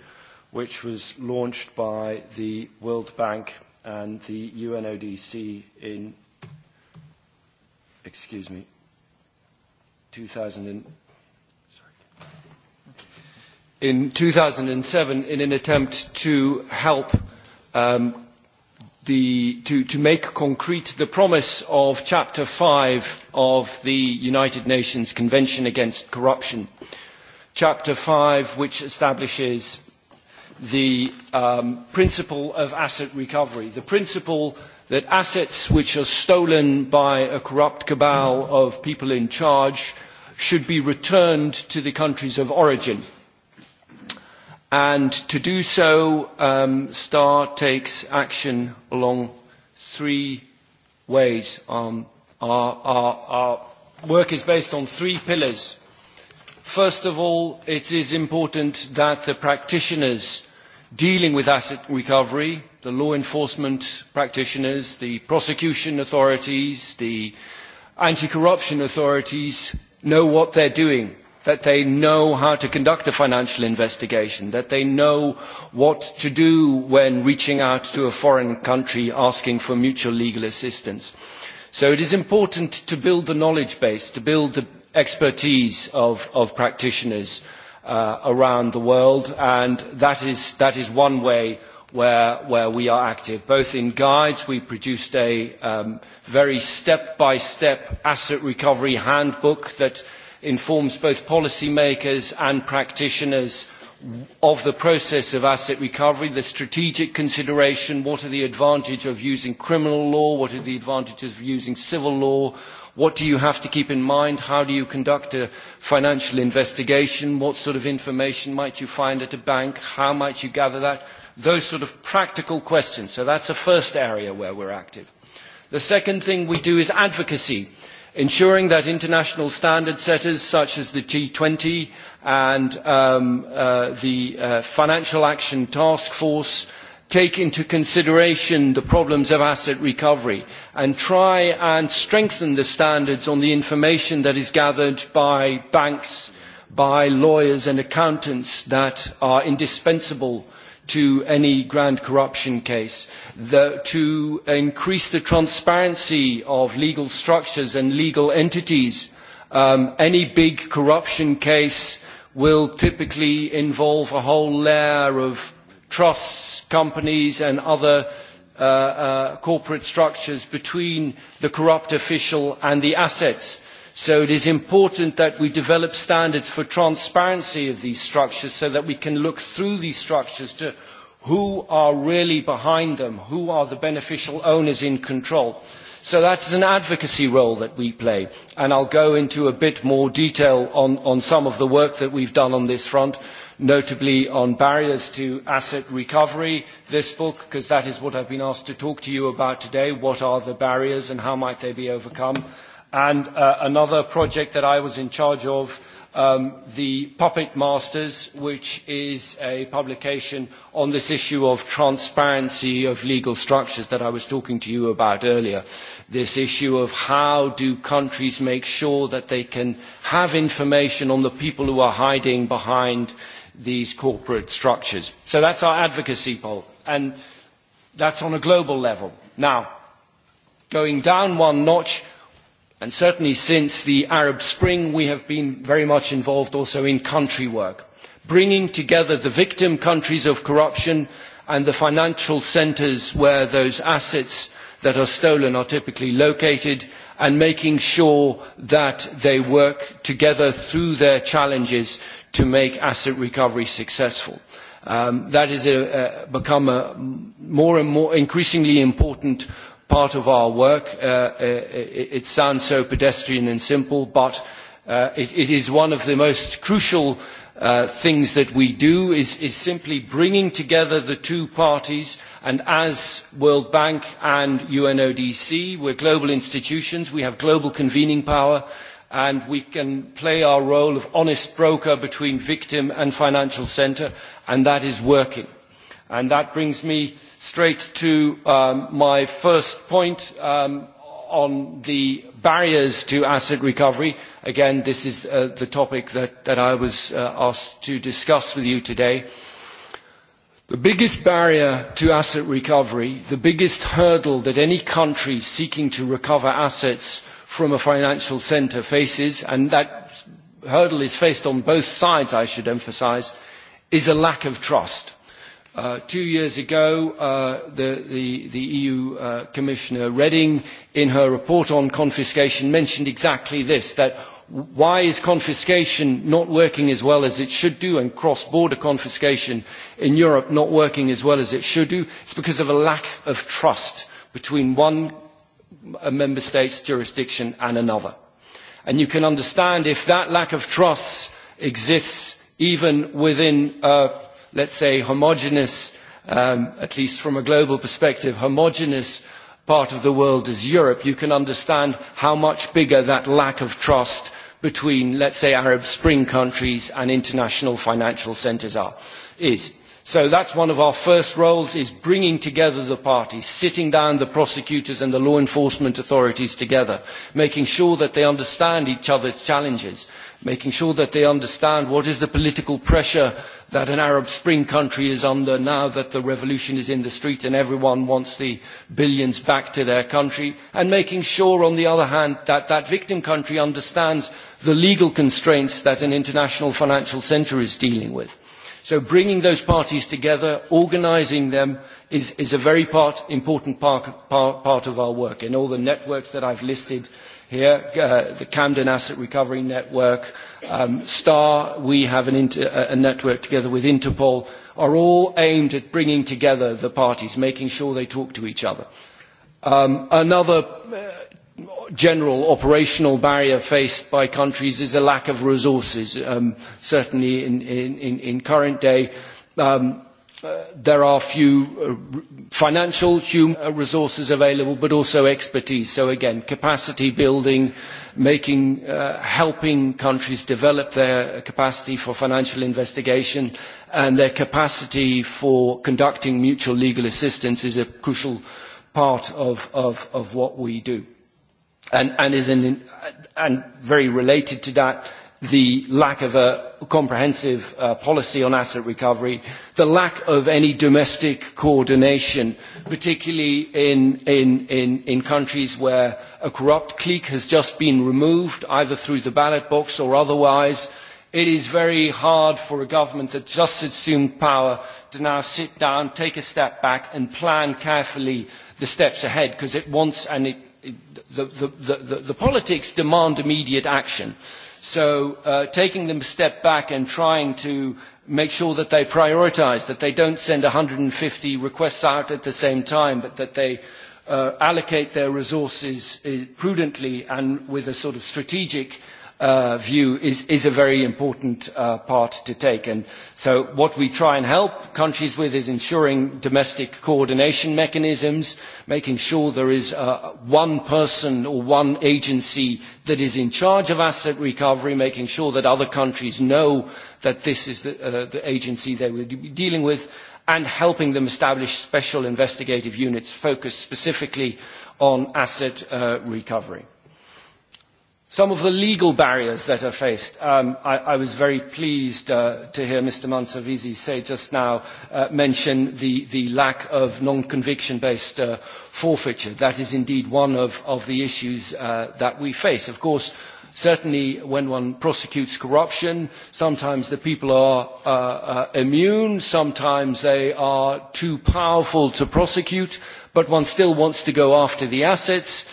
[SPEAKER 11] which was launched by the World Bank and the UNODC in, excuse me, 2000 and, sorry. in 2007 in an attempt to help um, the, to, to make concrete the promise of Chapter 5 of the United Nations Convention Against Corruption. Chapter 5, which establishes the um, principle of asset recovery, the principle that assets which are stolen by a corrupt cabal of people in charge should be returned to the countries of origin And to do so, um, STAR takes action along three ways. Um, our, our, our work is based on three pillars. First of all, it is important that the practitioners dealing with asset recovery, the law enforcement practitioners, the prosecution authorities, the anti-corruption authorities know what they're doing that they know how to conduct a financial investigation, that they know what to do when reaching out to a foreign country asking for mutual legal assistance. So it is important to build the knowledge base, to build the expertise of, of practitioners uh, around the world, and that is, that is one way where, where we are active. Both in guides, we produced a um, very step-by-step -step asset recovery handbook that informs both policymakers and practitioners of the process of asset recovery, the strategic consideration, what are the advantages of using criminal law, what are the advantages of using civil law, what do you have to keep in mind, how do you conduct a financial investigation, what sort of information might you find at a bank, how might you gather that, those sort of practical questions. So that's the first area where we're active. The second thing we do is advocacy ensuring that international standard setters such as the G20 and um, uh, the uh, Financial Action Task Force take into consideration the problems of asset recovery and try and strengthen the standards on the information that is gathered by banks, by lawyers and accountants that are indispensable to any grand corruption case, the, to increase the transparency of legal structures and legal entities. Um, any big corruption case will typically involve a whole layer of trusts, companies and other uh, uh, corporate structures between the corrupt official and the assets So it is important that we develop standards for transparency of these structures so that we can look through these structures to who are really behind them, who are the beneficial owners in control. So that's an advocacy role that we play. And I'll go into a bit more detail on, on some of the work that we've done on this front, notably on barriers to asset recovery, this book, because that is what I've been asked to talk to you about today. What are the barriers and how might they be overcome? and uh, another project that I was in charge of, um, the Puppet Masters, which is a publication on this issue of transparency of legal structures that I was talking to you about earlier. This issue of how do countries make sure that they can have information on the people who are hiding behind these corporate structures. So that's our advocacy poll, and that's on a global level. Now, going down one notch, And certainly since the Arab Spring, we have been very much involved also in country work, bringing together the victim countries of corruption and the financial centres where those assets that are stolen are typically located and making sure that they work together through their challenges to make asset recovery successful. Um, that has become a more and more increasingly important part of our work. Uh, uh, it, it sounds so pedestrian and simple, but uh, it, it is one of the most crucial uh, things that we do is, is simply bringing together the two parties and as World Bank and UNODC, we're global institutions, we have global convening power and we can play our role of honest broker between victim and financial centre and that is working. And that brings me straight to um, my first point um, on the barriers to asset recovery. Again, this is uh, the topic that, that I was uh, asked to discuss with you today. The biggest barrier to asset recovery, the biggest hurdle that any country seeking to recover assets from a financial centre faces, and that hurdle is faced on both sides, I should emphasise, is a lack of trust Uh, two years ago, uh, the, the, the EU uh, Commissioner Redding, in her report on confiscation, mentioned exactly this, that why is confiscation not working as well as it should do and cross-border confiscation in Europe not working as well as it should do? It's because of a lack of trust between one member state's jurisdiction and another. And you can understand if that lack of trust exists even within uh, let's say, homogenous, um, at least from a global perspective, homogenous part of the world as Europe, you can understand how much bigger that lack of trust between, let's say, Arab Spring countries and international financial centres are, is So that's one of our first roles is bringing together the parties, sitting down the prosecutors and the law enforcement authorities together, making sure that they understand each other's challenges, making sure that they understand what is the political pressure that an Arab Spring country is under now that the revolution is in the street and everyone wants the billions back to their country, and making sure, on the other hand, that that victim country understands the legal constraints that an international financial centre is dealing with. So bringing those parties together, organizing them, is, is a very part, important part, part, part of our work. In all the networks that I've listed here, uh, the Camden Asset Recovery Network, um, STAR, we have an inter, a network together with Interpol, are all aimed at bringing together the parties, making sure they talk to each other. Um, another uh, general operational barrier faced by countries is a lack of resources. Um, certainly in, in, in current day, um, uh, there are few uh, financial human uh, resources available, but also expertise. So again, capacity building, making, uh, helping countries develop their capacity for financial investigation and their capacity for conducting mutual legal assistance is a crucial part of, of, of what we do and, and is in, and very related to that, the lack of a comprehensive uh, policy on asset recovery, the lack of any domestic coordination, particularly in, in, in, in countries where a corrupt clique has just been removed, either through the ballot box or otherwise. It is very hard for a government that just assumed power to now sit down, take a step back and plan carefully the steps ahead because it wants and it the, the, the, the politics demand immediate action. So uh, taking them a step back and trying to make sure that they prioritize, that they don't send 150 requests out at the same time, but that they uh, allocate their resources uh, prudently and with a sort of strategic uh, uh, view is, is a very important uh, part to take. And so what we try and help countries with is ensuring domestic coordination mechanisms, making sure there is uh, one person or one agency that is in charge of asset recovery, making sure that other countries know that this is the, uh, the agency they will be dealing with, and helping them establish special investigative units focused specifically on asset uh, recovery. Some of the legal barriers that are faced, um, I, I was very pleased uh, to hear Mr. Mansavizi say just now, uh, mention the, the lack of non-conviction-based uh, forfeiture. That is indeed one of, of the issues uh, that we face. Of course, certainly when one prosecutes corruption, sometimes the people are uh, uh, immune, sometimes they are too powerful to prosecute, but one still wants to go after the assets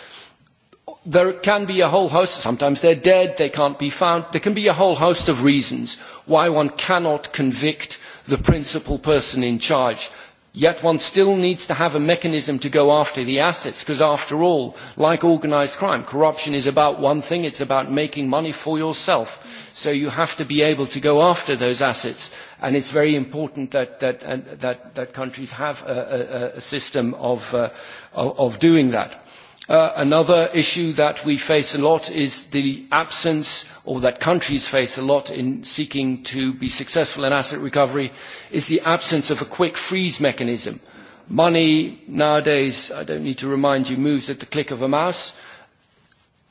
[SPEAKER 11] there can be a whole host, sometimes they're dead, they can't be found, there can be a whole host of reasons why one cannot convict the principal person in charge. Yet one still needs to have a mechanism to go after the assets, because after all, like organized crime, corruption is about one thing, it's about making money for yourself. So you have to be able to go after those assets, and it's very important that, that, and, that, that countries have a, a, a system of, uh, of, of doing that. Uh, another issue that we face a lot is the absence, or that countries face a lot in seeking to be successful in asset recovery, is the absence of a quick freeze mechanism. Money nowadays, I don't need to remind you, moves at the click of a mouse.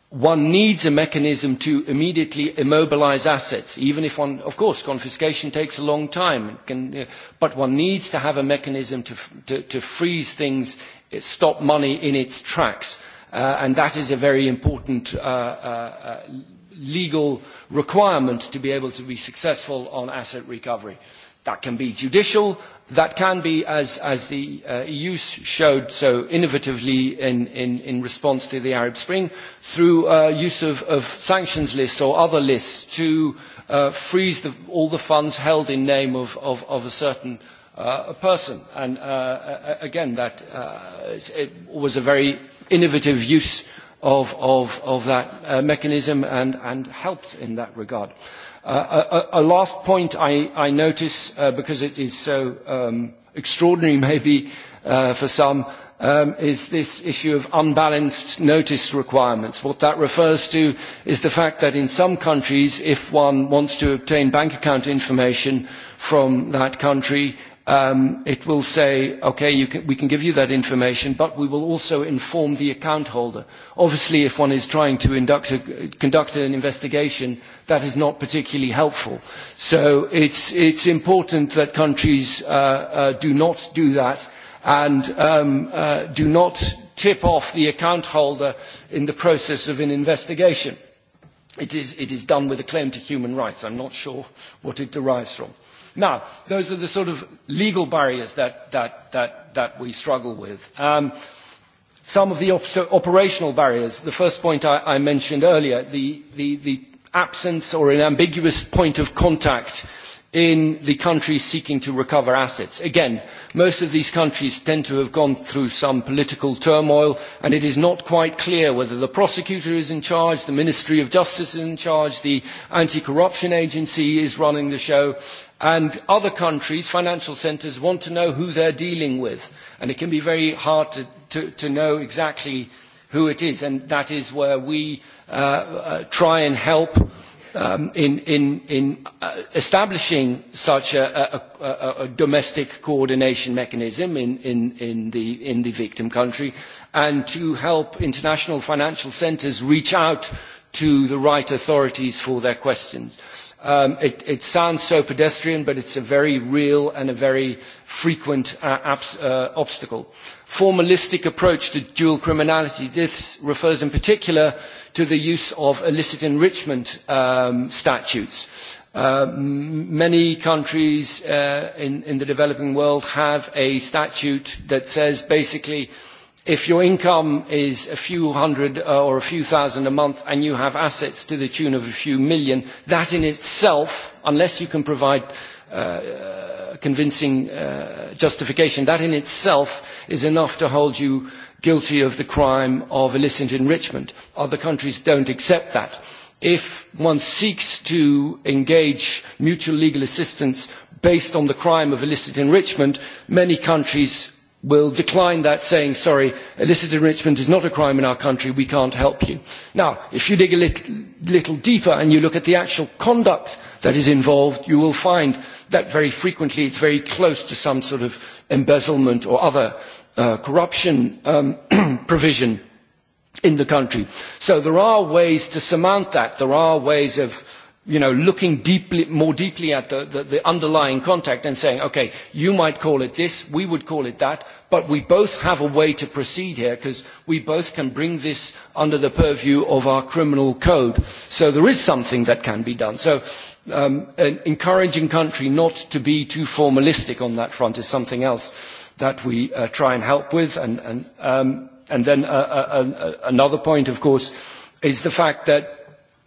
[SPEAKER 11] One needs a mechanism to immediately immobilize assets, even if one, of course, confiscation takes a long time, it can, uh, but one needs to have a mechanism to, to, to freeze things stop money in its tracks. Uh, and that is a very important uh, uh, uh, legal requirement to be able to be successful on asset recovery. That can be judicial, that can be, as, as the uh, EU showed so innovatively in, in, in response to the Arab Spring, through uh, use of, of sanctions lists or other lists to uh, freeze the, all the funds held in name of, of, of a certain uh, uh, a person. And uh, again, that uh, it was a very innovative use of, of, of that uh, mechanism and, and helped in that regard. Uh, a, a last point I, I notice, uh, because it is so um, extraordinary maybe uh, for some, um, is this issue of unbalanced notice requirements. What that refers to is the fact that in some countries, if one wants to obtain bank account information from that country, um, it will say, okay, you can, we can give you that information, but we will also inform the account holder. Obviously, if one is trying to induct a, conduct an investigation, that is not particularly helpful. So it's, it's important that countries uh, uh, do not do that and um, uh, do not tip off the account holder in the process of an investigation. It is, it is done with a claim to human rights. I'm not sure what it derives from. Now, those are the sort of legal barriers that, that, that, that we struggle with. Um, some of the op- so operational barriers, the first point I, I mentioned earlier, the, the, the absence or an ambiguous point of contact in the countries seeking to recover assets. Again, most of these countries tend to have gone through some political turmoil, and it is not quite clear whether the prosecutor is in charge, the Ministry of Justice is in charge, the anti-corruption agency is running the show, And other countries, financial centres, want to know who they're dealing with. And it can be very hard to, to, to know exactly who it is. And that is where we uh, uh, try and help um, in, in, in uh, establishing such a, a, a, a domestic coordination mechanism in, in, in, the, in the victim country and to help international financial centres reach out to the right authorities for their questions. Um, it, it sounds so pedestrian, but it's a very real and a very frequent uh, abs, uh, obstacle. Formalistic approach to dual criminality. This refers in particular to the use of illicit enrichment um, statutes. Uh, many countries uh, in, in the developing world have a statute that says basically uh, if your income is a few hundred uh, or a few thousand a month and you have assets to the tune of a few million, that in itself, unless you can provide uh, uh, convincing uh, justification, that in itself is enough to hold you guilty of the crime of illicit enrichment. Other countries don't accept that. If one seeks to engage mutual legal assistance based on the crime of illicit enrichment, many countries will decline that saying, sorry, illicit enrichment is not a crime in our country, we can't help you. Now, if you dig a little, little deeper and you look at the actual conduct that is involved, you will find that very frequently it's very close to some sort of embezzlement or other uh, corruption um, provision in the country. So there are ways to surmount that. There are ways of you know, looking deeply, more deeply at the, the, the underlying contact and saying, okay, you might call it this, we would call it that, but we both have a way to proceed here because we both can bring this under the purview of our criminal code. So there is something that can be done. So um, an encouraging country not to be too formalistic on that front is something else that we uh, try and help with. And, and, um, and then uh, uh, uh, another point, of course, is the fact that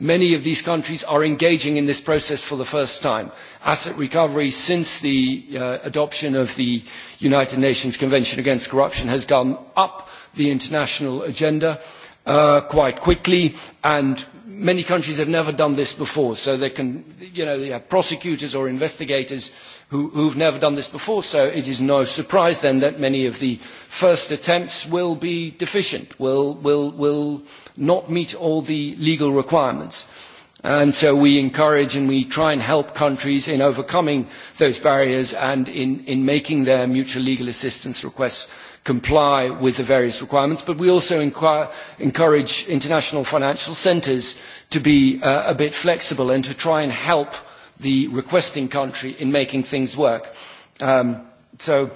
[SPEAKER 11] Many of these countries are engaging in this process for the first time. Asset recovery since the uh, adoption of the United Nations Convention Against Corruption has gone up the international agenda uh, quite quickly and many countries have never done this before, so they can, you know, they have prosecutors or investigators who, who've never done this before, so it is no surprise then that many of the first attempts will be deficient, will, will, will not meet all the legal requirements. And so we encourage and we try and help countries in overcoming those barriers and in, in making their mutual legal assistance requests comply with the various requirements, but we also inquire, encourage international financial centres to be uh, a bit flexible and to try and help the requesting country in making things work. Um, so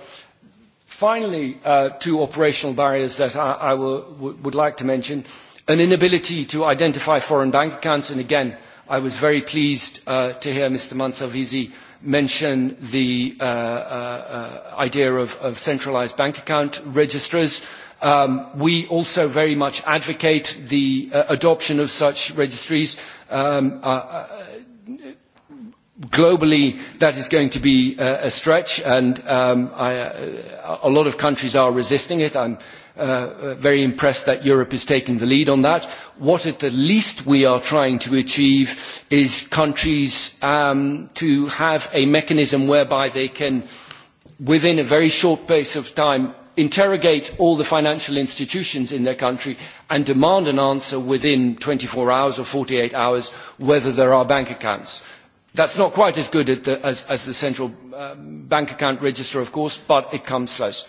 [SPEAKER 11] finally, uh, two operational barriers that I, I will, w- would like to mention. An inability to identify foreign bank accounts, and again, I was very pleased uh, to hear Mr. Mansavizi uh, mention the uh, uh, idea of, of centralized bank account registers. Um, we also very much advocate the uh, adoption of such registries. Um, uh, uh, globally, that is going to be uh, a stretch, and um, I, uh, a lot of countries are resisting it. I'm uh, very impressed that Europe is taking the lead on that. What at the least we are trying to achieve is countries um, to have a mechanism whereby they can, within a very short space of time, interrogate all the financial institutions in their country and demand an answer within 24 hours or 48 hours whether there are bank accounts. That's not quite as good at the, as, as the central um, bank account register, of course, but it comes close.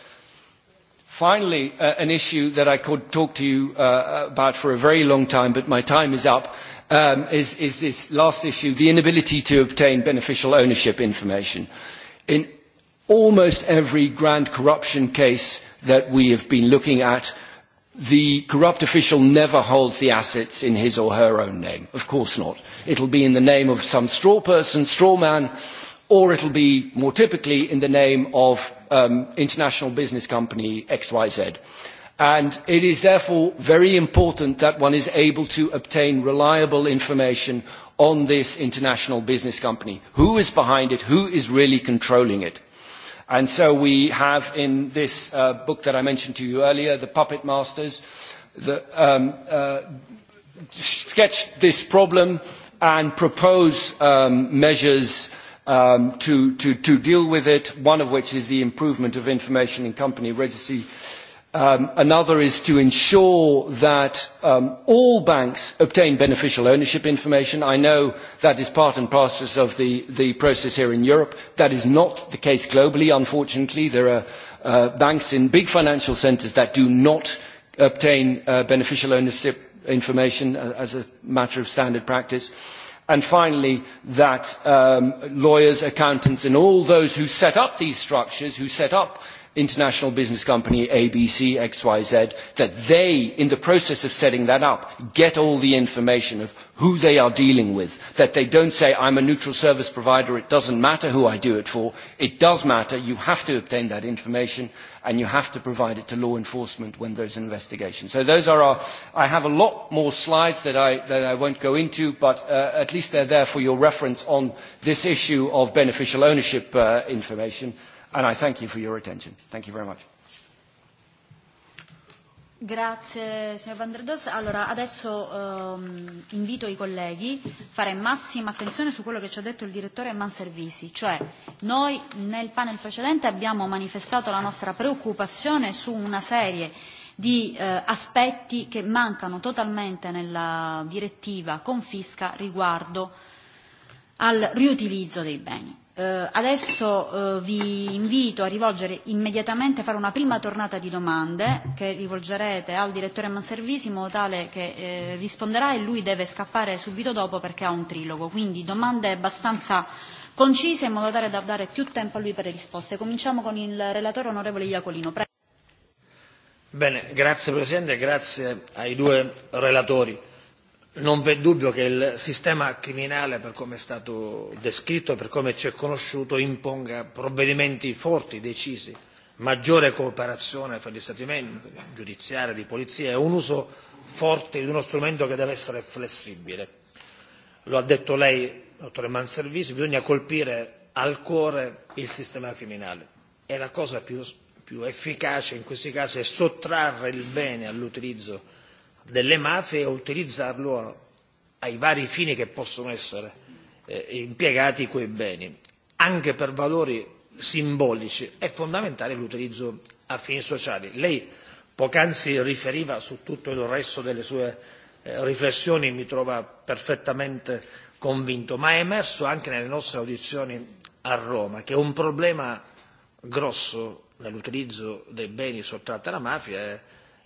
[SPEAKER 11] Finally, uh, an issue that I could talk to you uh, about for a very long time, but my time is up, um, is, is this last issue, the inability to obtain beneficial ownership information. In almost every grand corruption case that we have been looking at, the corrupt official never holds the assets in his or her own name. Of course not. It'll be in the name of some straw person, straw man, uh, or it'll be more typically in the name of um, international business company XYZ. And it is therefore very important that one is able to obtain reliable information on this international business company. Who is behind it? Who is really controlling it? And so we have in this uh, book that I mentioned to you earlier, The Puppet Masters, the, um, uh, sketched this problem and propose um, measures uh, um, to, to, to deal with it, one of which is the improvement of information in company registry. Um, another is to ensure that um, all banks obtain beneficial ownership information. I know that is part and parcel of the, the process here in Europe. That is not the case globally, unfortunately. There are uh, banks in big financial centres that do not obtain uh, beneficial ownership information uh, as a matter of standard practice. Uh, And finally, that um, lawyers, accountants, and all those who set up these structures, who set up international business company ABC, XYZ, that they, in the process of setting that up, get all the information of who they are dealing with. That they don't say, I'm a neutral service provider, it doesn't matter who I do it for. It does matter, you have to obtain that information, and you have to provide it to law enforcement when there's an investigation. So those are our, I have a lot more slides that I, that I won't go into, but uh, at least they're there for your reference on this issue of beneficial ownership uh, information, and I thank you for your attention. Thank you very much.
[SPEAKER 1] Grazie signor Vanderdos. Allora, adesso ehm, invito i colleghi a fare massima attenzione su quello che ci ha detto il direttore Manservisi, cioè noi nel panel precedente abbiamo manifestato la nostra preoccupazione su una serie di eh, aspetti che mancano totalmente nella direttiva confisca riguardo al riutilizzo dei beni. Eh, adesso eh, vi invito a rivolgere immediatamente, a fare una prima tornata di domande che rivolgerete al direttore Manservisi in modo tale che eh, risponderà e lui deve scappare subito dopo perché ha un trilogo. Quindi domande abbastanza concise in modo tale da dare più tempo a lui per le risposte. Cominciamo con il relatore onorevole Iacolino. Prego.
[SPEAKER 3] Bene, grazie Presidente, grazie ai due relatori non v'è dubbio che il sistema criminale, per come è stato descritto e per come ci è conosciuto, imponga provvedimenti forti, decisi, maggiore cooperazione fra gli Stati membri, giudiziaria, di polizia e un uso forte di uno strumento che deve essere flessibile. Lo ha detto lei, dottore Manservisi, bisogna colpire al cuore il sistema criminale. E la cosa più, più efficace in questi casi è sottrarre il bene all'utilizzo delle mafie e utilizzarlo a, ai vari fini che possono essere eh, impiegati quei beni. Anche per valori simbolici è fondamentale l'utilizzo a fini sociali. Lei poc'anzi riferiva su tutto il resto delle sue eh, riflessioni, mi trova perfettamente convinto, ma è emerso anche nelle nostre audizioni a Roma che un problema grosso nell'utilizzo dei beni sottratti alla mafia è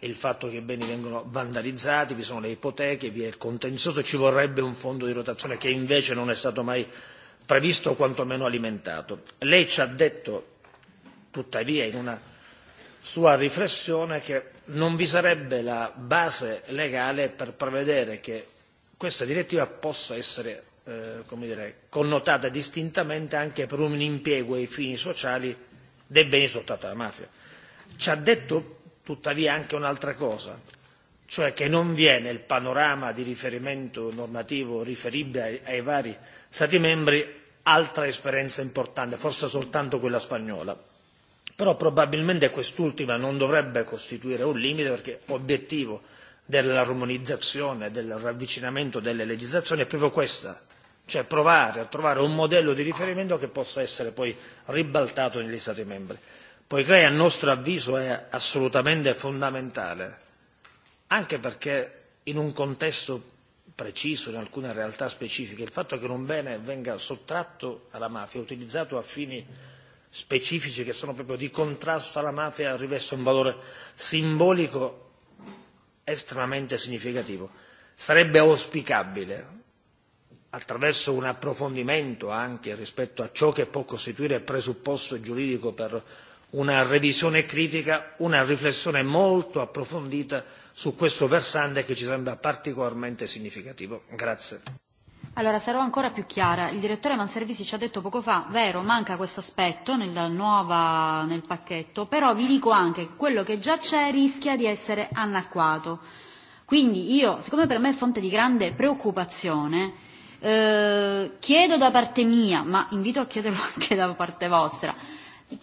[SPEAKER 3] e il fatto che i beni vengono vandalizzati, vi sono le ipoteche, vi è il contenzioso, ci vorrebbe un fondo di rotazione che invece non è stato mai previsto o quantomeno alimentato. Lei ci ha detto, tuttavia, in una sua riflessione che non vi sarebbe la base legale per prevedere che questa direttiva possa essere eh, come dire, connotata distintamente anche per un impiego ai fini sociali dei beni sottratti alla mafia. Ci ha detto tuttavia anche un'altra cosa, cioè che non vi è nel panorama di riferimento normativo riferibile ai, ai vari Stati membri altra esperienza importante, forse soltanto quella spagnola. Però probabilmente quest'ultima non dovrebbe costituire un limite perché obiettivo dell'armonizzazione, del ravvicinamento delle legislazioni è proprio questa, cioè provare a trovare un modello di riferimento che possa essere poi ribaltato negli Stati membri poiché a nostro avviso è assolutamente fondamentale, anche perché in un contesto preciso, in alcune realtà specifiche, il fatto che un bene venga sottratto alla mafia, utilizzato a fini specifici che sono proprio di contrasto alla mafia, riveste un valore simbolico estremamente significativo. Sarebbe auspicabile, attraverso un approfondimento anche rispetto a ciò che può costituire presupposto giuridico per una revisione critica, una riflessione molto approfondita su questo versante che ci sembra particolarmente significativo. Grazie.
[SPEAKER 1] Allora sarò ancora più chiara, il direttore Manservisi ci ha detto poco fa, vero, manca questo aspetto nel, nuova, nel pacchetto, però vi dico anche che quello che già c'è rischia di essere anacquato. Quindi io, siccome per me è fonte di grande preoccupazione, eh, chiedo da parte mia, ma invito a chiederlo anche da parte vostra,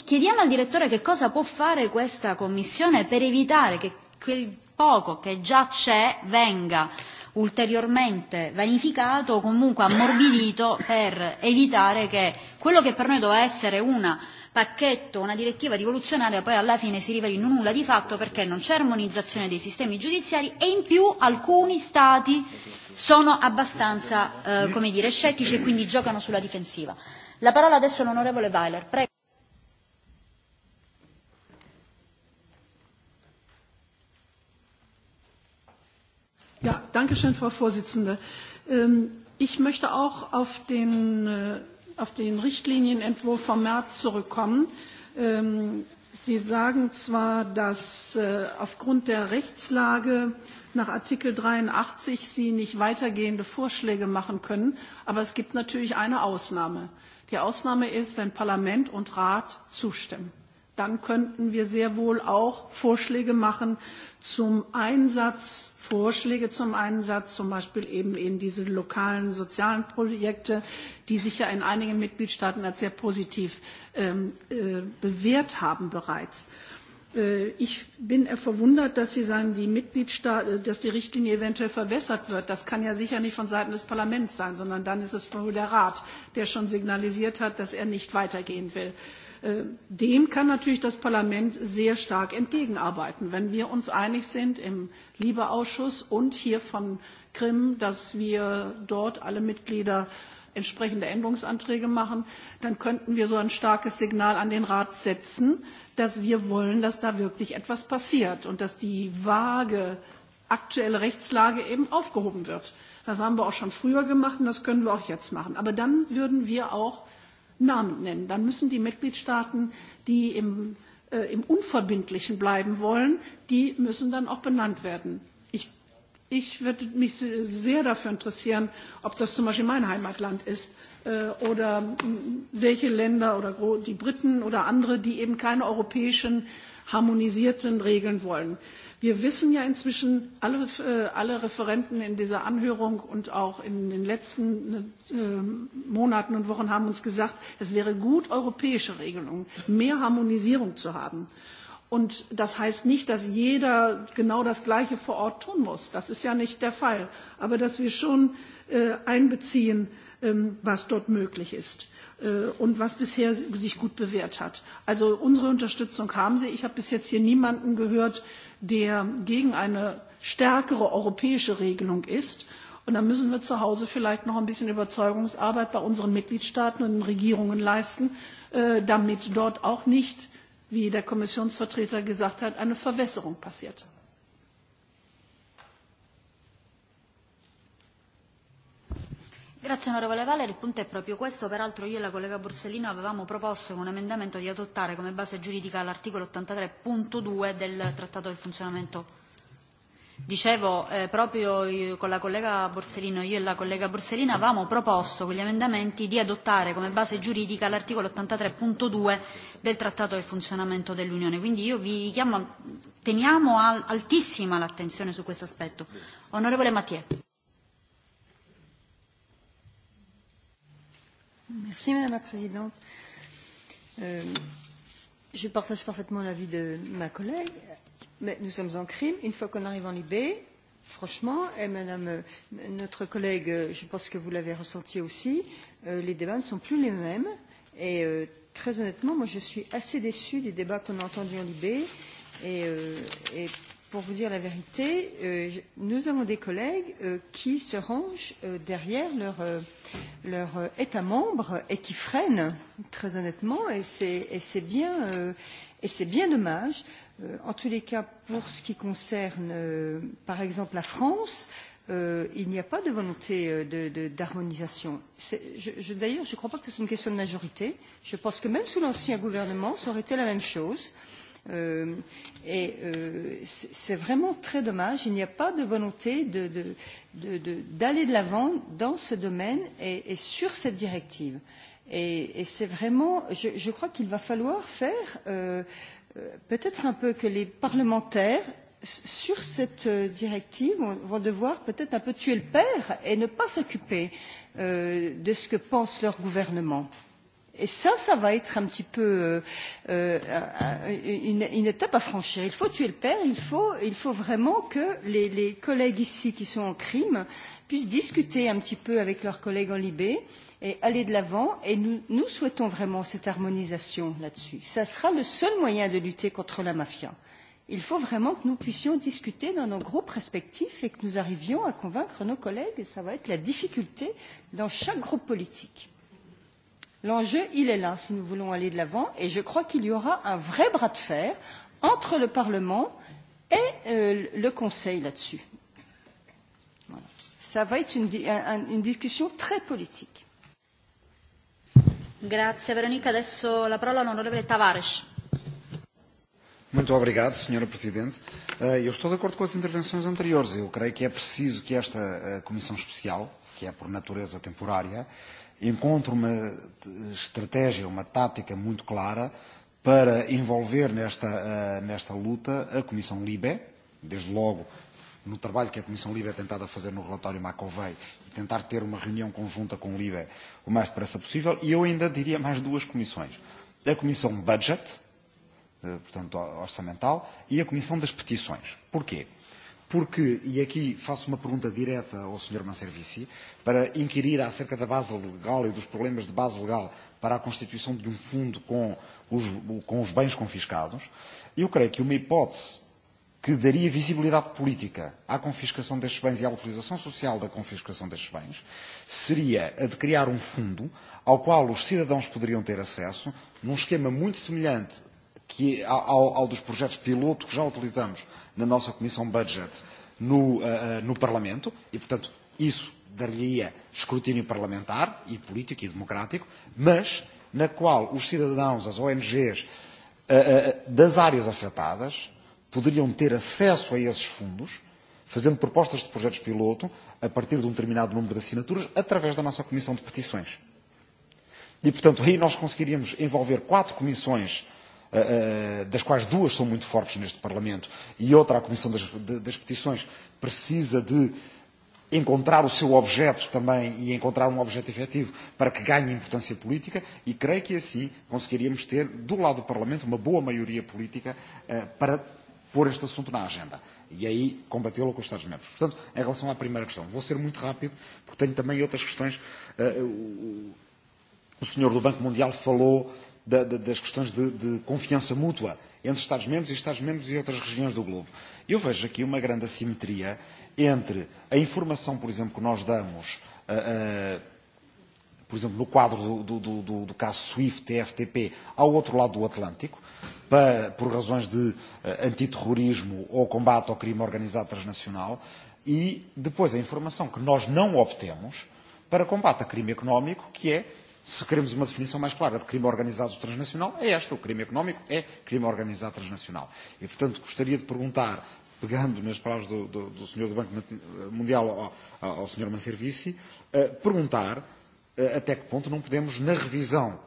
[SPEAKER 1] chiediamo al direttore che cosa può fare questa Commissione per evitare che quel poco che già c'è venga ulteriormente vanificato o comunque ammorbidito per evitare che quello che per noi doveva essere una pacchetto, una direttiva rivoluzionaria, poi alla fine si riveli nulla di fatto perché non c'è armonizzazione dei sistemi giudiziari e in più alcuni Stati sono abbastanza, eh, come dire, scettici e quindi giocano sulla difensiva. La parola adesso all'onorevole Weiler. Prego.
[SPEAKER 7] Ja, danke schön, Frau Vorsitzende. Ähm, ich möchte auch auf den, äh, auf den Richtlinienentwurf vom März zurückkommen. Ähm, Sie sagen zwar, dass äh, aufgrund der Rechtslage nach Artikel 83 Sie nicht weitergehende Vorschläge machen können, aber es gibt natürlich eine Ausnahme. Die Ausnahme ist, wenn Parlament und Rat zustimmen dann könnten wir sehr wohl auch Vorschläge machen zum Einsatz, Vorschläge zum Einsatz, zum Beispiel eben in diese lokalen sozialen Projekte, die sich ja in einigen Mitgliedstaaten als sehr positiv ähm, äh, bewährt haben bereits. Äh, ich bin verwundert, dass Sie sagen, die Mitgliedstaaten, äh, dass die Richtlinie eventuell verwässert wird. Das kann ja sicher nicht von Seiten des Parlaments sein, sondern dann ist es wohl der Rat, der schon signalisiert hat, dass er nicht weitergehen will. Äh, Äh, dem kann natürlich das Parlament sehr stark entgegenarbeiten, wenn wir uns einig sind im Liebeausschuss und hier von Krim, dass wir dort alle Mitglieder entsprechende Änderungsanträge machen, dann könnten wir so ein starkes Signal an den Rat setzen, dass wir wollen, dass da wirklich etwas passiert und dass die vage aktuelle Rechtslage eben aufgehoben wird. Das haben wir auch schon früher gemacht und das können wir auch jetzt machen. Aber dann würden wir auch Namen nennen. Dann müssen die Mitgliedstaaten, die im, äh, im Unverbindlichen bleiben wollen, die müssen dann auch benannt werden. Ich, ich würde mich sehr dafür interessieren, ob das zum Beispiel mein Heimatland ist äh, oder welche Länder oder die Briten oder andere, die eben keine europäischen harmonisierten Regeln wollen. Äh, Wir wissen ja inzwischen, alle, äh, alle Referenten in dieser Anhörung und auch in den letzten äh, Monaten und Wochen haben uns gesagt, es wäre gut, europäische Regelungen, mehr Harmonisierung zu haben. Und das heißt nicht, dass jeder genau das Gleiche vor Ort tun muss. Das ist ja nicht der Fall. Aber dass wir schon äh, einbeziehen, ähm, was dort möglich ist äh, und was bisher sich gut bewährt hat. Also unsere Unterstützung haben Sie. Ich habe bis jetzt hier niemanden gehört, der gegen eine stärkere europäische Regelung ist. Und da müssen wir zu Hause vielleicht noch ein bisschen Überzeugungsarbeit bei unseren Mitgliedstaaten und den Regierungen leisten, äh, damit dort auch nicht, wie der Kommissionsvertreter gesagt hat, eine Verwässerung passiert. Grazie onorevole Valeri, il punto è proprio
[SPEAKER 1] questo, peraltro io e la collega Borsellino avevamo proposto con un emendamento di adottare come base giuridica l'articolo 83.2 del Trattato del funzionamento Dicevo, eh, proprio io, con la collega Borsellino, io e la collega Borsellino avevamo proposto con gli emendamenti di adottare come base giuridica l'articolo 83.2 del Trattato del funzionamento dell'Unione. Quindi io vi chiamo, teniamo al, altissima l'attenzione su questo aspetto.
[SPEAKER 6] Onorevole Mattiè. Merci Madame la Présidente. Euh, je partage parfaitement l'avis de ma collègue, mais nous sommes en crime. Une fois qu'on arrive en Libye, franchement, et Madame euh, notre collègue, euh, je pense que vous l'avez ressenti aussi, euh, les débats ne sont plus les mêmes. Et euh, très honnêtement, moi je suis assez déçue des débats qu'on a entendus en Libye. Et, euh, et pour vous dire la vérité, euh, je, nous avons des collègues euh, qui se rangent euh, derrière leur, euh, leur euh, État membre et qui freinent, très honnêtement, et c'est bien, euh, et bien dommage. Euh, en tous les cas, pour ce qui concerne, euh, par exemple, la France, euh, il n'y a pas de volonté euh, d'harmonisation. Je, je, D'ailleurs, je ne crois pas que ce soit une question de majorité. Je pense que même sous l'ancien gouvernement, ça aurait été la même chose. Euh, Euh, et euh, c'est vraiment très dommage. Il n'y a pas de volonté d'aller de, de, de, de, de l'avant dans ce domaine et, et sur cette directive. Et, et c'est vraiment, je, je crois qu'il va falloir faire euh, euh peut-être un peu que les parlementaires sur cette euh, directive vont devoir peut-être un peu tuer le père et ne pas s'occuper euh, de ce que pense leur gouvernement. Euh, Et ça, ça va être un petit peu euh, euh, une, une étape à franchir. Il faut tuer le père, il faut, il faut vraiment que les, les collègues ici qui sont en crime puissent discuter un petit peu avec leurs collègues en Libé et aller de l'avant. Et nous, nous souhaitons vraiment cette harmonisation là-dessus. Ça sera le seul moyen de lutter contre la mafia. Il faut vraiment que nous puissions discuter dans nos groupes respectifs et que nous arrivions à convaincre nos collègues. Et ça va être la difficulté dans chaque groupe politique. L'enjeu, il est là si nous voulons aller de l'avant et je crois qu'il y aura un vrai bras de fer entre le Parlement et euh, le Conseil là-dessus. Voilà. Ça va être une, un, une discussion très politique.
[SPEAKER 1] Grazie Veronica, adesso la parola all'onorevole Tavares.
[SPEAKER 9] Muito obrigado, Sra. Presidente. Eh, eu estou de acordo com as intervenções anteriores. Eu creio que é preciso que esta eh, Comissão Especial, que é por natureza temporária, uh, encontre uma estratégia, uma tática muito clara para envolver nesta, uh, nesta luta a Comissão Libe, desde logo no trabalho que a Comissão Libe é tentada a fazer no relatório Macovei e tentar ter uma reunião conjunta com o Libe o mais depressa possível, e eu ainda diria mais duas comissões. A Comissão Budget, uh, portanto orçamental, e a Comissão das Petições. Porquê? porque, e aqui faço uma pergunta direta ao Sr. Manservici, para inquirir acerca da base legal e dos problemas de base legal para a constituição de um fundo com os, com os bens confiscados, eu creio que uma hipótese que daria visibilidade política à confiscação destes bens e à utilização social da confiscação destes bens, seria a de criar um fundo ao qual os cidadãos poderiam ter acesso, num esquema muito semelhante que ao, ao um dos projetos piloto que já utilizamos na nossa Comissão Budget no, uh, no Parlamento, e, portanto, isso daria escrutínio parlamentar e político e democrático, mas na qual os cidadãos, as ONGs uh, eh, uh, das áreas afetadas poderiam ter acesso a esses fundos, fazendo propostas de projetos piloto a partir de um determinado número de assinaturas, através da nossa Comissão de Petições. E, portanto, aí nós conseguiríamos envolver quatro comissões uh, Eh, eh, das quais duas são muito fortes neste Parlamento, e outra, a Comissão das, das Petições, precisa de encontrar o seu objeto também e encontrar um objeto efetivo para que ganhe importância política e creio que assim conseguiríamos ter do lado do Parlamento uma boa maioria política eh, para pôr este assunto na agenda e aí combatê-lo com os Estados-membros. Portanto, em relação à primeira questão, vou ser muito rápido porque tenho também outras questões. Eh, o, o senhor do Banco Mundial falou da, da, das questões de, de confiança mútua entre Estados-membros e Estados-membros e outras regiões do globo. Eu vejo aqui uma grande assimetria entre a informação, por exemplo, que nós damos, uh, uh, por exemplo, no quadro do, do, do, do caso SWIFT-TFTP, e ao outro lado do Atlântico, para, por razões de uh, antiterrorismo ou combate ao crime organizado transnacional, e depois a informação que nós não obtemos para combate a crime económico, que é se queremos uma definição mais clara de crime organizado transnacional, é esta, o crime económico é crime organizado transnacional. E, portanto, gostaria de perguntar, pegando nas palavras do, do, do senhor do Banco Mundial ao, ao senhor Manservici, eh, perguntar eh, até que ponto não podemos, na revisão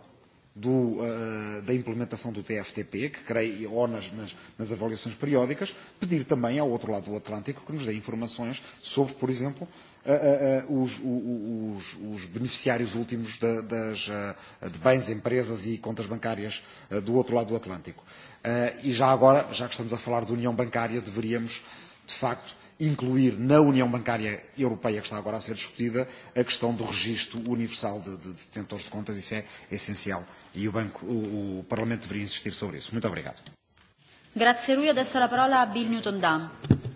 [SPEAKER 9] do, uh, da implementação do TFTP, que creio, e, ou nas, nas, nas avaliações periódicas, pedir também ao outro lado do Atlântico que nos dê informações sobre, por exemplo, uh, uh, uh, os, os, os beneficiários últimos de, das, uh, de bens, empresas e contas bancárias uh, do outro lado do Atlântico. Uh, e já agora, já que estamos a falar de União Bancária, deveríamos, de facto, incluir na União Bancária Europeia, que está agora a ser discutida, a questão do registro universal de, de, de detentores de contas. Isso é essencial. E o, banco, o, o Parlamento deveria insistir sobre isso. Muito obrigado.
[SPEAKER 1] Grazie a lui. Adesso la parola a Bill Newton Dunn.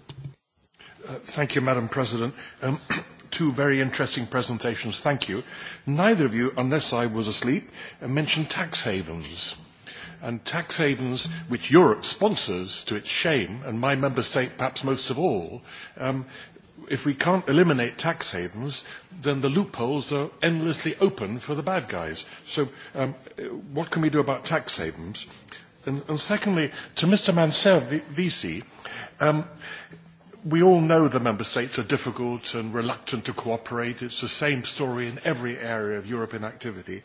[SPEAKER 5] Uh, thank you, Madam President. Um, two very interesting presentations. Thank you. Neither of you, unless I was asleep, uh, mentioned tax havens. And tax havens, which Europe sponsors to its shame, and my member state perhaps most of all, um, if we can't eliminate tax havens, then the loopholes are endlessly open for the bad guys. So um, what can we do about tax havens? And, and secondly, to Mr. Manservisi, um, we all know the member states are difficult and reluctant to cooperate. It's the same story in every area of European activity.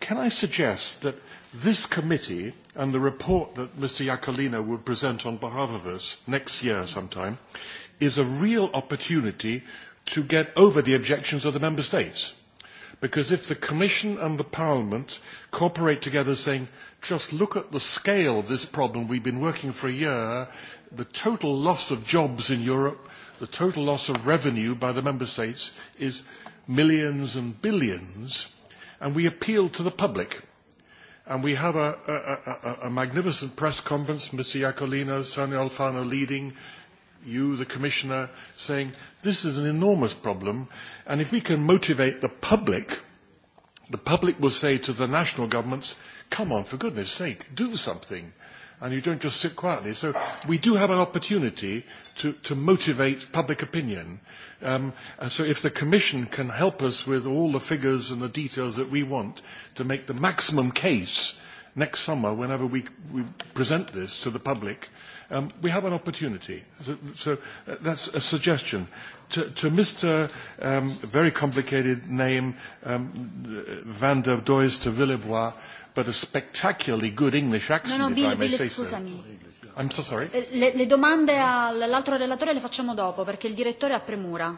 [SPEAKER 5] Can I suggest that this committee and the report that Mr. Iacolino will present on behalf of us next year sometime is a real opportunity to get over the objections of the member states. Because if the Commission and the Parliament cooperate together saying, just look at the scale of this problem, we've been working for a year, the total loss of jobs in Europe, the total loss of revenue by the member states is millions and billions, and we appealed to the public. And we had a, a, a, a magnificent press conference, Mr. Iacolino, Sonia Alfano leading, you, the Commissioner, saying this is an enormous problem, and if we can motivate the public, the public will say to the national governments, come on, for goodness sake, do something and you don't just sit quietly. So we do have an opportunity to, to motivate public opinion. Um, and so if the Commission can help us with all the figures and the details that we want to make the maximum case next summer, whenever we, we present this to the public, um, we have an opportunity. So, so uh, that's a suggestion. To, to Mr. Um, very complicated name, um, Van der Doys to Villebois, but a spectacularly good English accent, no, no, Bill, if I may Bill, say scusami. so. I'm so sorry. Eh,
[SPEAKER 1] le, le domande all'altro relatore le facciamo dopo, perché il direttore ha premura.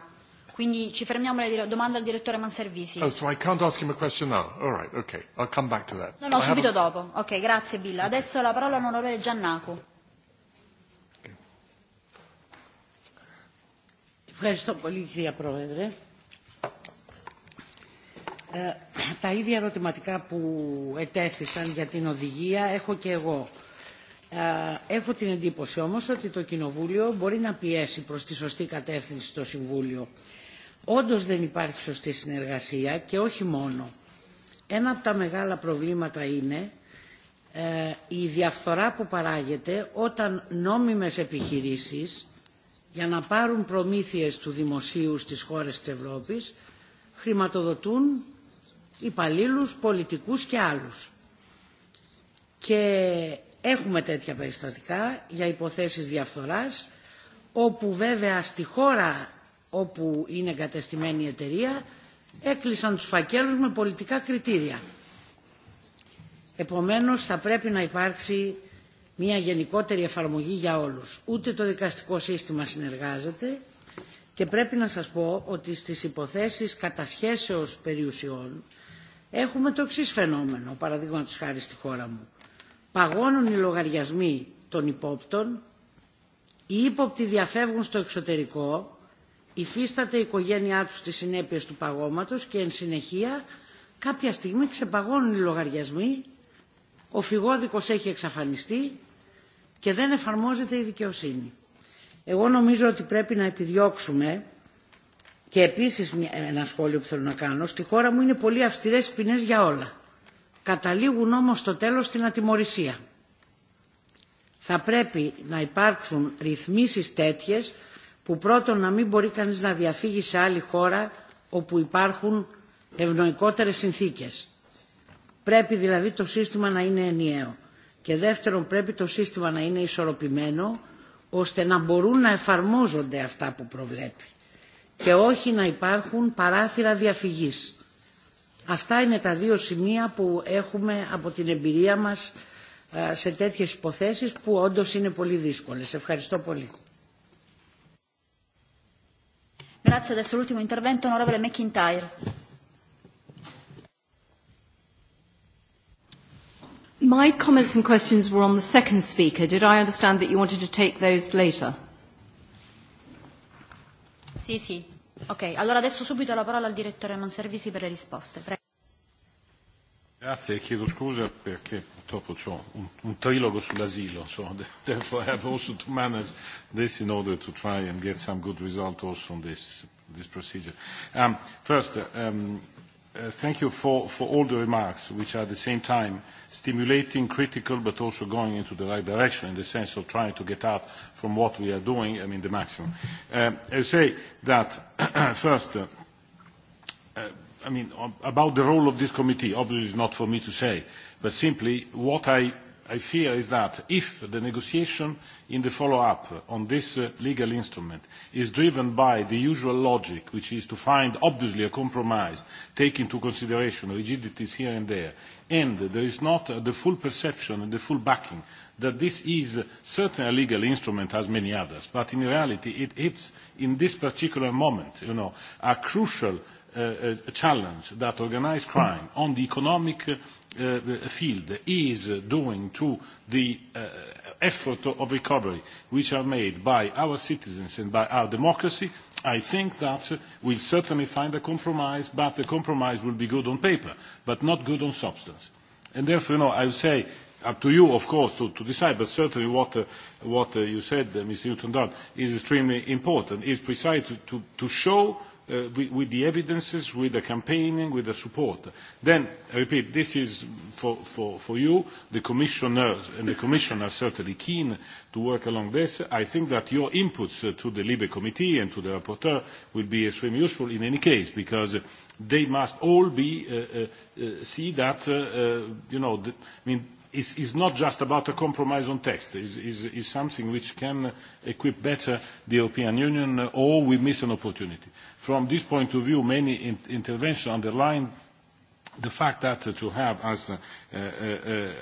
[SPEAKER 1] Quindi ci fermiamo alle domande al direttore Manservisi. Oh, so
[SPEAKER 5] I can't ask him a question now. All right, okay. I'll come back to that. No, no, I subito
[SPEAKER 1] haven't... dopo. Ok, grazie Bill. Adesso la parola all'onorevole Giannaco.
[SPEAKER 12] Ευχαριστώ πολύ κυρία Πρόεδρε. Ε, τα ίδια ερωτηματικά που ετέθησαν για την οδηγία έχω και εγώ. Ε, έχω την εντύπωση όμως ότι το Κοινοβούλιο μπορεί να πιέσει προς τη σωστή κατεύθυνση το Συμβούλιο. Όντως δεν υπάρχει σωστή συνεργασία και όχι μόνο. Ένα από τα μεγάλα προβλήματα είναι ε, η διαφθορά που παράγεται όταν νόμιμες επιχειρήσεις για να πάρουν προμήθειες του δημοσίου στις χώρες της Ευρώπης χρηματοδοτούν υπαλλήλους, πολιτικούς και άλλους. Και έχουμε τέτοια περιστατικά για υποθέσεις διαφθοράς, όπου βέβαια στη χώρα όπου είναι εγκατεστημένη η εταιρεία έκλεισαν τους φακέλους με πολιτικά κριτήρια. Επομένως θα πρέπει να υπάρξει μια γενικότερη εφαρμογή για όλους. Ούτε το δικαστικό σύστημα συνεργάζεται και πρέπει να σας πω ότι στις υποθέσεις κατασχέσεως περιουσιών έχουμε το εξή φαινόμενο, παραδείγματο χάρη στη χώρα μου. Παγώνουν οι λογαριασμοί των υπόπτων, οι ύποπτοι διαφεύγουν στο εξωτερικό, υφίσταται η οικογένειά τους τις συνέπειες του παγώματος και εν συνεχεία κάποια στιγμή ξεπαγώνουν οι λογαριασμοί, ο φυγόδικος έχει εξαφανιστεί και δεν εφαρμόζεται η δικαιοσύνη. Εγώ νομίζω ότι πρέπει να επιδιώξουμε Και επίσης ένα σχόλιο που θέλω να κάνω. Στη χώρα μου είναι πολύ αυστηρές ποινές για όλα. Καταλήγουν όμως στο τέλος στην ατιμορρησία. Θα πρέπει να υπάρξουν ρυθμίσεις τέτοιες που πρώτον να μην μπορεί κανείς να διαφύγει σε άλλη χώρα όπου υπάρχουν ευνοϊκότερες συνθήκες. Πρέπει δηλαδή το σύστημα να είναι ενιαίο. Και δεύτερον πρέπει το σύστημα να είναι ισορροπημένο ώστε να μπορούν να εφαρμόζονται αυτά που προβλέπει και όχι να υπάρχουν παράθυρα διαφυγής. Αυτά είναι τα δύο σημεία που έχουμε από την εμπειρία μας σε τέτοιες υποθέσεις που όντως είναι πολύ δύσκολες. Ευχαριστώ πολύ.
[SPEAKER 1] Grazie, adesso l'ultimo intervento, onorevole McIntyre.
[SPEAKER 13] My comments and questions were on the second speaker. Did I understand that you wanted to take those later?
[SPEAKER 1] Sì, sì. Ok, allora adesso subito la parola al direttore Manservisi per le risposte. Prego.
[SPEAKER 10] Grazie, chiedo scusa perché purtroppo ho un, un trilogo sull'asilo, so therefore I have also to manage this in order to try and get some good result also on this, this procedure. Um, first, um, uh, thank you for, for all the remarks, which are at the same time uh, stimulating, critical, but also going into the right direction in the sense of trying to get out from what we are doing, I mean, the maximum. Uh, I say that, first, uh, uh, I mean, about the role of this committee, obviously it's not for me to say, but simply what I I fear is that if the negotiation in the follow-up on this uh, legal instrument is driven by the usual logic, which is to find, obviously, a compromise, take into consideration rigidities here and there, and there is not uh, the full perception and the full backing that this is certainly a legal instrument as many others, but in reality it, it's in this particular moment, you know, a crucial uh, uh, challenge that organized crime on the economic uh, uh, field is uh, doing to the uh, effort of recovery which are made by our citizens and by our democracy I think that we'll certainly find a compromise, but the compromise will be good on paper, but not good on substance. And therefore, you know, I would say, up to you, of course, to, to decide, but certainly what, uh, what uh, you said, uh, Mr. Newton-Dunn, is extremely important, is precisely to, to, to show uh, with, with the evidences, with the campaigning, with the support. Then, I repeat, this is for, for, for you, the commissioners, and the commission are certainly keen to work along this. I think that your inputs uh, to the Libe committee and to the rapporteur will be extremely useful in any case, because they must all be, uh, uh, uh see that, uh, uh, you know, the, I mean, is, is not just about a compromise on text, is, is, is something which can equip better the European Union, or we miss an opportunity. From this point of view, many in interventions underline the fact that uh, to have, as, uh, uh, uh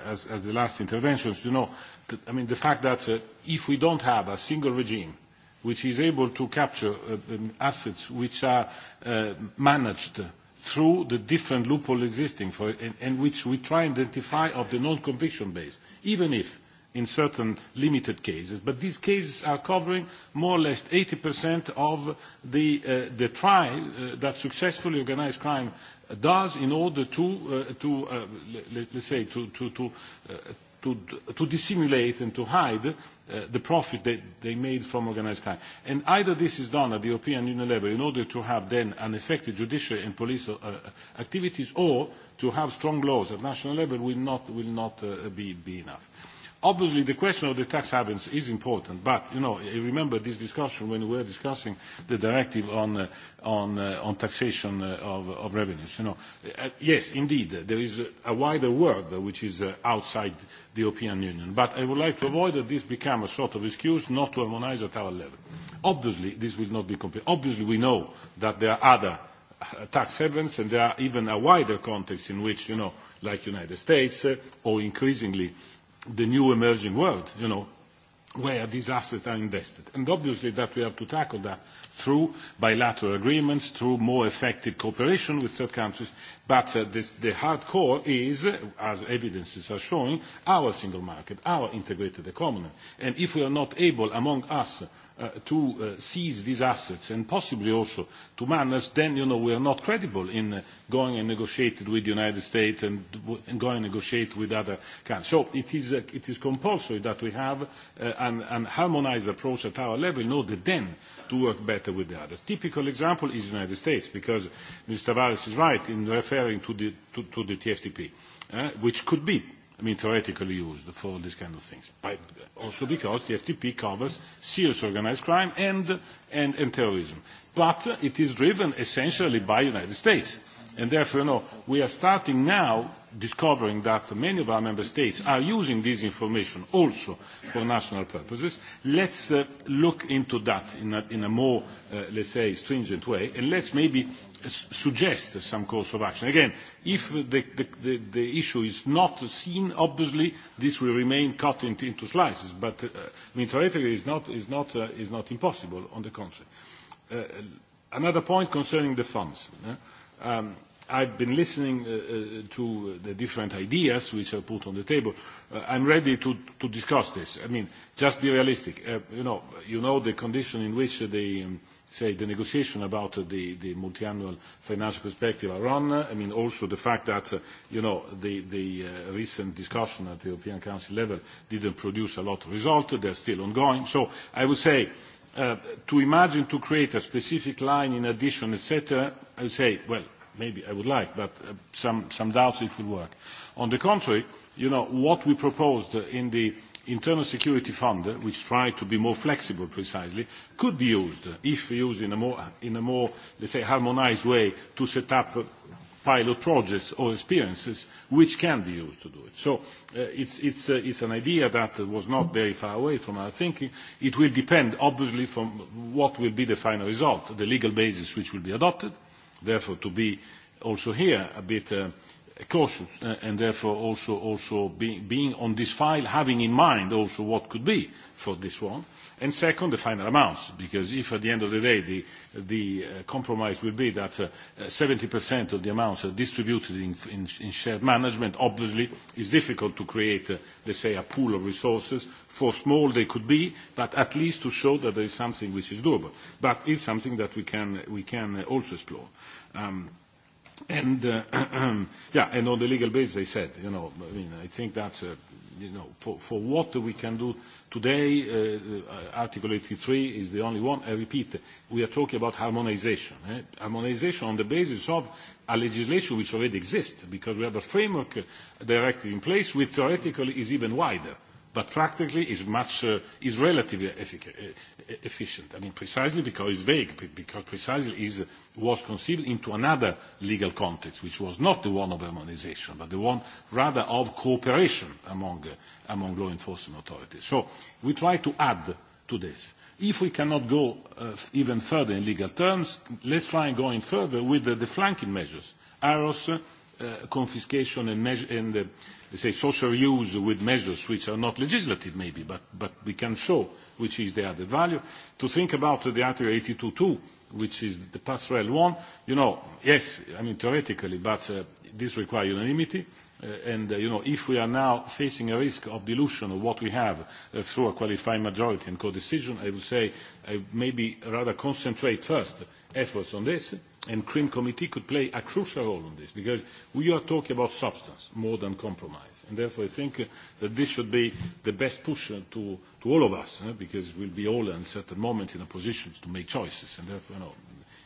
[SPEAKER 10] as, as the last interventions, you know, that, I mean, the fact that uh, if we don't have a single regime which is able to capture uh, um, assets which are uh, managed through the different loophole existing for, and, and which we try and identify of the non-conviction base, even if in certain limited cases, but these cases are covering more or less 80% of the, uh, the trial uh, that successfully organized crime does in order to, uh, to uh, let, let's say, to, to, to, uh, to, to dissimulate and to hide Uh, the profit that they made from organized crime. And either this is done at the European Union level in order to have then an effective judiciary and police uh, uh activities, or to have strong laws at national level will not, will not uh, be, be enough. Uh, obviously the question of the tax havens is important, but, you know, I remember this discussion when we were discussing the directive on, uh, on, uh, on taxation uh, of, of revenues. You know, uh, yes, indeed, there is a wider world which is uh, outside the European Union, but I would like to avoid that this become a sort of excuse not to harmonize at our level. Obviously, this will not be complete. Obviously, we know that there are other uh, tax havens, and there are even a wider context in which, you know, like United States uh, or increasingly uh, the new emerging world, you know, where these assets are invested. And obviously that we have to tackle that through bilateral agreements, through more effective cooperation with third countries. But uh, this, the hard core is, as evidences are showing, our single market, our integrated economy. And if we are not able among us uh, to uh, seize these assets and possibly also to manage, then you know we are not credible in uh, going and negotiating with the United States and, and going and negotiate with other countries. So it is, uh, it is compulsory that we have uh, an, an harmonized approach at our level in order then to work better with the others. Typical example is the United States because Mr. Tavares is right in referring to the, to, to the TFTP, uh, which could be I mean, theoretically used for these kind of things. But also because the FTP covers serious organized crime and, and, and terrorism. But it is driven essentially by the United States. And therefore, you know, we are starting now discovering that many of our member states are using this information also for national purposes. Let's uh, look into that in a, in a more, uh, let's say, stringent way, and let's maybe suggest some course of action. Again, If the, the, the, the issue is not seen, obviously this will remain cut into, into slices, but uh, Mitrovica is not, is, not, uh, is not impossible, on the contrary. Uh, another point concerning the funds. Uh, um, I've been listening uh, uh, to the different ideas which are put on the table. Uh, I'm ready to, to discuss this. I mean, just be realistic. Uh, you, know, you know the condition in which the um, – say, the negotiation about uh, the, the multi-annual financial perspective are on. I mean, also the fact that, uh, you know, the, the uh, recent discussion at the European Council level didn't produce a lot of result. They're still ongoing. So I would say uh, to imagine to create a specific line in addition, etc., I would say, well, maybe I would like, but uh, some, some doubts it will work. On the contrary, you know, what we proposed in the internal security fund, which tried to be more flexible precisely, could be used, if used in a more, in a more let's say, harmonized way, to set up pilot projects or experiences which can be used to do it. So uh, it's, it's, uh, it's an idea that was not very far away from our thinking. It will depend, obviously, from what will be the final result, the legal basis which will be adopted, therefore to be also here a bit uh, cautious uh, and therefore also, also be, being on this file, having in mind also what could be for this one. And second, the final amounts, because if at the end of the day the, the uh, compromise will be that uh, 70% uh, of the amounts are distributed in, in, in shared management, obviously it's difficult to create, uh, let's say, a pool of resources. For small they could be, but at least to show that there is something which is doable. But it's something that we can, we can also explore. Um, And, uh, yeah, and on the legal basis, I said, you know, I mean, I think that's, uh, you know, for, for what we can do today, uh, Article 83 is the only one. I repeat, we are talking about harmonization. Eh? Harmonization on the basis of a legislation which already exists, because we have a framework directive in place, which theoretically is even wider, but practically is much, uh, is relatively effic- efficient. I mean, precisely because it's vague, because precisely is, was conceived into another legal context, which was not the one of harmonization, but the one rather of cooperation among, uh, among law enforcement authorities. So we try to add to this. If we cannot go uh, even further in legal terms, let's try and go in further with the, the flanking measures. AROS, uh, Uh, confiscation and, measure, and uh, say social use with measures which are not legislative maybe, but, but we can show which is the added value. To think about the Article 82.2, which is the passerelle one, you know, yes, I mean, theoretically, but uh, this requires unanimity. Uh, and, uh, you know, if we are now facing a risk of dilution of what we have uh, through a qualified majority and co-decision, I would say I uh, maybe rather concentrate first efforts on this, and CRIM committee could play a crucial role on this, because we are talking about substance more than compromise. And therefore, I think uh, that this should be the best push uh, to to all of us, eh? because we'll be all at a certain moment in a position to make choices, and therefore, you know,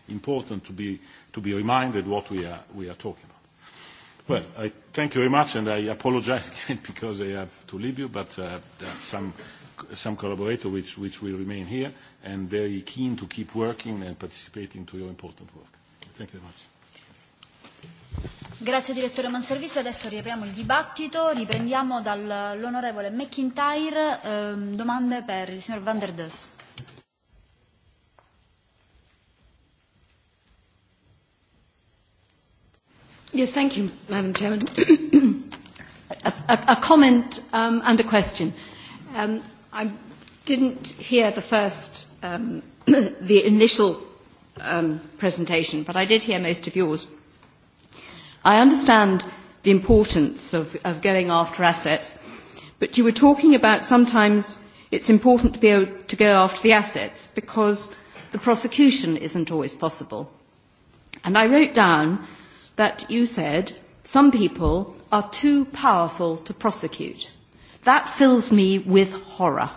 [SPEAKER 10] important to be, to be reminded what we are, we are talking about. Well, I thank you very much, and I apologize again because I have to leave you, but uh, there are some, some collaborator which, which will remain here and very keen to keep working and participating to your important work. Thank you very much.
[SPEAKER 1] Grazie direttore Manservisi, adesso riapriamo il dibattito, riprendiamo dall'onorevole McIntyre, ehm, domande per il signor Van der Dus.
[SPEAKER 13] Yes, thank you, Madam Chairman. a, a, a comment um, and a question. Um, I didn't hear the first, um, the initial um, presentation, but I did hear most of yours. I understand the importance of, of going after assets, but you were talking about sometimes it's important to be able to go after the assets because the prosecution isn't always possible. And I wrote down that you said some people are too powerful to prosecute. That fills me with horror.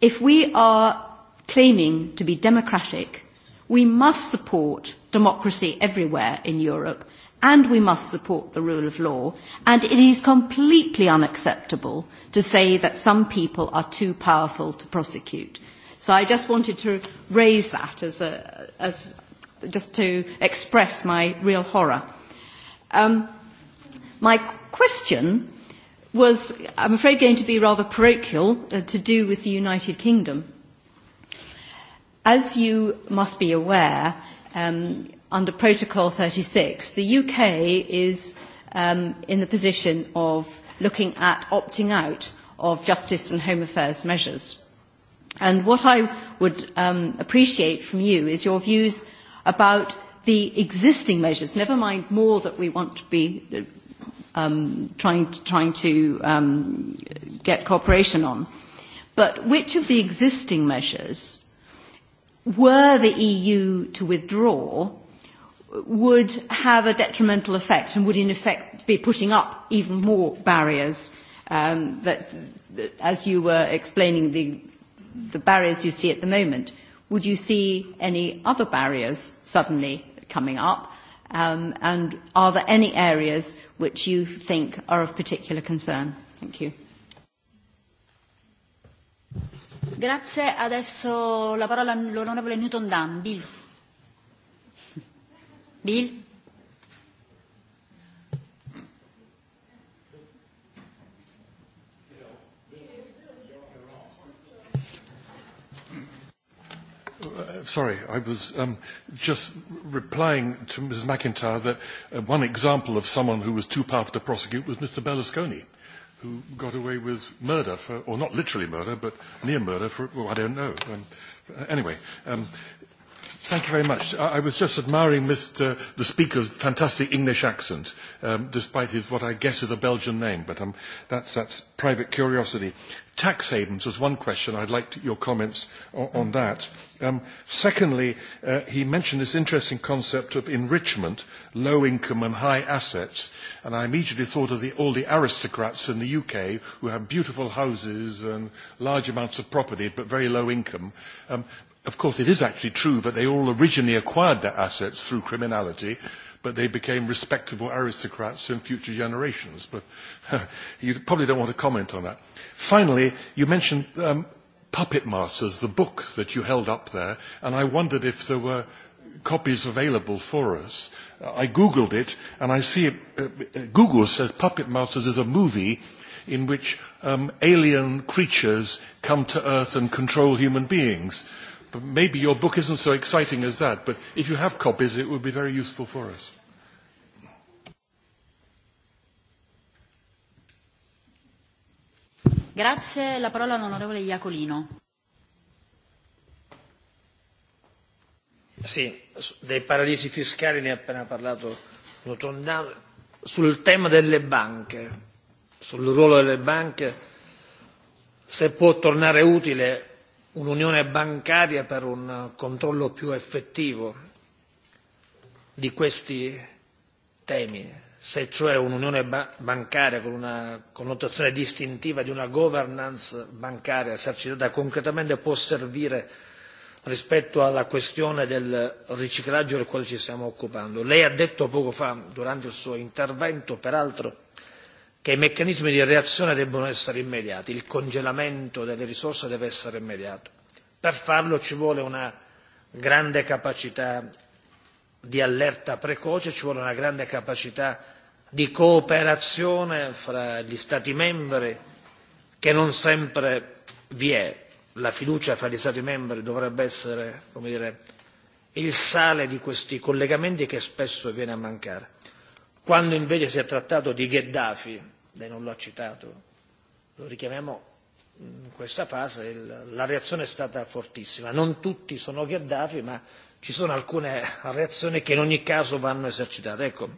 [SPEAKER 13] If we are claiming to be democratic, we must support democracy everywhere in Europe, and we must support the rule of law. And it is completely unacceptable to say that some people are too powerful to prosecute. So I just wanted to raise that as, a, as just to express my real horror. Um, my question was, I'm afraid, going to be rather parochial uh, to do with the United Kingdom. As you must be aware, um, under Protocol 36, the UK is um, in the position of looking at opting out of justice and home affairs measures. And what I would um, appreciate from you is your views about the existing measures, never mind more that we want to be um, trying to, trying to um, get cooperation on, but which of the existing measures were the EU to withdraw, would have a detrimental effect and would in effect be putting up even more barriers um, that, that, as you were explaining the, the barriers you see at the moment, would you see any other barriers suddenly coming up? Um, and are there any areas which you think are of particular concern? Thank you.
[SPEAKER 1] Grazie, adesso la parola all'onorevole Newton Dunn. Bill. Bill?
[SPEAKER 5] Uh, sorry, I was um, just replying to Ms. McIntyre that uh, one example of someone who was too powerful to prosecute was Mr. Berlusconi, who got away with murder, for, or not literally murder, but near murder for, well, I don't know. Um, anyway, um, Thank you very much. I, I was just admiring Mr. the speaker's fantastic English accent, um, despite his what I guess is a Belgian name, but um, that's, that's private curiosity. Tax havens was one question. I'd like to, your comments on, on that. Um, secondly, uh, he mentioned this interesting concept of enrichment, low income and high assets, and I immediately thought of the, all the aristocrats in the UK who have beautiful houses and large amounts of property but very low income. Um, of course, it is actually true that they all originally acquired their assets through criminality, but they became respectable aristocrats in future generations. But you probably don't want to comment on that. Finally, you mentioned um, Puppet Masters, the book that you held up there, and I wondered if there were copies available for us. I googled it, and I see it, uh, Google says Puppet Masters is a movie in which um, alien creatures come to Earth and control human beings maybe your book isn't so exciting as that, but if you have copies, it would be very useful for us.
[SPEAKER 1] Grazie, la parola all'onorevole Iacolino.
[SPEAKER 3] Sì, dei paradisi fiscali ne ha appena parlato Rotondale. Sul tema delle banche, sul ruolo delle banche, se può tornare utile un'unione bancaria per un controllo più effettivo di questi temi, se cioè un'unione ba- bancaria con una connotazione distintiva di una governance bancaria esercitata concretamente può servire rispetto alla questione del riciclaggio del quale ci stiamo occupando. Lei ha detto poco fa, durante il suo intervento, peraltro, che i meccanismi di reazione debbono essere immediati, il congelamento delle risorse deve essere immediato. Per farlo ci vuole una grande capacità di allerta precoce, ci vuole una grande capacità di cooperazione fra gli Stati membri che non sempre vi è. La fiducia fra gli Stati membri dovrebbe essere come dire, il sale di questi collegamenti che spesso viene a mancare. Quando invece si è trattato di Gheddafi, lei non lo ha citato, lo richiamiamo in questa fase, il, la reazione è stata fortissima. Non tutti sono Gheddafi, ma ci sono alcune reazioni che in ogni caso vanno esercitate. Ecco,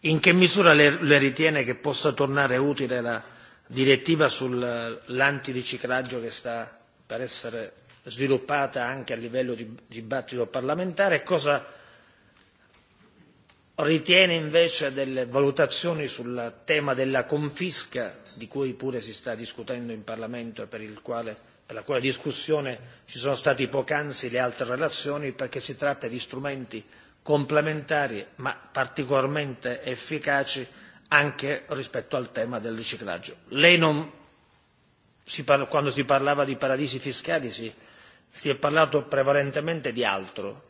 [SPEAKER 3] in che misura le, le ritiene che possa tornare utile la direttiva sull'antiriciclaggio che sta per essere sviluppata anche a livello di dibattito parlamentare e cosa ritiene invece delle valutazioni sul tema della confisca, di cui pure si sta discutendo in Parlamento e per, il quale, per la quale discussione ci sono stati poc'anzi le altre relazioni, perché si tratta di strumenti complementari ma particolarmente efficaci anche rispetto al tema del riciclaggio. Lei non, si parla, quando si parlava di paradisi fiscali si, si è parlato prevalentemente di altro,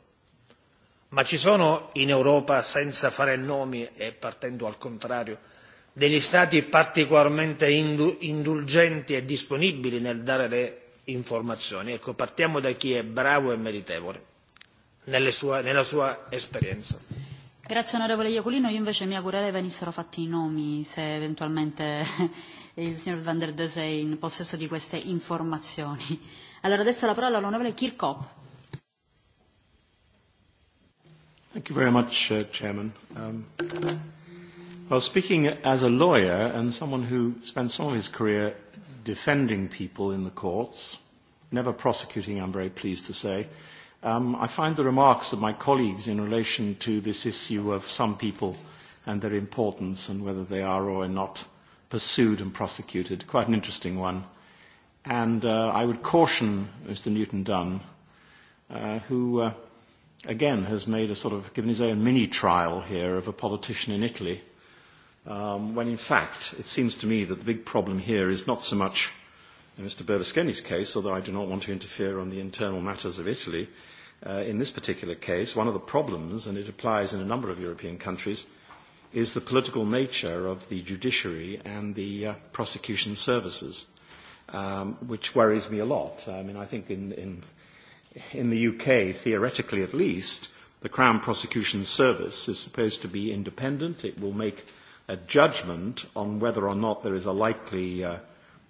[SPEAKER 3] Ma ci sono in Europa, senza fare nomi e partendo al contrario, degli Stati particolarmente indulgenti e disponibili nel dare le informazioni. Ecco, partiamo da chi è bravo e meritevole nelle sua, nella sua esperienza.
[SPEAKER 1] Grazie onorevole Iacolino, io invece mi augurerei venissero fatti i nomi se eventualmente il signor Van der Dese è in possesso di queste informazioni. Allora adesso la parola all'onorevole Kirchhoff.
[SPEAKER 14] Thank you very much, uh, Chairman. Um, well, speaking as a lawyer and someone who spent some of his career defending people in the courts, never prosecuting, I'm very pleased to say, um, I find the remarks of my colleagues in relation to this issue of some people and their importance and whether they are or are not pursued and prosecuted quite an interesting one. And uh, I would caution Mr. Newton Dunn, uh, who uh, again, has made a sort of, given his own mini trial here of a politician in Italy, um, when in fact, it seems to me that the big problem here is not so much in Mr. Berlusconi's case, although I do not want to interfere on the internal matters of Italy, uh, in this particular case, one of the problems, and it applies in a number of European countries, is the political nature of the judiciary and the uh, prosecution services, um, which worries me a lot. I mean, I think in, in in the UK, theoretically at least, the Crown Prosecution Service is supposed to be independent. It will make a judgment on whether or not there is a likely, uh,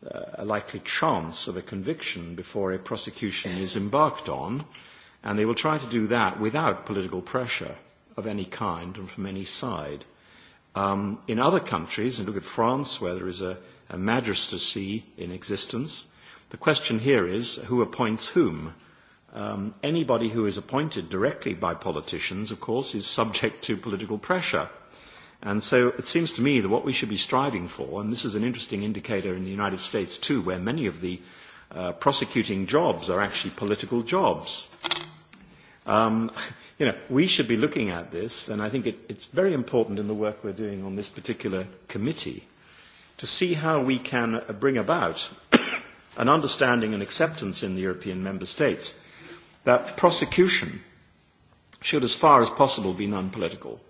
[SPEAKER 14] uh, a likely chance of a conviction before a prosecution is embarked on, and they will try to do that without political pressure of any kind and from any side. Um, in other countries, and look at France, where there is a, a magistracy in existence, the question here is who appoints whom? um, anybody who is appointed directly by politicians, of course, is subject to political pressure. And so it seems to me that what we should be striving for, and this is an interesting indicator in the United States too, where many of the uh, prosecuting jobs are actually political jobs. Um, you know, we should be looking at this, and I think it, it's very important in the work we're doing on this particular committee to see how we can uh, bring about an understanding and acceptance in the European member states that prosecution should, as far as possible, be non-political.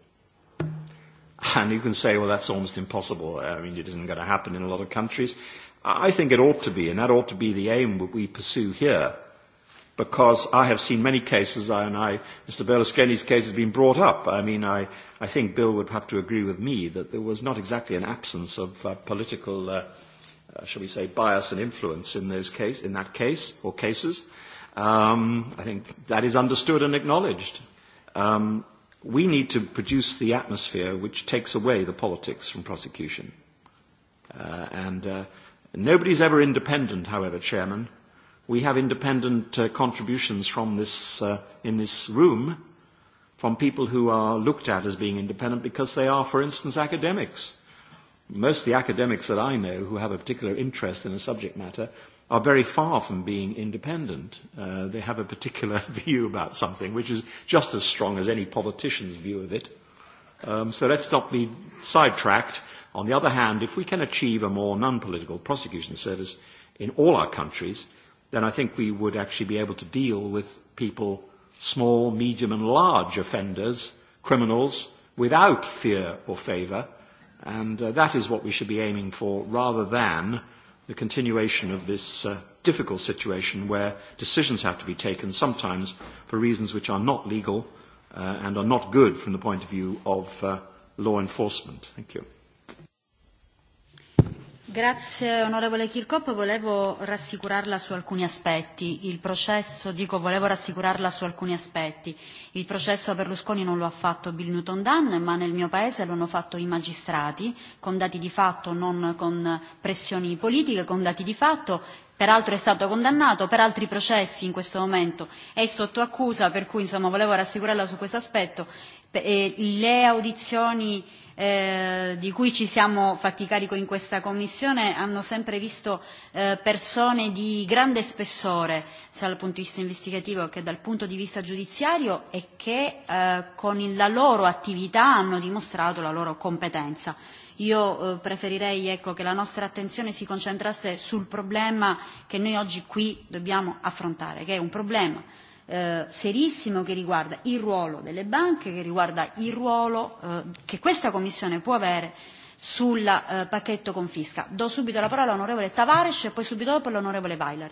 [SPEAKER 14] And you can say, well, that's almost impossible. I mean, it isn't going to happen in a lot of countries. I think it ought to be, and that ought to be the aim that we pursue here. Because I have seen many cases, and I, Mr. Berlusconi's case has been brought up. I mean, I, I think Bill would have to agree with me that there was not exactly an absence of uh, political, uh, uh, shall we say, bias and influence in, those case, in that case or cases. Uh, Um, I think that is understood and acknowledged. Um, we need to produce the atmosphere which takes away the politics from prosecution. Uh, and uh, nobody's ever independent, however, Chairman. We have independent uh, contributions from this, uh, in this room from people who are looked at as being independent because they are, for instance, academics. Most of the academics that I know who have a particular interest in a subject matter are very far from being independent. Uh, they have a particular view about something which is just as strong as any politician's view of it. Um, so let's not be sidetracked. On the other hand, if we can achieve a more non-political prosecution service in all our countries, then I think we would actually be able to deal with people, small, medium and large offenders, criminals, without fear or favour. And uh, that is what we should be aiming for rather than the continuation of this uh, difficult situation where decisions have to be taken sometimes for reasons which are not legal uh, and are not good from the point of view of uh, law enforcement. Thank you.
[SPEAKER 1] Grazie onorevole Kirkop, volevo rassicurarla su alcuni aspetti. Il processo, dico volevo rassicurarla su alcuni aspetti. Il processo a Berlusconi non lo ha fatto Bill Newton Dunn, ma nel mio paese lo hanno fatto i magistrati, con dati di fatto, non con pressioni politiche, con dati di fatto peraltro è stato condannato per altri processi in questo momento, è sotto accusa, per cui insomma, volevo rassicurarla su questo aspetto. E le audizioni eh, di cui ci siamo fatti carico in questa Commissione hanno sempre visto eh, persone di grande spessore, sia dal punto di vista investigativo che dal punto di vista giudiziario e che eh, con la loro attività hanno dimostrato la loro competenza. Io eh, preferirei ecco, che la nostra attenzione si concentrasse sul problema che noi oggi qui dobbiamo affrontare, che è un problema eh, serissimo che riguarda il ruolo delle banche, che riguarda il ruolo eh, che questa Commissione può avere sul eh, pacchetto confisca. Do subito la parola all'onorevole Tavares e poi subito dopo all'onorevole Weiler.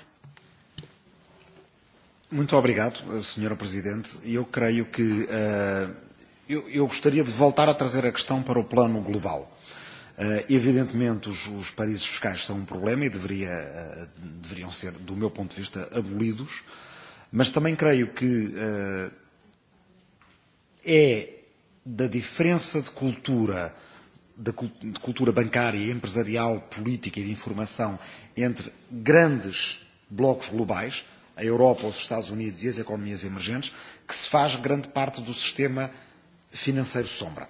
[SPEAKER 9] Muito obrigado, eh, Sra. Presidente. Eu creio que uh, eu, eu gostaria de voltar a trazer a questão para o plano global. Uh, evidentemente, os, os paraísos fiscais são um problema e deveria, uh, deveriam ser, do meu ponto de vista, abolidos. Uh, Mas também creio que uh, é da diferença de cultura, da, de cultura bancária, empresarial, política e de informação entre grandes blocos globais, a Europa, os Estados Unidos e as economias emergentes, que se faz grande parte do sistema financeiro sombra.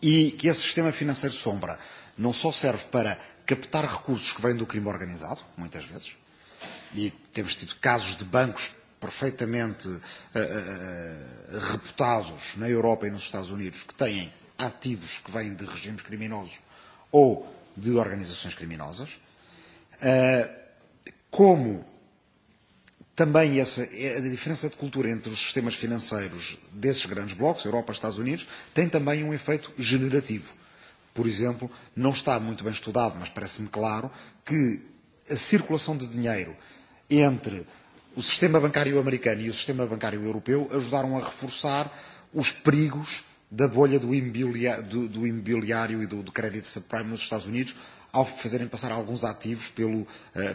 [SPEAKER 9] E que esse sistema financeiro sombra não só serve para captar recursos que vêm do crime organizado, muitas vezes, e temos tido casos de bancos perfeitamente uh, uh, reputados na Europa e nos Estados Unidos que têm ativos que vêm de regimes criminosos ou de organizações criminosas, uh, como também essa, a diferença de cultura entre os sistemas financeiros desses grandes blocos, Europa e Estados Unidos, tem também um efeito generativo. Por exemplo, não está muito bem estudado, mas parece-me claro, que a circulação de dinheiro uh, entre o sistema bancário americano e o sistema bancário europeu ajudaram a reforçar os perigos da bolha do imobiliário, do, do imobiliário e do, do crédito subprime nos Estados Unidos, ao fazerem passar alguns ativos pelo, uh,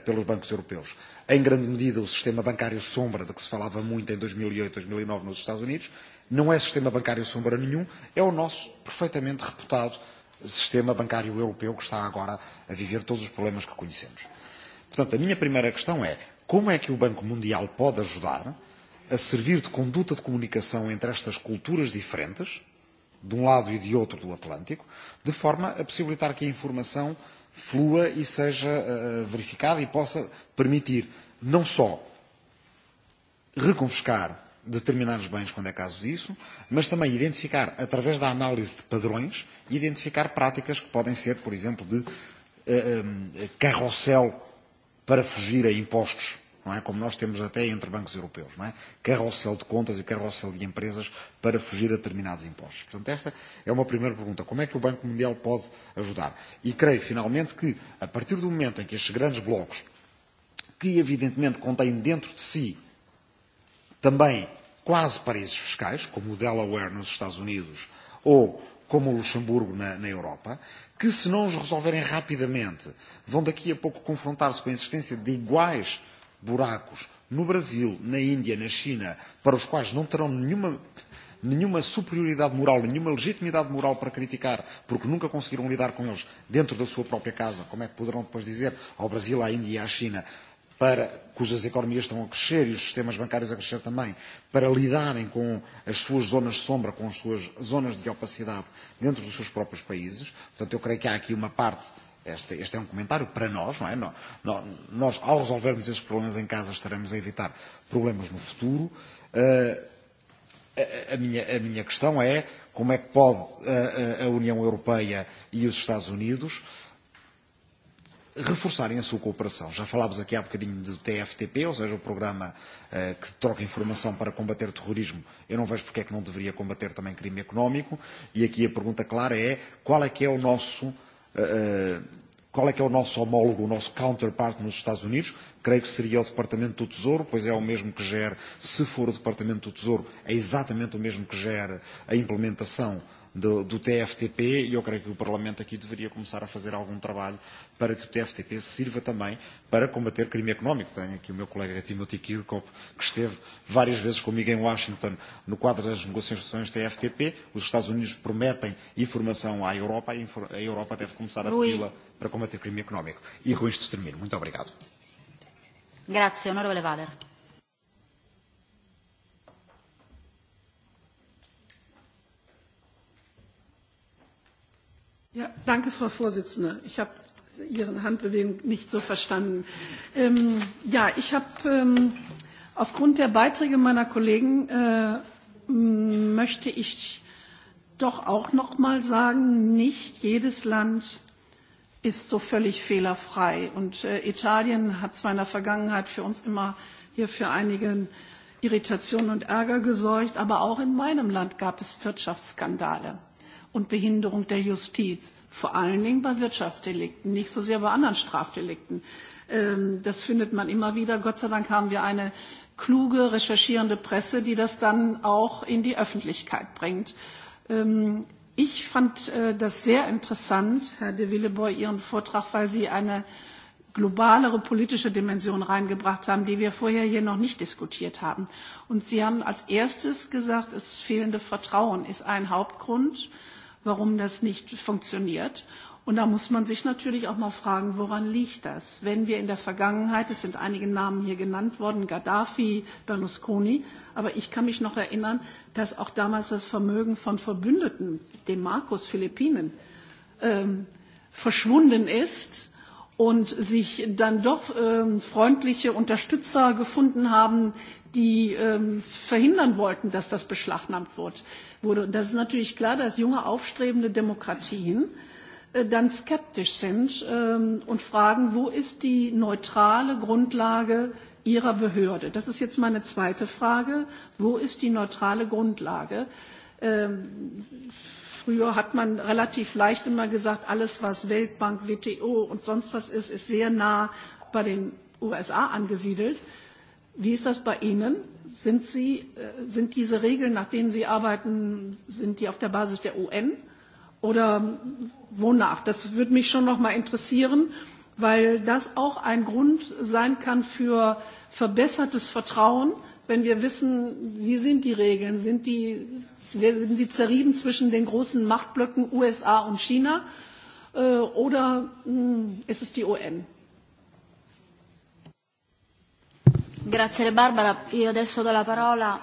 [SPEAKER 9] pelos bancos europeus. Em grande medida, o sistema bancário sombra, de que se falava muito em 2008, 2009 e e nos Estados Unidos, não é sistema bancário sombra nenhum, é o nosso perfeitamente reputado sistema bancário europeu que está agora a viver todos os problemas que conhecemos. Portanto, a minha primeira questão é, Como é que o Banco Mundial pode ajudar a servir de conduta de comunicação entre estas culturas diferentes, de um lado e de outro do Atlântico, de forma a possibilitar que a informação flua e seja uh, verificada e possa permitir não só reconfiscar determinados bens quando é caso disso, mas também identificar, através da análise de padrões, identificar práticas que podem ser, por exemplo, de uh, um, carrossel para fugir a impostos, não é? como nós temos até entre bancos europeus, não é? carrossel de contas e carrossel de empresas para fugir a determinados impostos. Portanto, esta é uma primeira pergunta. Como é que o Banco Mundial pode ajudar? E creio, finalmente, que a partir do momento em que estes grandes blocos, que evidentemente contêm dentro de si também quase paraísos fiscais, como o Delaware nos Estados Unidos, ou como o Luxemburgo na, na Europa, que se não os resolverem rapidamente, vão daqui a pouco confrontar-se com a existência de iguais buracos no Brasil, na Índia, na China, para os quais não terão nenhuma, nenhuma superioridade moral, nenhuma legitimidade moral para criticar, porque nunca conseguiram lidar com eles dentro da sua própria casa, como é que poderão depois dizer ao Brasil, à Índia e à China, para cujas economias estão a crescer e os sistemas bancários a crescer também, para lidarem com as suas zonas de sombra, com as suas zonas de opacidade dentro dos seus próprios países. Portanto, eu creio que há aqui uma parte este, este é um comentário para nós, não é? Nós, nós, ao resolvermos esses problemas em casa, estaremos a evitar problemas no futuro. Uh, a, a, minha, a minha questão é como é que pode a, eh, eh, a União Europeia e os Estados Unidos uh, reforçarem a sua cooperação. Já falámos aqui há bocadinho do TFTP, ou seja, o programa eh, que troca informação para combater o terrorismo. Eu não vejo porque é que não deveria combater também crime económico. E aqui a pergunta clara é qual é que é o nosso... Eh, eh qual é que é o nosso homólogo, o nosso counterpart nos Estados Unidos? Creio que seria o Departamento do Tesouro, pois é o mesmo que gera, se for o Departamento do Tesouro, é exatamente o mesmo que gera a implementação do, do TFTP e eu creio que o Parlamento aqui deveria começar a fazer algum trabalho para que o TFTP sirva também para combater crime económico. Tenho aqui o meu colega Timothy Kirchhoff, que esteve várias vezes comigo em Washington no quadro das negociações TFTP. Os Estados Unidos prometem informação à Europa e a Europa deve começar a pedi-la para combater crime económico. E com isto termino. Muito obrigado.
[SPEAKER 1] Grazie, onorevole Valer.
[SPEAKER 7] Ja, danke, Frau Vorsitzende. Ich habe Ihren Handbewegung nicht so verstanden. Ähm, ja, ich habe ähm, aufgrund der Beiträge meiner Kollegen äh, möchte ich doch auch noch mal sagen, nicht jedes Land ist so völlig fehlerfrei. Und äh, Italien hat zwar in der Vergangenheit für uns immer hier für einigen Irritationen und Ärger gesorgt, aber auch in meinem Land gab es Wirtschaftsskandale und Behinderung der Justiz. Vor allen Dingen bei Wirtschaftsdelikten, nicht so sehr bei anderen Strafdelikten. Ähm, das findet man immer wieder. Gott sei Dank haben wir eine kluge, recherchierende Presse, die das dann auch in die Öffentlichkeit bringt. Ähm, ich fand äh, das sehr interessant, Herr de Willeboy, Ihren Vortrag, weil Sie eine globalere politische Dimension reingebracht haben, die wir vorher hier noch nicht diskutiert haben. Und Sie haben als erstes gesagt, das fehlende Vertrauen ist ein Hauptgrund. Äh, warum das nicht funktioniert. Und da muss man sich natürlich auch mal fragen, woran liegt das? Wenn wir in der Vergangenheit, es sind einige Namen hier genannt worden, Gaddafi, Berlusconi, aber ich kann mich noch erinnern, dass auch damals das Vermögen von Verbündeten, dem Markus Philippinen, ähm, verschwunden ist und sich dann doch ähm, freundliche Unterstützer gefunden haben, die ähm, verhindern wollten, dass das beschlagnahmt wird wurde. Und das ist natürlich klar, dass junge, aufstrebende Demokratien äh, dann skeptisch sind ähm, und fragen, wo ist die neutrale Grundlage Ihrer Behörde? Das ist jetzt meine zweite Frage. Wo ist die neutrale Grundlage? Ähm, früher hat man relativ leicht immer gesagt, alles was Weltbank, WTO und sonst was ist, ist sehr nah bei den USA angesiedelt. Wie ist das bei Ihnen? Sind, Sie, äh, sind diese Regeln, nach denen Sie arbeiten, sind die auf der Basis der UN oder wonach? Das würde mich schon noch mal interessieren, weil das auch ein Grund sein kann für verbessertes Vertrauen, wenn wir wissen, wie sind die Regeln? Sind die, werden die zerrieben zwischen den großen Machtblöcken USA und China? Äh, oder hm, ist es die UN?
[SPEAKER 1] Grazie Barbara, io adesso do la parola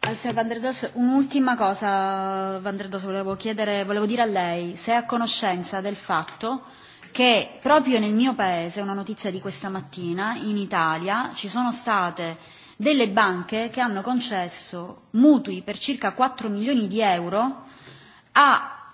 [SPEAKER 1] al signor Van der Dos. Un'ultima cosa, Van der Dos, volevo, chiedere, volevo dire a lei se è a conoscenza del fatto che proprio nel mio paese, una notizia di questa mattina, in Italia ci sono state delle banche che hanno concesso mutui per circa 4 milioni di euro a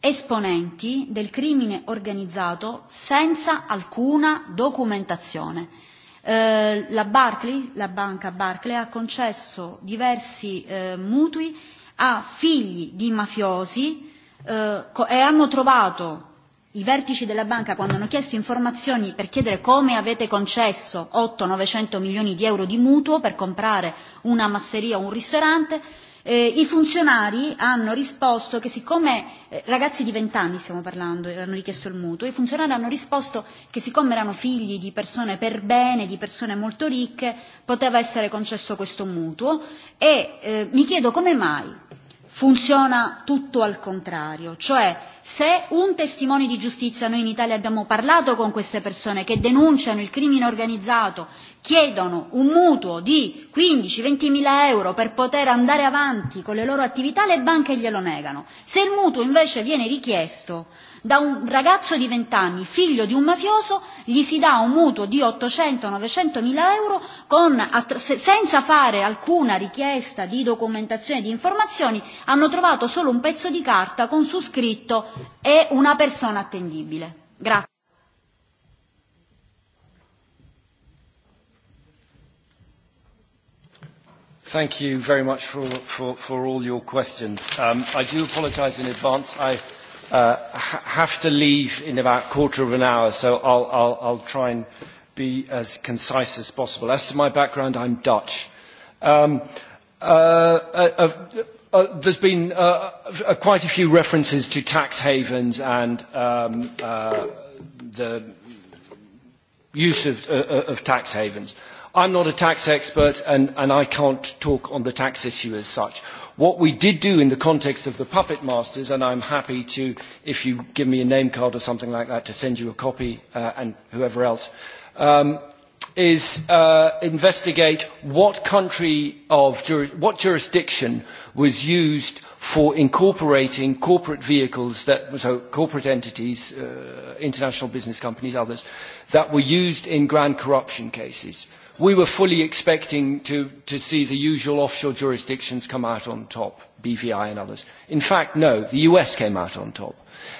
[SPEAKER 1] esponenti del crimine organizzato senza alcuna documentazione. Eh, la, Barclay, la banca Barclay ha concesso diversi eh, mutui a figli di mafiosi eh, e hanno trovato i vertici della banca quando hanno chiesto informazioni per chiedere come avete concesso 8-900 milioni di euro di mutuo per comprare una masseria o un ristorante, Eh, I funzionari hanno risposto che siccome, eh, ragazzi di 20 anni stiamo parlando, hanno richiesto il mutuo, i funzionari hanno risposto che siccome erano figli di persone per bene, di persone molto ricche, poteva essere concesso questo mutuo e eh, mi chiedo come mai funziona tutto al contrario, cioè se un testimone di giustizia, noi in Italia abbiamo parlato con queste persone che denunciano il crimine organizzato, chiedono un mutuo di 15-20 mila euro per poter andare avanti con le loro attività, le banche glielo negano. Se il mutuo invece viene richiesto da un ragazzo di 20 anni, figlio di un mafioso, gli si dà un mutuo di 800-900 mila euro con, senza fare alcuna richiesta di documentazione di informazioni, hanno trovato solo un pezzo di carta con su scritto è una persona attendibile. Grazie.
[SPEAKER 11] Thank you very much for, for, for all your questions. Um, I do apologize in advance. I uh, have to leave in about a quarter of an hour, so I'll, I'll, I'll try and be as concise as possible. As to my background, I'm Dutch. Um, uh, uh, uh, uh, there's been uh, uh, quite a few references to tax havens and um, uh, the use of, uh, uh of tax havens. I'm not a tax expert, and, and I can't talk on the tax issue as such. What we did do in the context of the Puppet Masters, and I'm happy to, if you give me a name card or something like that, to send you a copy uh, and whoever else, um, is uh, investigate what country of jur- what jurisdiction was used for incorporating corporate vehicles that so corporate entities, uh, international business companies, others that were used in grand corruption cases. Uh, we were fully expecting to, to see the usual offshore jurisdictions come out on top, BVI and others. In fact, no, the US came out on top.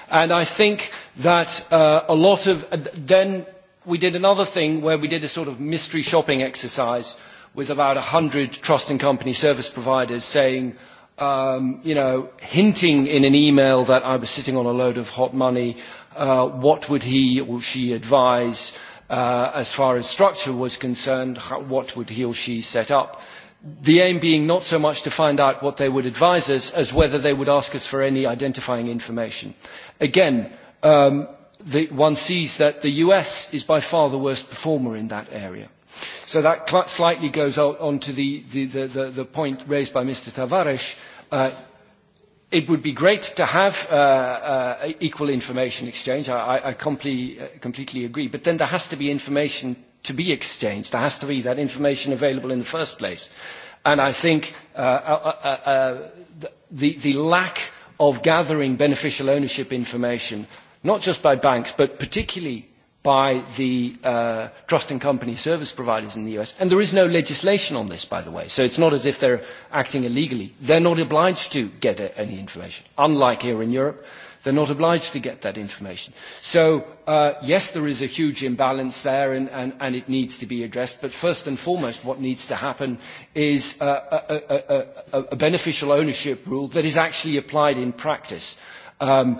[SPEAKER 11] And I think that uh, a lot of, uh, then we did another thing where we did a sort of mystery shopping exercise with about 100 trust and company service providers saying, um, you know, hinting in an email that I was sitting on a load of hot money, uh, what would he or she advise? uh, as far as structure was concerned, how, what would he or she set up? The aim being not so much to find out what they would advise us as whether they would ask us for any identifying information. Again, um, the, one sees that the US is by far the worst performer in that area. So that slightly goes on to the, the, the, the point raised by Mr. Tavares. Uh, it would be great to have uh, uh, equal information exchange. I, I completely, uh, completely agree. But then there has to be information to be exchanged. There has to be that information available in the first place. And I think uh, uh, uh, uh the, the lack of gathering beneficial ownership information, not just by banks, but particularly by the uh, trust and company service providers in the US. And there is no legislation on this, by the way, so it's not as if they're acting illegally. They're not obliged to get a, any information. Unlike here in Europe, they're not obliged to get that information. So, uh, yes, there is a huge imbalance there and, and, and it needs to be addressed, but first and foremost, what needs to happen is uh, a, a, a, a beneficial ownership rule that is actually applied in practice. Um,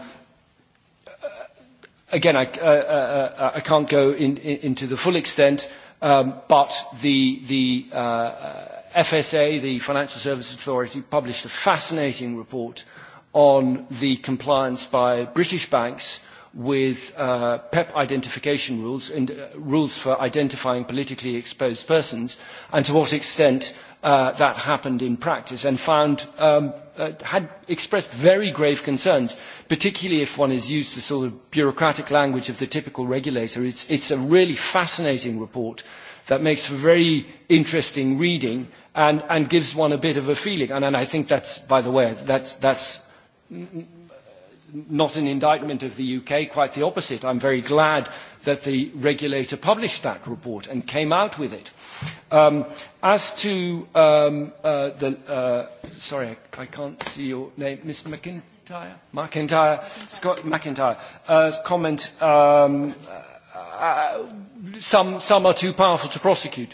[SPEAKER 11] Again, I, uh, uh, uh, I can't go in, in, into the full extent, um, but the, the uh, FSA, the Financial Services Authority, published a fascinating report on the compliance by British banks with uh, PEP e identification rules and uh, rules for identifying politically exposed persons and to what extent uh, that happened in practice and found um, uh, had expressed very grave concerns, particularly if one is used to sort of bureaucratic language of the typical regulator. It's, it's a really fascinating report that makes for very interesting reading and, and gives one a bit of a feeling. And, and I think that's, by the way, that's, that's not an indictment of the UK, quite the opposite. I'm very glad that the regulator published that report and came out with it. Um, as to um, uh, the, uh, sorry, I, I can't see your name, Ms. McIntyre? McIntyre, Scott McIntyre's uh, comment, um, uh, some, some are too powerful to prosecute.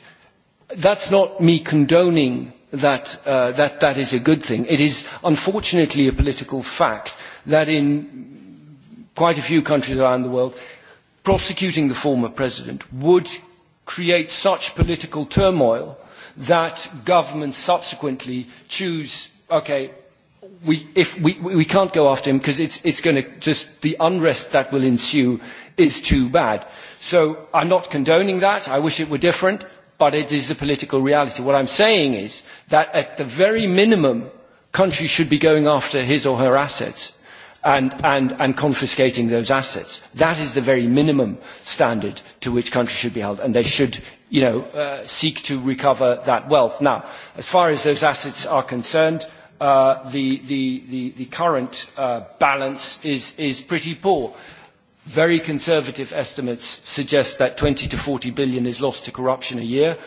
[SPEAKER 11] That's not me condoning that, uh, that that is a good thing. It is unfortunately a political fact that in quite a few countries around the world, prosecuting the former president would create such political turmoil that governments subsequently choose, okay, we, if we, we can't go after him because it's, it's going to just, the unrest that will ensue is too bad. So I'm not condoning that. I wish it were different, but it is a political reality. What I'm saying is that at the very minimum, countries should be going after his or her assets and, and, and confiscating those assets. That is the very minimum standard to which countries should be held, and they should you know, uh, seek to recover that wealth. Now, as far as those assets are concerned, uh, the, the, the, the current uh, balance is, is pretty poor. Very conservative estimates suggest that 20 to 40 billion is lost to corruption a year.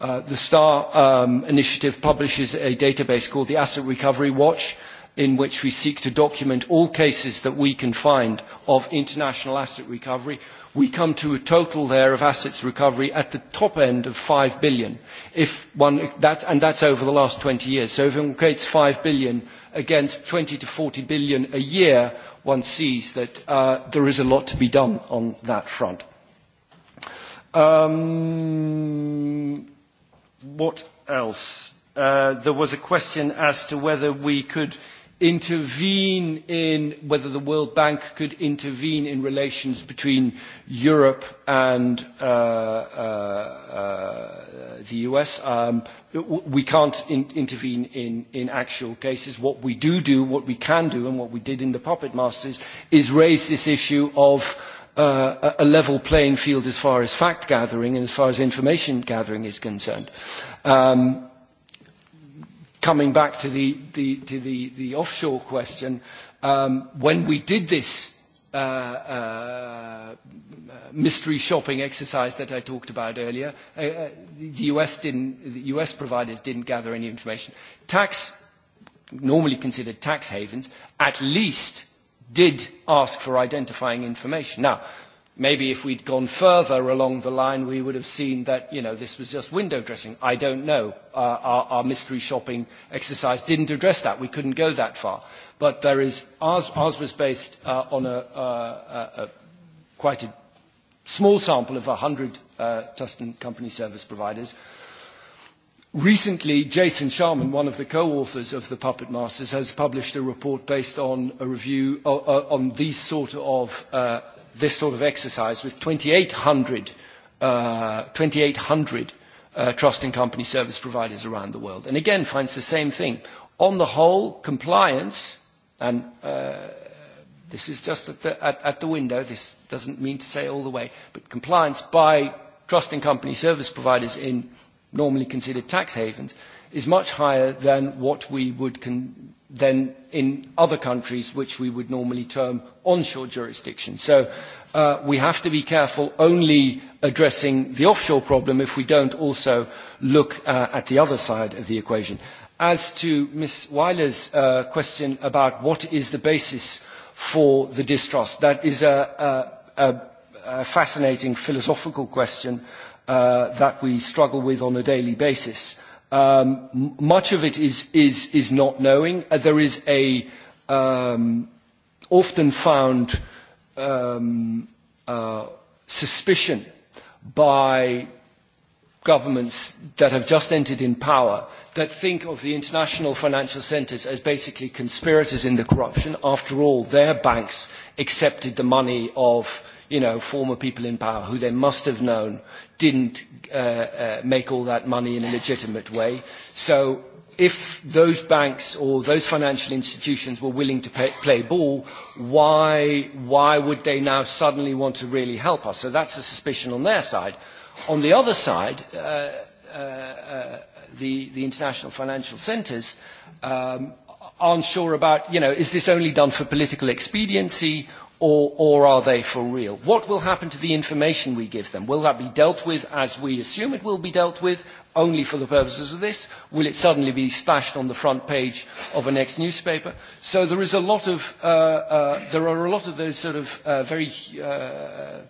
[SPEAKER 11] Uh, the STAR um, initiative publishes a database called the Asset Recovery Watch, uh, in which we seek to document all cases that we can find of international asset recovery. We come to a total there of assets recovery at the top end of 5 billion, if one, that, and that's over the last 20 years. So if one equates 5 billion against 20 to 40 billion a year, one sees that uh, there is a lot to be done on that front. Um, what else? Uh, there was a question as to whether we could intervene in whether the World Bank could intervene in relations between Europe and uh, uh, uh, the US. Um, we can't in intervene in, in actual cases. What we do do, what we can do, and what we did in the Puppet Masters is raise this issue of uh, a level playing field as far as fact gathering and as far as information gathering is concerned. Um, coming back to the, the, to the, the offshore question, um, when we did this uh, uh, mystery shopping exercise that I talked about earlier, uh, uh the, US didn't, the US providers didn't gather any information. Tax, normally considered tax havens, at least did ask for identifying information. Now, Maybe if we'd gone further along the line, we would have seen that, you know, this was just window dressing. I don't know. Uh, our, our mystery shopping exercise didn't address that. We couldn't go that far. But there is, ours, ours was based uh, on a, uh, a, a quite a small sample of 100 uh, Tuscan company service providers. Recently, Jason Sharman, one of the co-authors of The Puppet Masters, has published a report based on a review uh, uh, on these sort of uh, this sort of exercise with 2,800 uh, 2,800 uh, trust and company service providers around the world. And again, finds the same thing. On the whole, compliance, and uh, this is just at the, at, at the window, this doesn't mean to say all the way, but compliance by trust and company service providers in normally considered tax havens is much higher than what we would con- than in other countries which we would normally term onshore jurisdictions. So uh, we have to be careful only addressing the offshore problem if we don't also look uh, at the other side of the equation. As to Ms. Weiler's uh, question about what is the basis for the distrust, that is a, a, a, a fascinating philosophical question uh, that we struggle with on a daily basis. Uh, Um, much of it is, is, is not knowing. Uh, there is a um, often found um, uh, suspicion by governments that have just entered in power that think of the international financial centres as basically conspirators in the corruption. After all, their banks accepted the money of you know, former people in power who they must have known didn't uh, uh, make all that money in a legitimate way. So if those banks or those financial institutions were willing to pay, play ball, why, why would they now suddenly want to really help us? So that's a suspicion on their side. On the other side, uh, uh, uh, the, the international financial centres um, aren't sure about, you know, is this only done for political expediency or, or are they for real? What will happen to the information we give them? Will that be dealt with as we assume it will be dealt with, only for the purposes of this? Will it suddenly be splashed on the front page of a next newspaper? So there is a lot of, uh, uh, there are a lot of those sort of uh, very uh,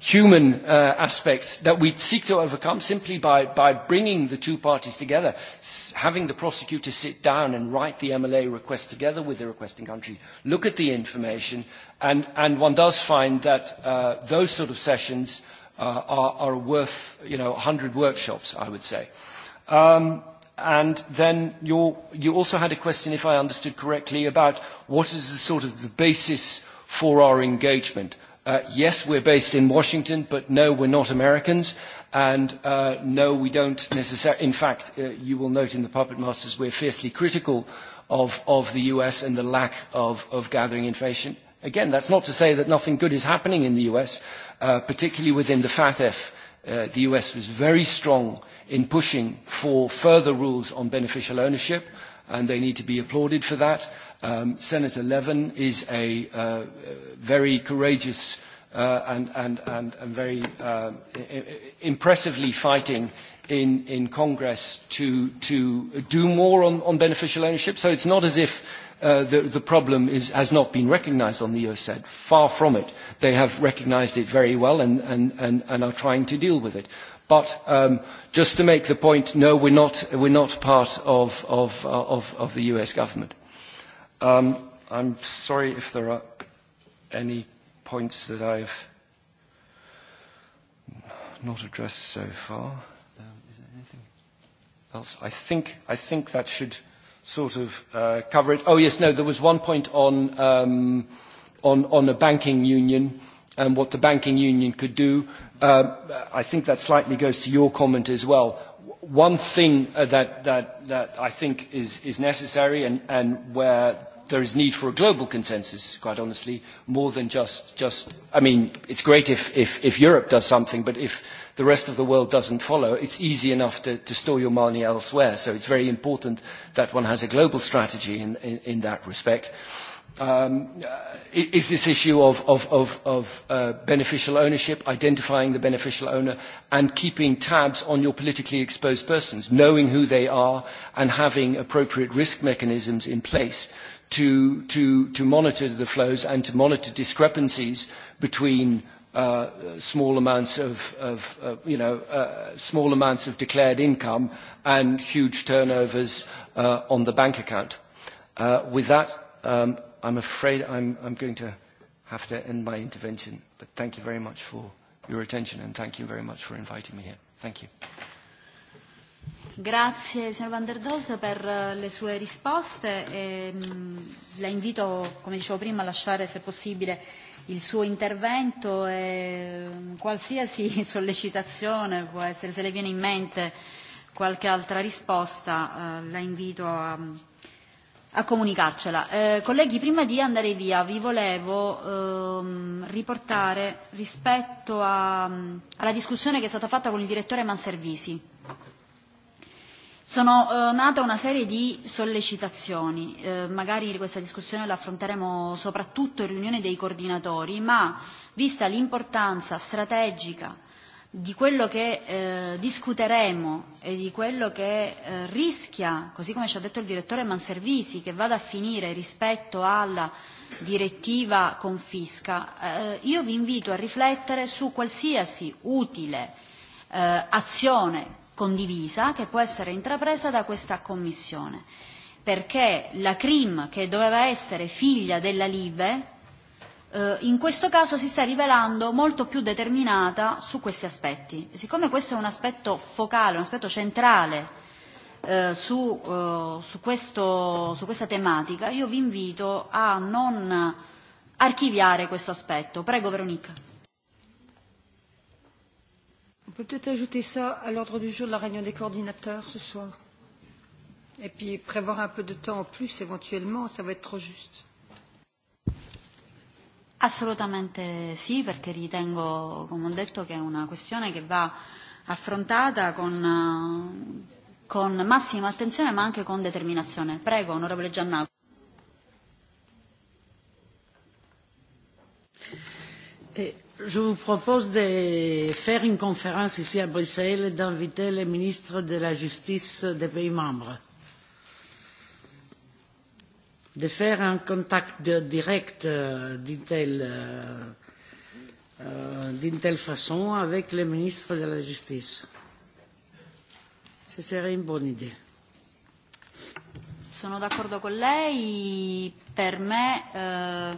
[SPEAKER 11] human uh, aspects that we seek to overcome simply by, by bringing the two parties together, S having the prosecutor sit down and write the MLA request together with the requesting country, look at the information, and, and one does find that uh, those sort of sessions uh, are, are worth you know, 100 workshops, I would say. Um, And then you also had a question, if I understood correctly, about what is the sort of the basis for our engagement uh, yes, we're based in Washington, but no, we're not Americans. And uh, no, we don't necessarily. In fact, uh, you will note in the Puppet Masters, we're fiercely critical of, of the US and the lack of, of gathering information. Again, that's not to say that nothing good is happening in the US, uh, particularly within the FATF. Uh, the US was very strong in pushing for further rules on beneficial ownership, and they need to be applauded for that. Uh, Um, Senator Levin is a uh, very courageous uh, and, and, and, and very uh, impressively fighting in, in Congress to, to do more on, on beneficial ownership. So it's not as if uh, the, the problem is, has not been recognized on the OSED. Far from it. They have recognized it very well and, and, and, and are trying to deal with it. But um, just to make the point, no, we're not, we're not part of, of, uh, of, of the US government. Um, I'm sorry if there are any points that I've not addressed so far. Um, is there anything else? I think, I think that should sort of uh, cover it. Oh, yes, no, there was one point on, um, on, on a banking union and what the banking union could do. Uh, I think that slightly goes to your comment as well one thing uh, that, that, that I think is, is necessary and, and where there is need for a global consensus, quite honestly, more than just, just I mean, it's great if, if, if Europe does something, but if the rest of the world doesn't follow, it's easy enough to, to store your money elsewhere. So it's very important that one has a global strategy in, in, in that respect. Uh, um, uh, is this issue of, of, of, of uh, beneficial ownership, identifying the beneficial owner, and keeping tabs on your politically exposed persons, knowing who they are, and having appropriate risk mechanisms in place to, to, to monitor the flows and to monitor discrepancies between uh, small amounts of, of uh, you know, uh, small amounts of declared income and huge turnovers uh, on the bank account. Uh, with that, um, I'm afraid I'm, I'm going to have to end my intervention, but thank you very much for your attention and thank you very much for inviting me here. Thank you.
[SPEAKER 1] Grazie signor Van der Doos per eh, le sue risposte. E, mh, mm, la invito, come dicevo prima, a lasciare se possibile il suo intervento e mh, mm, qualsiasi sollecitazione può essere, se le viene in mente qualche altra risposta, eh, la invito a mm, a comunicarcela. Eh, colleghi, prima di andare via vi volevo ehm, riportare rispetto a, alla discussione che è stata fatta con il direttore Manservisi. Sono eh, nata una serie di sollecitazioni, eh, magari questa discussione la affronteremo soprattutto in riunione dei coordinatori, ma vista l'importanza strategica di quello che eh, discuteremo e di quello che eh, rischia, così come ci ha detto il direttore Manservisi, che vada a finire rispetto alla direttiva confisca, eh, io vi invito a riflettere su qualsiasi utile eh, azione condivisa che può essere intrapresa da questa Commissione, perché la CRIM, che doveva essere figlia della Libe, eh, in questo caso si sta rivelando molto più determinata su questi aspetti. E siccome questo è un aspetto focale, un aspetto centrale eh, su, eh, su, questo, su questa tematica, io vi invito a non archiviare questo aspetto. Prego Veronica.
[SPEAKER 6] On peut peut-être ajouter ça à l'ordre du jour de la réunion des coordinateurs ce soir. Et puis prévoir un peu de temps en plus éventuellement, ça va être trop juste. Assolutamente
[SPEAKER 1] sì, perché ritengo, come ho detto, che è una questione che va affrontata con, eh, con massima attenzione ma anche con determinazione. Prego, onorevole Giannago.
[SPEAKER 12] Eh, je vous propose de faire une conférence ici à Bruxelles et d'inviter les ministres de la Justice des pays membres de faire un contact de, direct euh, d'une telle, euh, euh, d'une telle façon avec le ministre de la Justice. Ce serait une bonne idée.
[SPEAKER 1] Sono d'accordo con lei, per me eh,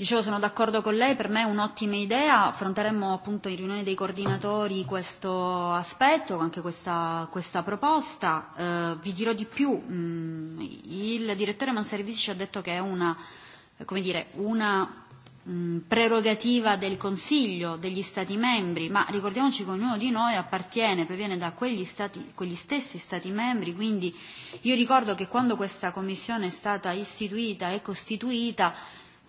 [SPEAKER 1] Dicevo, sono d'accordo con lei, per me è un'ottima idea, affronteremo appunto in riunione dei coordinatori questo aspetto, anche questa, questa proposta. Eh, vi dirò di più, mh, mm, il direttore Manservisi ci ha detto che è una, come dire, una mh, mm, prerogativa del Consiglio, degli Stati membri, ma ricordiamoci che ognuno di noi appartiene, proviene da quegli, stati, quegli stessi Stati membri, quindi io ricordo che quando questa Commissione è stata istituita e costituita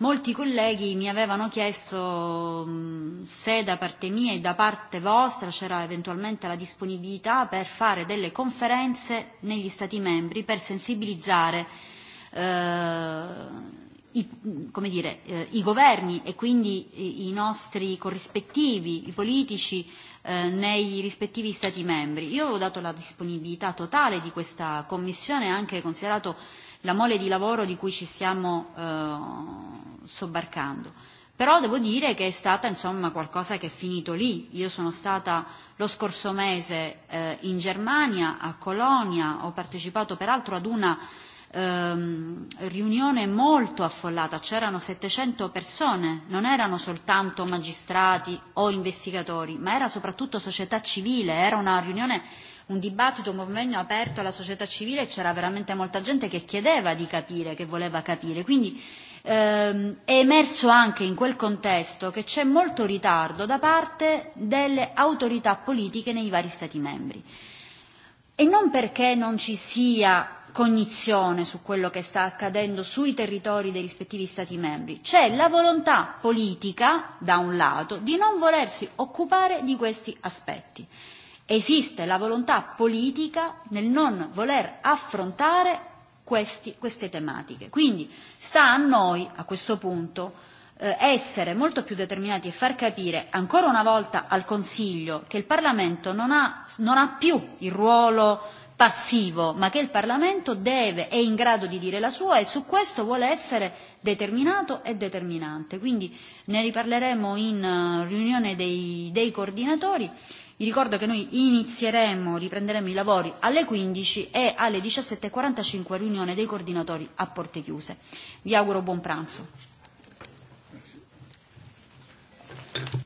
[SPEAKER 1] Molti colleghi mi avevano chiesto mm, se da parte mia e da parte vostra c'era eventualmente la disponibilità per fare delle conferenze negli Stati membri per sensibilizzare eh, i, come dire, eh, i governi e quindi i, i nostri corrispettivi, i politici eh, nei rispettivi Stati membri. Io avevo dato la disponibilità totale di questa Commissione, anche considerato la mole di lavoro di cui ci stiamo eh, sobbarcando. Però devo dire che è stata insomma qualcosa che è finito lì. Io sono stata lo scorso mese eh, in Germania, a Colonia, ho partecipato peraltro ad una ehm, riunione molto affollata, c'erano 700 persone, non erano soltanto magistrati o investigatori, ma era soprattutto società civile, era una riunione, un dibattito, un convegno aperto alla società civile e c'era veramente molta gente che chiedeva di capire, che voleva capire. Quindi ehm, è emerso anche in quel contesto che c'è molto ritardo da parte delle autorità politiche nei vari Stati membri. E non perché non ci sia cognizione su quello che sta accadendo sui territori dei rispettivi Stati membri. C'è la volontà politica, da un lato, di non volersi occupare di questi aspetti. Esiste la volontà politica nel non voler affrontare questi, queste tematiche. Quindi sta a noi, a questo punto, eh, essere molto più determinati e far capire ancora una volta al Consiglio che il Parlamento non ha, non ha più il ruolo passivo, ma che il Parlamento deve, è in grado di dire la sua e su questo vuole essere determinato e determinante. Quindi ne riparleremo in eh, riunione dei, dei coordinatori Vi ricordo che noi inizieremo, riprenderemo i lavori alle 15 e alle 17.45 e riunione dei coordinatori a porte chiuse. Vi auguro buon pranzo. Grazie.